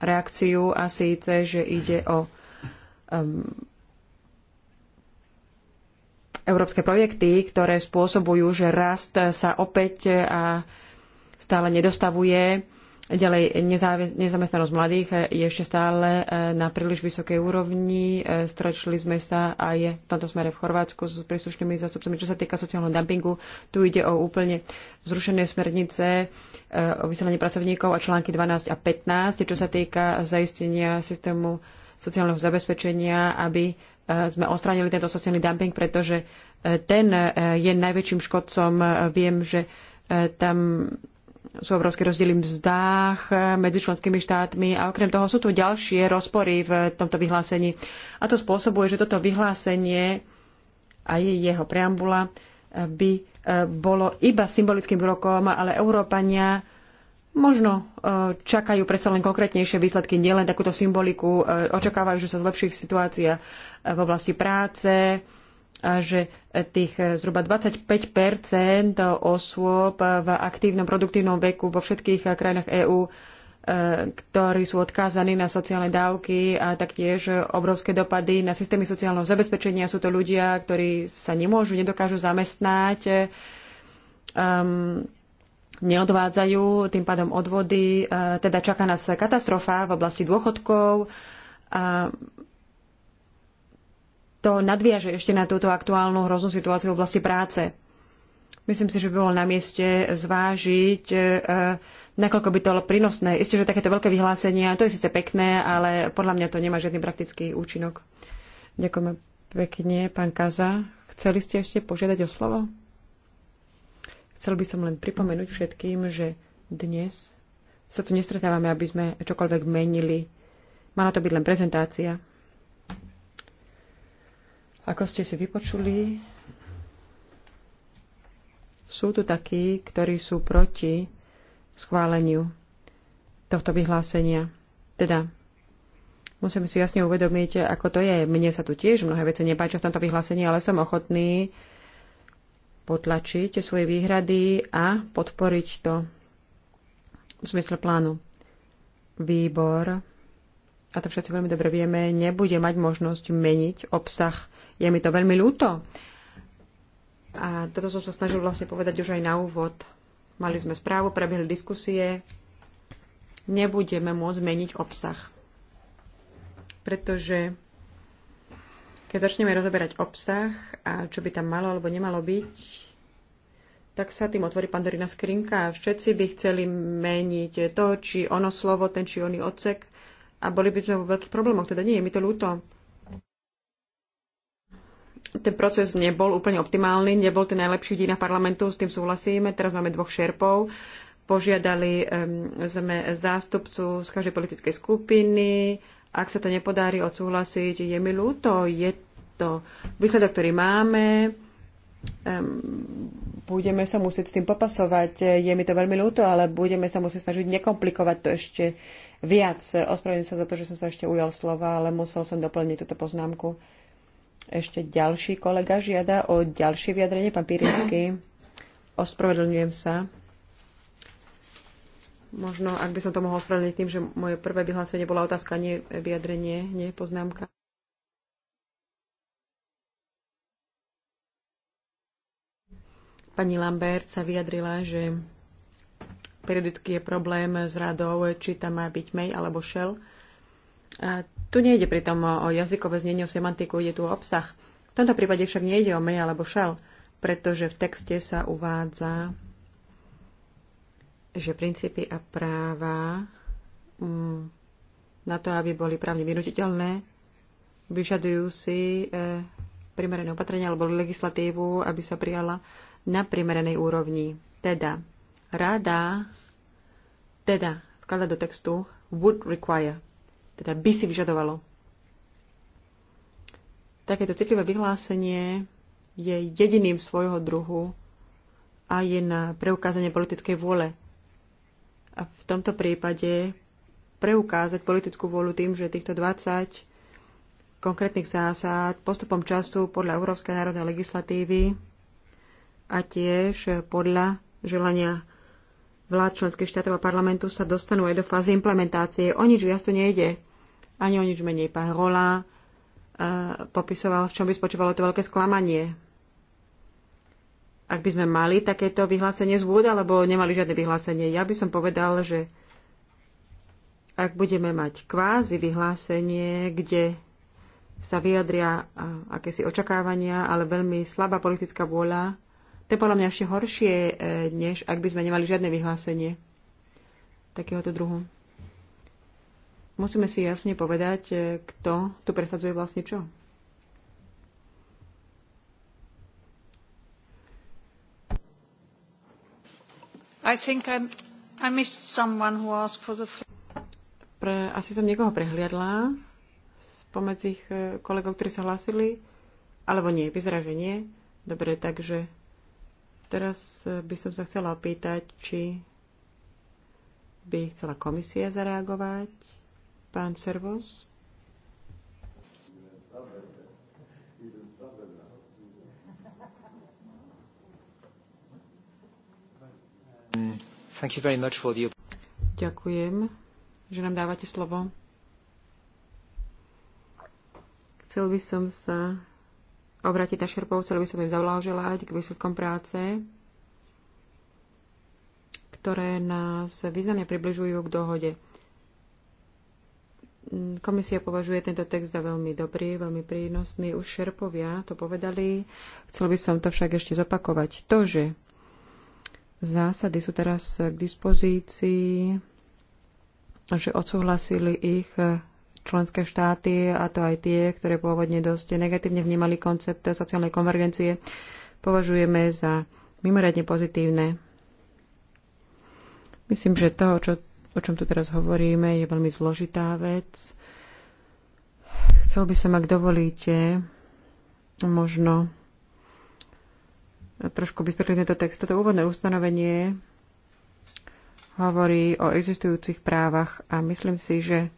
reakciu a síce, že ide o um, európske projekty, ktoré spôsobujú, že rast sa opäť a stále nedostavuje Ďalej, nezamestnanosť mladých je ešte stále e, na príliš vysokej úrovni. E, Stračili sme sa aj v tomto smere v Chorvátsku s príslušnými zastupcami, Čo sa týka sociálneho dumpingu, tu ide o úplne zrušené smernice e, o vyselení pracovníkov a články 12 a 15, čo sa týka zaistenia systému sociálneho zabezpečenia, aby sme odstránili tento sociálny dumping, pretože ten je najväčším škodcom. Viem, že tam sú obrovské rozdiely v mzdách eh, medzi členskými štátmi a okrem toho sú tu ďalšie rozpory v tomto vyhlásení. A to spôsobuje, že toto vyhlásenie a jeho preambula eh, by eh, bolo iba symbolickým rokom, ale Európania možno čakajú predsa len konkrétnejšie výsledky, nielen takúto symboliku, očakávajú, že sa zlepší situácia v oblasti práce, že tých zhruba 25 osôb v aktívnom produktívnom veku vo všetkých krajinách EÚ e, ktorí sú odkázaní na sociálne dávky a taktiež obrovské dopady na systémy sociálneho zabezpečenia. Sú to ľudia, ktorí sa nemôžu, nedokážu zamestnať, um, neodvádzajú tým pádom odvody, e, teda čaká nás katastrofa v oblasti dôchodkov a to nadviaže ešte na túto aktuálnu hroznú situáciu v oblasti práce. Myslím si, že by bolo na mieste zvážiť, e, nakoľko by to bolo prínosné. Isté, že takéto veľké vyhlásenia, to je síce pekné, ale podľa mňa to nemá žiadny praktický účinok. Ďakujeme pekne, pán Kaza. Chceli ste ešte požiadať o slovo? Chcel by som len pripomenúť všetkým, že dnes sa tu nestretávame, aby sme čokoľvek menili. Mala to byť len prezentácia. Ako ste si vypočuli, sú tu takí, ktorí sú proti schváleniu tohto vyhlásenia. Teda musím si jasne uvedomiť, ako to je. Mne sa tu tiež mnohé veci nepáčia v tomto vyhlásení, ale som ochotný potlačiť svoje výhrady a podporiť to v zmysle plánu. Výbor, a to všetci veľmi dobre vieme, nebude mať možnosť meniť obsah je mi to veľmi ľúto. A toto som sa snažil vlastne povedať už aj na úvod. Mali sme správu, prebehli diskusie. Nebudeme môcť zmeniť obsah. Pretože keď začneme rozoberať obsah a čo by tam malo alebo nemalo byť, tak sa tým otvorí pandorina skrinka a všetci by chceli meniť to, či ono slovo, ten či oný odsek a boli by sme vo veľkých problémoch. Teda nie, je mi to ľúto ten proces nebol úplne optimálny, nebol ten najlepší v dínach parlamentu, s tým súhlasíme. Teraz máme dvoch šerpov. Požiadali sme zástupcu z každej politickej skupiny. Ak sa to nepodarí odsúhlasiť, je mi ľúto. Je to výsledok, ktorý máme. Um, budeme sa musieť s tým popasovať. Je mi to veľmi ľúto, ale budeme sa musieť snažiť nekomplikovať to ešte viac. Ospravedlňujem sa za to, že som sa ešte ujal slova, ale musel som doplniť túto poznámku. Ešte ďalší kolega žiada o ďalšie vyjadrenie, pán Pirinsky. Ospravedlňujem sa. Možno, ak by som to mohol ospravedlniť tým, že moje prvé vyhlásenie bola otázka, nie vyjadrenie, nie poznámka. Pani Lambert sa vyjadrila, že periodicky je problém s radou, či tam má byť May alebo Shell. Tu nejde pritom o jazykové znenie, o semantiku, ide tu o obsah. V tomto prípade však nejde o mail alebo shall, pretože v texte sa uvádza, že princípy a práva mm, na to, aby boli právne vynutiteľné, vyžadujú si e, primerané opatrenia alebo legislatívu, aby sa prijala na primeranej úrovni. Teda, rada, teda, vklada do textu would require teda by si vyžadovalo. Takéto citlivé vyhlásenie je jediným svojho druhu a je na preukázanie politickej vôle. A v tomto prípade preukázať politickú vôľu tým, že týchto 20 konkrétnych zásad postupom času podľa Európskej národnej legislatívy a tiež podľa želania vlád členských štátov a parlamentu sa dostanú aj do fázy implementácie. O nič viac tu nejde. Ani o nič menej. Pán Rola eh, popisoval, v čom by spočívalo to veľké sklamanie. Ak by sme mali takéto vyhlásenie z vôd, alebo nemali žiadne vyhlásenie, ja by som povedal, že ak budeme mať kvázi vyhlásenie, kde sa vyjadria eh, akési očakávania, ale veľmi slabá politická vôľa, je podľa mňa ešte horšie, e, než ak by sme nemali žiadne vyhlásenie takéhoto druhu. Musíme si jasne povedať, e, kto tu presadzuje vlastne čo. I think I'm, I missed someone who asked for the Pre, asi som niekoho prehliadla spomedzi ich e, kolegov, ktorí sa hlásili, alebo nie, vyzerá, že nie. Dobre, takže Teraz eh, by som sa chcela opýtať, či by chcela komisia zareagovať. Pán Servos. Thank you very much for the... Ďakujem, že nám dávate slovo. Chcel by som sa obrátiť na Šerpov. Chcel by som im zavláželať k výsledkom práce, ktoré nás významne približujú k dohode. Komisia považuje tento text za veľmi dobrý, veľmi prínosný. Už šerpovia to povedali. Chcel by som to však ešte zopakovať. To, že zásady sú teraz k dispozícii, že odsúhlasili ich členské štáty, a to aj tie, ktoré pôvodne dosť negatívne vnímali koncept sociálnej konvergencie, považujeme za mimoriadne pozitívne. Myslím, že to, čo, o čom tu teraz hovoríme, je veľmi zložitá vec. Chcel by som, ak dovolíte, možno trošku vysvetliť tento text. Toto úvodné ustanovenie hovorí o existujúcich právach a myslím si, že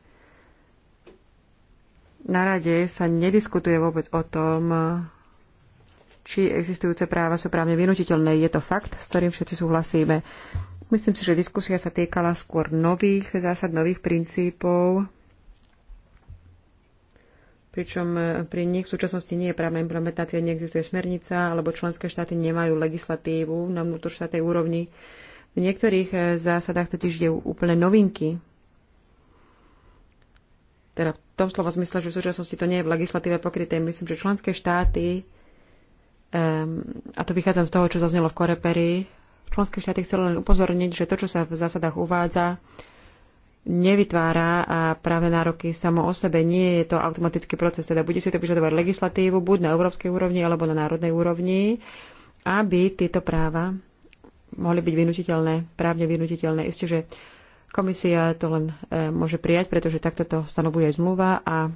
na rade sa nediskutuje vôbec o tom, či existujúce práva sú právne vynutiteľné. Je to fakt, s ktorým všetci súhlasíme. Myslím si, že diskusia sa týkala skôr nových zásad, nových princípov, pričom pri nich v súčasnosti nie je právna implementácia, neexistuje smernica, alebo členské štáty nemajú legislatívu na vnútroštátnej úrovni. V niektorých zásadách totiž je úplne novinky, teda v tom slovo zmysle, že v súčasnosti to nie je v legislatíve pokryté. Myslím, že členské štáty, um, a to vychádzam z toho, čo zaznelo v Koreperi, členské štáty chceli len upozorniť, že to, čo sa v zásadách uvádza, nevytvára a práve nároky samo o sebe. Nie je to automatický proces, teda bude si to vyžadovať legislatívu buď na európskej úrovni alebo na národnej úrovni, aby tieto práva mohli byť vynutiteľné, právne vynutiteľné. Isté, že Komisia to len e, môže prijať, pretože takto to stanovuje zmluva a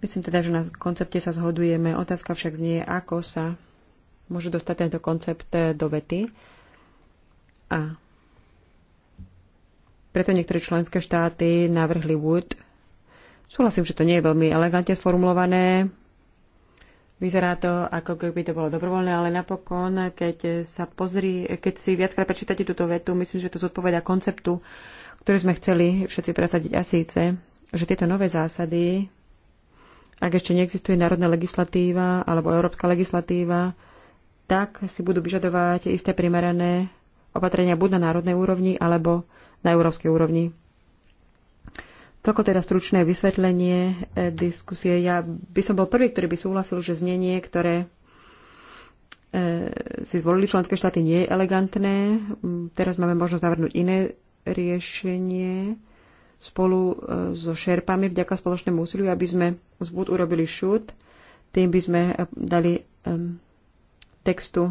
myslím teda, že na koncepte sa zhodujeme. Otázka však znie, ako sa môže dostať tento koncept e, do vety. A preto niektoré členské štáty navrhli Wood. Súhlasím, že to nie je veľmi elegantne sformulované, Vyzerá to, ako keby to bolo dobrovoľné, ale napokon, keď sa pozri, keď si viackrát prečítate túto vetu, myslím, že to zodpoveda konceptu, ktorý sme chceli všetci presadiť a síce, že tieto nové zásady, ak ešte neexistuje národná legislatíva alebo európska legislatíva, tak si budú vyžadovať isté primerané opatrenia buď na národnej úrovni alebo na európskej úrovni. Toľko teda stručné vysvetlenie e, diskusie. Ja by som bol prvý, ktorý by súhlasil, že znenie, ktoré e, si zvolili členské štáty, nie je elegantné. Mm, teraz máme možnosť navrhnúť iné riešenie spolu eh, so šerpami vďaka spoločnému úsiliu, aby sme z bud urobili šut, tým by sme dali textu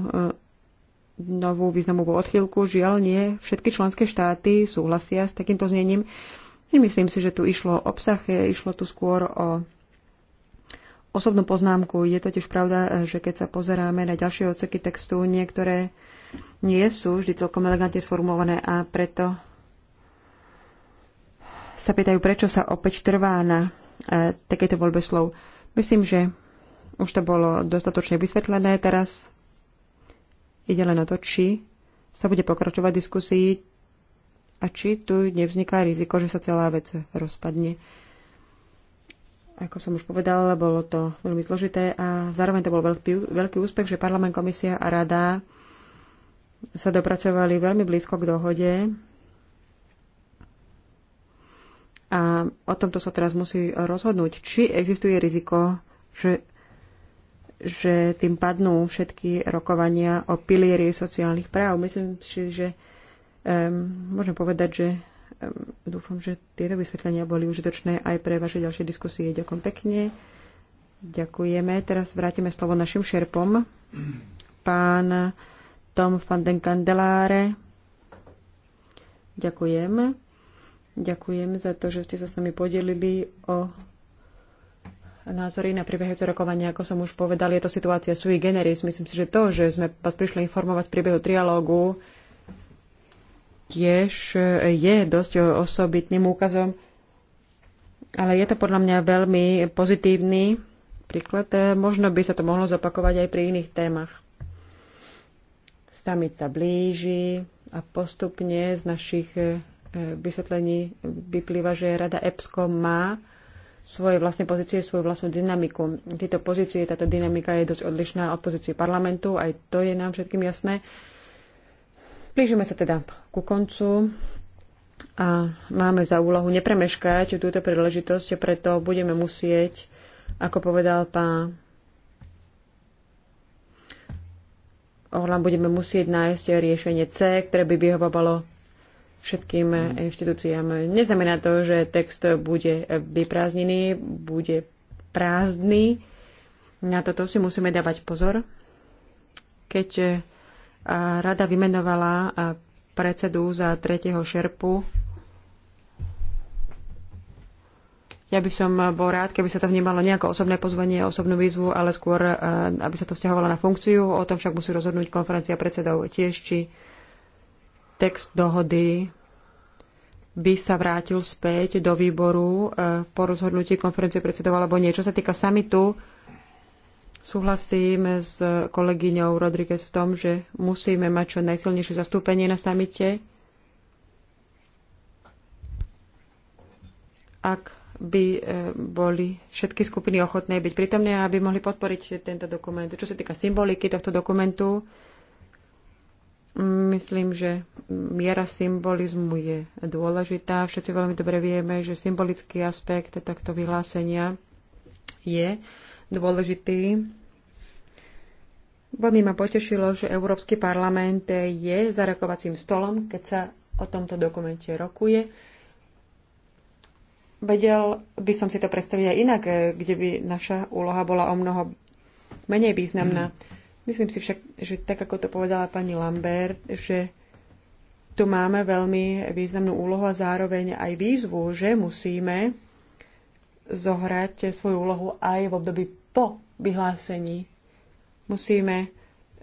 novú významovú odchýlku. Žiaľ, nie všetky členské štáty súhlasia s takýmto znením. Nemyslím si, že tu išlo o obsah, eh, išlo tu skôr o osobnú poznámku. Je totiž pravda, eh, že keď sa pozeráme na ďalšie odseky textu, niektoré nie sú vždy celkom elegantne sformulované a preto sa pýtajú, prečo sa opäť trvá na e, eh, takéto voľbe slov. Myslím, že už to bolo dostatočne vysvetlené. Teraz ide len o to, či sa bude pokračovať diskusii, a či tu nevzniká riziko, že sa celá vec rozpadne. Ako som už povedala, bolo to veľmi zložité a zároveň to bol veľký, veľký úspech, že parlament, komisia a rada sa dopracovali veľmi blízko k dohode. A o tomto sa teraz musí rozhodnúť, či existuje riziko, že, že tým padnú všetky rokovania o pilieri sociálnych práv. Myslím si, že Um, môžem povedať, že um, dúfam, že tieto vysvetlenia boli užitočné aj pre vaše ďalšie diskusie. Ďakujem pekne. Ďakujeme. Teraz vrátime slovo našim šerpom. Pán Tom van den Candeláre. Ďakujem. Ďakujem za to, že ste sa s nami podelili o názory na priebehujúce rokovania. Ako som už povedal, je to situácia sui generis. Myslím si, že to, že sme vás prišli informovať v priebehu trialógu, tiež e, je dosť osobitným úkazom, ale je to podľa mňa veľmi pozitívny príklad. E, možno by sa to mohlo zopakovať aj pri iných témach. Summit sa blíži a postupne z našich e, vysvetlení vyplýva, že Rada EPSCO má svoje vlastné pozície, svoju vlastnú dynamiku. Tieto pozície, táto dynamika je dosť odlišná od pozície parlamentu, aj to je nám všetkým jasné. Blížime sa teda ku koncu a máme za úlohu nepremeškať túto príležitosť, preto budeme musieť, ako povedal pán Orlán, budeme musieť nájsť riešenie C, ktoré by vyhovovalo všetkým inštitúciám. Neznamená to, že text bude vyprázdnený, bude prázdny. Na toto si musíme dávať pozor. Keď Rada vymenovala predsedu za 3. šerpu. Ja by som bol rád, keby sa to vnímalo nejako osobné pozvanie, osobnú výzvu, ale skôr, aby sa to vzťahovalo na funkciu. O tom však musí rozhodnúť konferencia predsedov tiež, či text dohody by sa vrátil späť do výboru po rozhodnutí konferencie predsedov alebo nie. Čo sa týka samitu, Súhlasím s kolegyňou Rodriguez v tom, že musíme mať čo najsilnejšie zastúpenie na samite. Ak by e, boli všetky skupiny ochotné byť prítomné a aby mohli podporiť tento dokument. Čo sa týka symboliky tohto dokumentu, myslím, že miera symbolizmu je dôležitá. Všetci veľmi dobre vieme, že symbolický aspekt takto vyhlásenia je dôležitý Veľmi ma potešilo, že Európsky parlament je za rokovacím stolom, keď sa o tomto dokumente rokuje. Vedel by som si to predstaviť aj inak, eh, kde by naša úloha bola o mnoho menej významná. Mm. Myslím si však, že tak ako to povedala pani Lambert, že tu máme veľmi významnú úlohu a zároveň aj výzvu, že musíme zohrať svoju úlohu aj v období po vyhlásení Musíme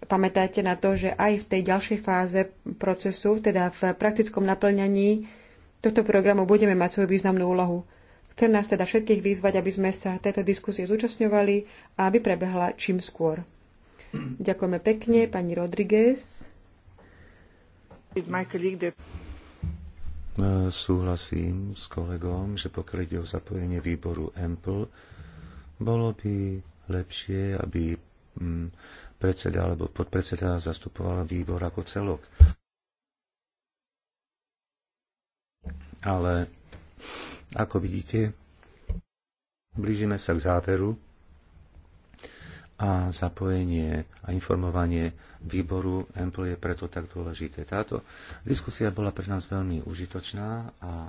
pamätať na to, že aj v tej ďalšej fáze procesu, teda v praktickom naplňaní tohto programu budeme mať svoju významnú úlohu. Chcem nás teda všetkých vyzvať, aby sme sa tejto diskusie zúčastňovali a aby prebehla čím skôr. Ďakujeme pekne, pani Rodriguez. E, súhlasím s kolegom, že pokiaľ ide o zapojenie výboru EMPL, bolo by lepšie, aby Mm, predseda alebo podpredseda zastupovala výbor ako celok. Ale ako vidíte, blížime sa k záveru a zapojenie a informovanie výboru EMPL je preto tak dôležité. Táto diskusia bola pre nás veľmi užitočná a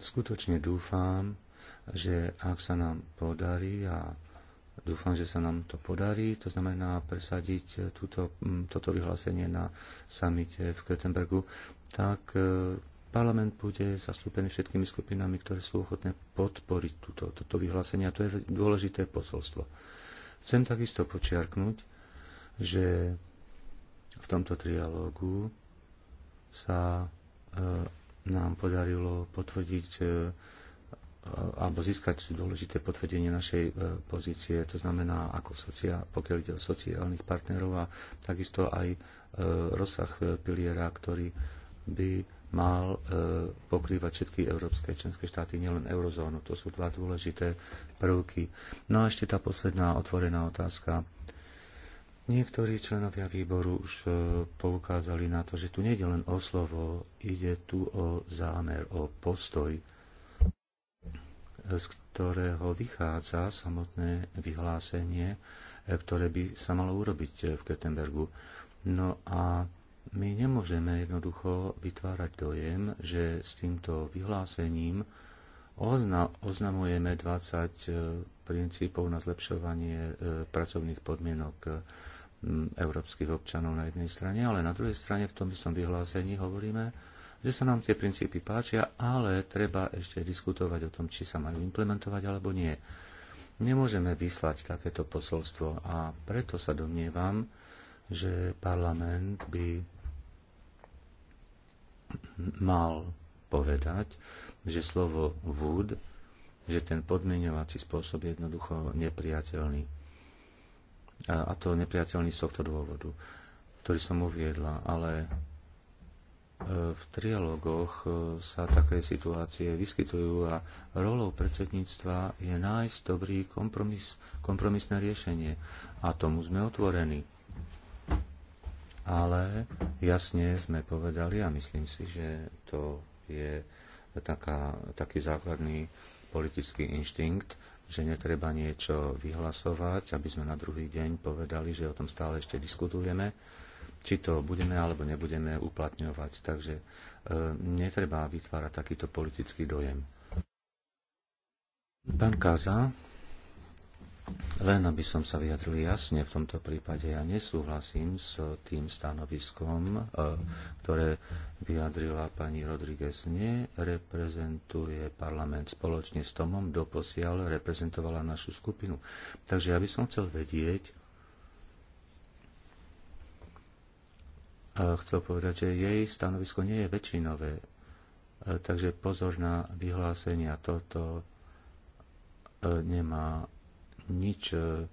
skutočne dúfam, že ak sa nám podarí a Dúfam, že sa nám to podarí, to znamená presadiť eh, túto, mm, toto vyhlásenie na samite v Kötenbergu, tak eh, parlament bude zastúpený všetkými skupinami, ktoré sú ochotné podporiť túto, toto vyhlásenie a to je dôležité posolstvo. Chcem takisto počiarknúť, že v tomto trialógu sa e, nám podarilo potvrdiť e, alebo získať dôležité potvrdenie našej e, pozície, to znamená, ako socia, pokiaľ ide o sociálnych partnerov a takisto aj e, rozsah e, piliera, ktorý by mal pokrývať všetky európske členské štáty, nielen eurozónu. To sú dva dôležité prvky. No a ešte tá posledná otvorená otázka. Niektorí členovia výboru už poukázali na to, že tu nejde len o slovo, ide tu o zámer, o postoj z ktorého vychádza samotné vyhlásenie, e, ktoré by sa malo urobiť e, v Göttenbergu. No a my nemôžeme jednoducho vytvárať dojem, že s týmto vyhlásením ozna, oznamujeme 20 e, princípov na zlepšovanie pracovných podmienok európskych občanov na jednej strane, ale na druhej strane v tom istom vyhlásení hovoríme že sa nám tie princípy páčia, ale treba ešte diskutovať o tom, či sa majú implementovať alebo nie. Nemôžeme vyslať takéto posolstvo a preto sa domnievam, že parlament by mal povedať, že slovo would, že ten podmienovací spôsob je jednoducho nepriateľný. A to nepriateľný z tohto dôvodu, ktorý som uviedla, ale v trialogoch e, sa také situácie vyskytujú a rolou predsedníctva je nájsť dobrý kompromis, kompromisné riešenie. A tomu sme otvorení. Ale jasne sme povedali a myslím si, že to je taká, taký základný politický inštinkt, že netreba niečo vyhlasovať, aby sme na druhý deň povedali, že o tom stále ešte diskutujeme či to budeme alebo nebudeme uplatňovať. Takže e, netreba vytvárať takýto politický dojem. Pán Kaza, len aby som sa vyjadril jasne, v tomto prípade ja nesúhlasím s tým stanoviskom, e, ktoré vyjadrila pani Rodriguez. Nereprezentuje parlament spoločne s Tomom, doposiaľ reprezentovala našu skupinu. Takže ja by som chcel vedieť, chcel povedať, že jej stanovisko nie je väčšinové. E, takže pozor na vyhlásenia. Toto e, nemá nič e,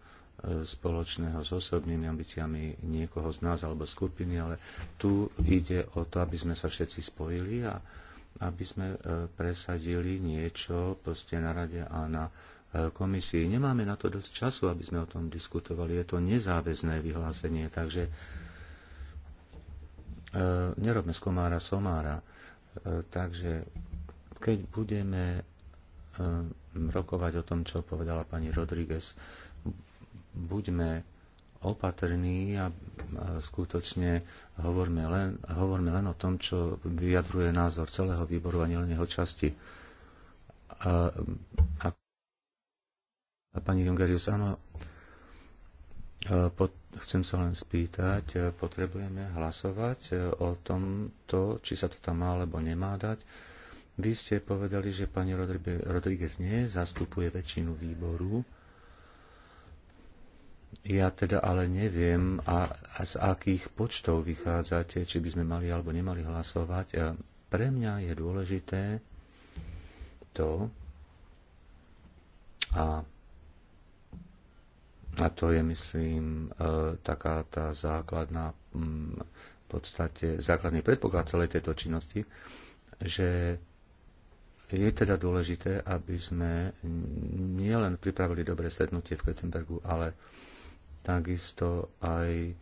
spoločného s osobnými ambíciami niekoho z nás alebo skupiny, ale tu ide o to, aby sme sa všetci spojili a aby sme presadili niečo proste na rade a na komisii. Nemáme na to dosť času, aby sme o tom diskutovali. Je to nezáväzné vyhlásenie, takže E, nerobme z komára somára. E, takže keď budeme e, rokovať o tom, čo povedala pani Rodriguez, buďme opatrní a skutočne hovorme len, hovorme len o tom, čo vyjadruje názor celého výboru a nielen jeho časti. A, a, a pani Jungerius, áno, E, chcem sa len spýtať, e, potrebujeme hlasovať e, o tomto, či sa to tam má alebo nemá dať. Vy ste povedali, že pani Rodríguez nie zastupuje väčšinu výboru. Ja teda ale neviem, a, a z akých počtov vychádzate, či by sme mali alebo nemali hlasovať. A pre mňa je dôležité to, a a to je, myslím, e, taká tá základná, mm, v podstate základný predpoklad celej tejto činnosti, že je teda dôležité, aby sme nielen pripravili dobré stretnutie v Kettenbergu, ale takisto aj e,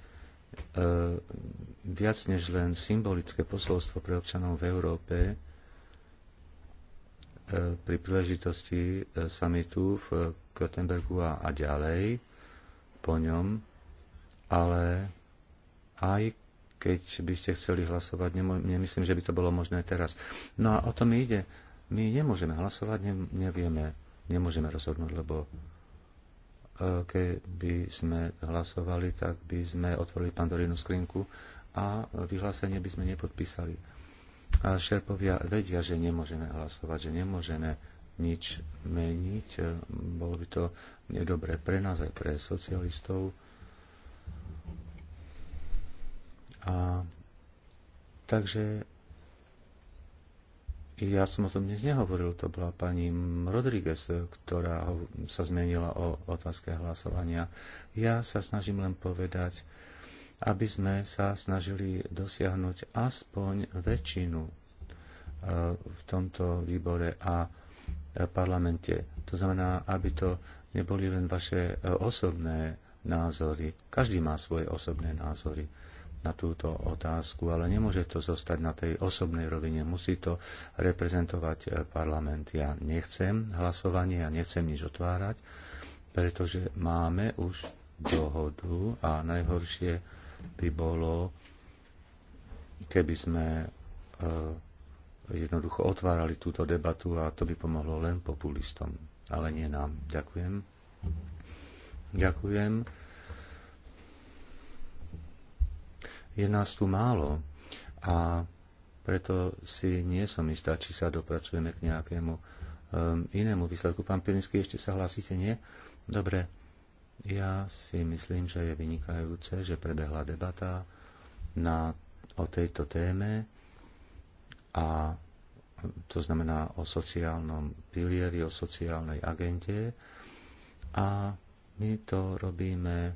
viac než len symbolické posolstvo pre občanov v Európe e, pri príležitosti samitu v Göteborgu a, a ďalej po ňom, ale aj keď by ste chceli hlasovať, nemyslím, že by to bolo možné teraz. No a o to mi ide. My nemôžeme hlasovať, nevieme, nemôžeme rozhodnúť, lebo e, keby sme hlasovali, tak by sme otvorili pandorínu skrinku a vyhlásenie by sme nepodpísali. A šerpovia vedia, že nemôžeme hlasovať, že nemôžeme nič meniť. Bolo by to je dobré pre nás aj pre socialistov. A takže ja som o tom dnes nehovoril, to bola pani Rodriguez, ktorá sa zmenila o otázke hlasovania. Ja sa snažím len povedať, aby sme sa snažili dosiahnuť aspoň väčšinu eh, v tomto výbore a E, parlamente. To znamená, aby to neboli len vaše e, osobné názory. Každý má svoje osobné názory na túto otázku, ale nemôže to zostať na tej osobnej rovine. Musí to reprezentovať e, parlament. Ja nechcem hlasovanie, ja nechcem nič otvárať, pretože máme už dohodu a najhoršie by bolo, keby sme jednoducho otvárali túto debatu a to by pomohlo len populistom, ale nie nám. Ďakujem. Ďakujem. Je nás tu málo a preto si nie som istá, či sa dopracujeme k nejakému um, inému výsledku. Pán Pirinský, ešte sa hlásite, nie? Dobre, ja si myslím, že je vynikajúce, že prebehla debata na, o tejto téme a to znamená o sociálnom pilieri, o sociálnej agente. A my to robíme e,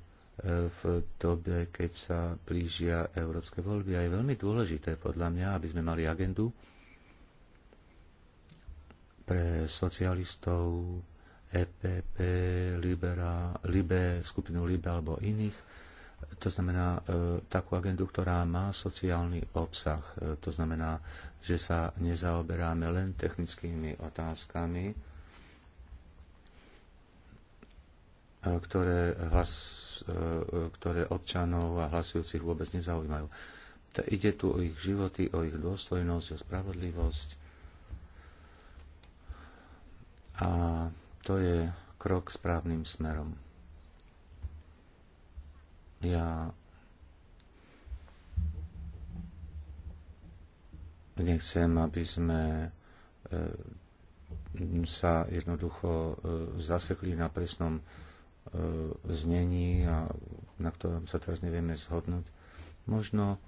v dobe, keď sa blížia európske voľby. A je veľmi dôležité podľa mňa, aby sme mali agendu pre socialistov, EPP, Libera, Libe, skupinu Libe alebo iných. To znamená e, takú agendu, ktorá má sociálny obsah. E, to znamená že sa nezaoberáme len technickými otázkami, e, ktoré, hlas, e, e, ktoré občanov a hlasujúcich vôbec nezaujímajú. Ide tu o ich životy, o ich dôstojnosť, o spravodlivosť. A to je krok správnym smerom. Ja Nechcem, aby sme e, sa jednoducho e, zasekli na presnom e, znení, a na ktorom sa teraz nevieme zhodnúť. Možno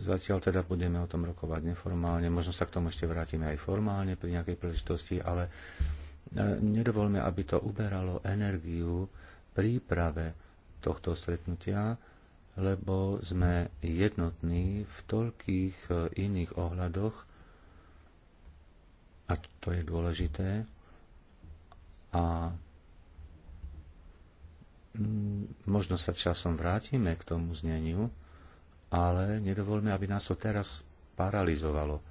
zatiaľ teda budeme o tom rokovať neformálne, možno sa k tomu ešte vrátime aj formálne pri nejakej príležitosti, ale nedovolme, aby to uberalo energiu príprave tohto stretnutia lebo sme jednotní v toľkých e, iných ohľadoch, a to je dôležité, a mm, možno sa časom vrátime k tomu zneniu, ale nedovolme, aby nás to teraz paralizovalo.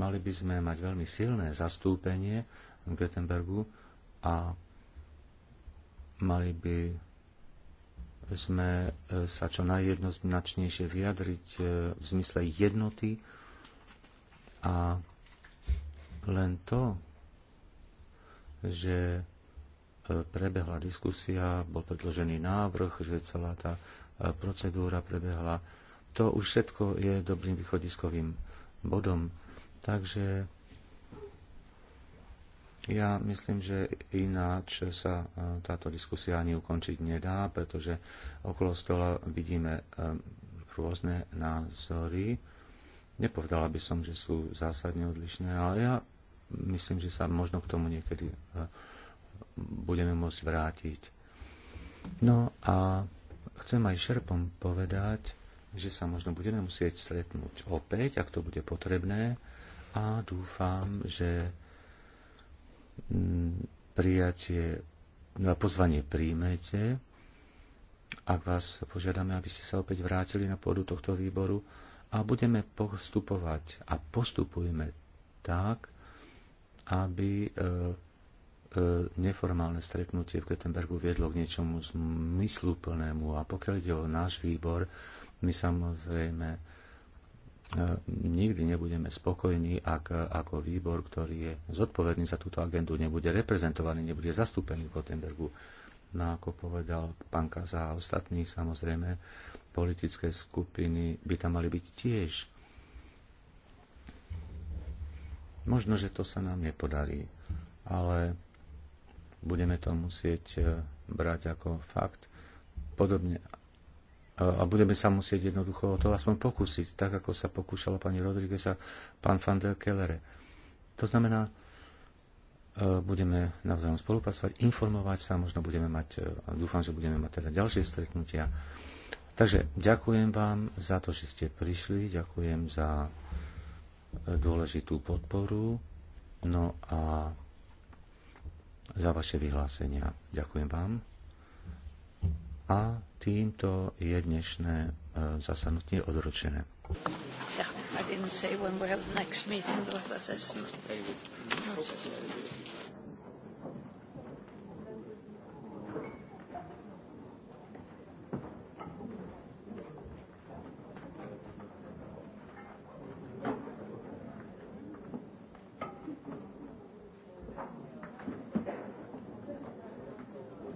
Mali by sme mať veľmi silné zastúpenie v Göttenbergu a mali by sme e, sa čo najjednoznačnejšie vyjadriť e, v zmysle jednoty a len to, že e, prebehla diskusia, bol predložený návrh, že celá tá procedúra prebehla. To už všetko je dobrým východiskovým bodom. Takže ja myslím, že ináč sa e, táto diskusia ani ukončiť nedá, pretože okolo stola vidíme e, rôzne názory. Nepovedala by som, že sú zásadne odlišné, ale ja myslím, že sa možno k tomu niekedy e, budeme môcť vrátiť. No a chcem aj šerpom povedať, že sa možno budeme musieť stretnúť opäť, ak to bude potrebné a dúfam, že prijatie, pozvanie príjmete, ak vás požiadame, aby ste sa opäť vrátili na pôdu tohto výboru a budeme postupovať a postupujeme tak, aby e, e, neformálne stretnutie v Göteborgu viedlo k niečomu zmysluplnému. A pokiaľ ide o náš výbor, my samozrejme nikdy nebudeme spokojní, ak ako výbor, ktorý je zodpovedný za túto agendu, nebude reprezentovaný, nebude zastúpený v Gothenburgu. No ako povedal pán Kaza a ostatní, samozrejme, politické skupiny by tam mali byť tiež. Možno, že to sa nám nepodarí, ale budeme to musieť eh, brať ako fakt. Podobne a budeme sa musieť jednoducho o to aspoň pokúsiť, tak ako sa pokúšala pani Rodriguez a pán van der Kellere. To znamená, e, budeme navzájom spolupracovať, informovať sa, možno budeme mať, e, dúfam, že budeme mať teda ďalšie stretnutia. Takže ďakujem vám za to, že ste prišli, ďakujem za e, dôležitú podporu, no a za vaše vyhlásenia. Ďakujem vám. A týmto je dnešné e, zasadnutie odročené. Yeah, I didn't say when we have next meeting, but that's not, not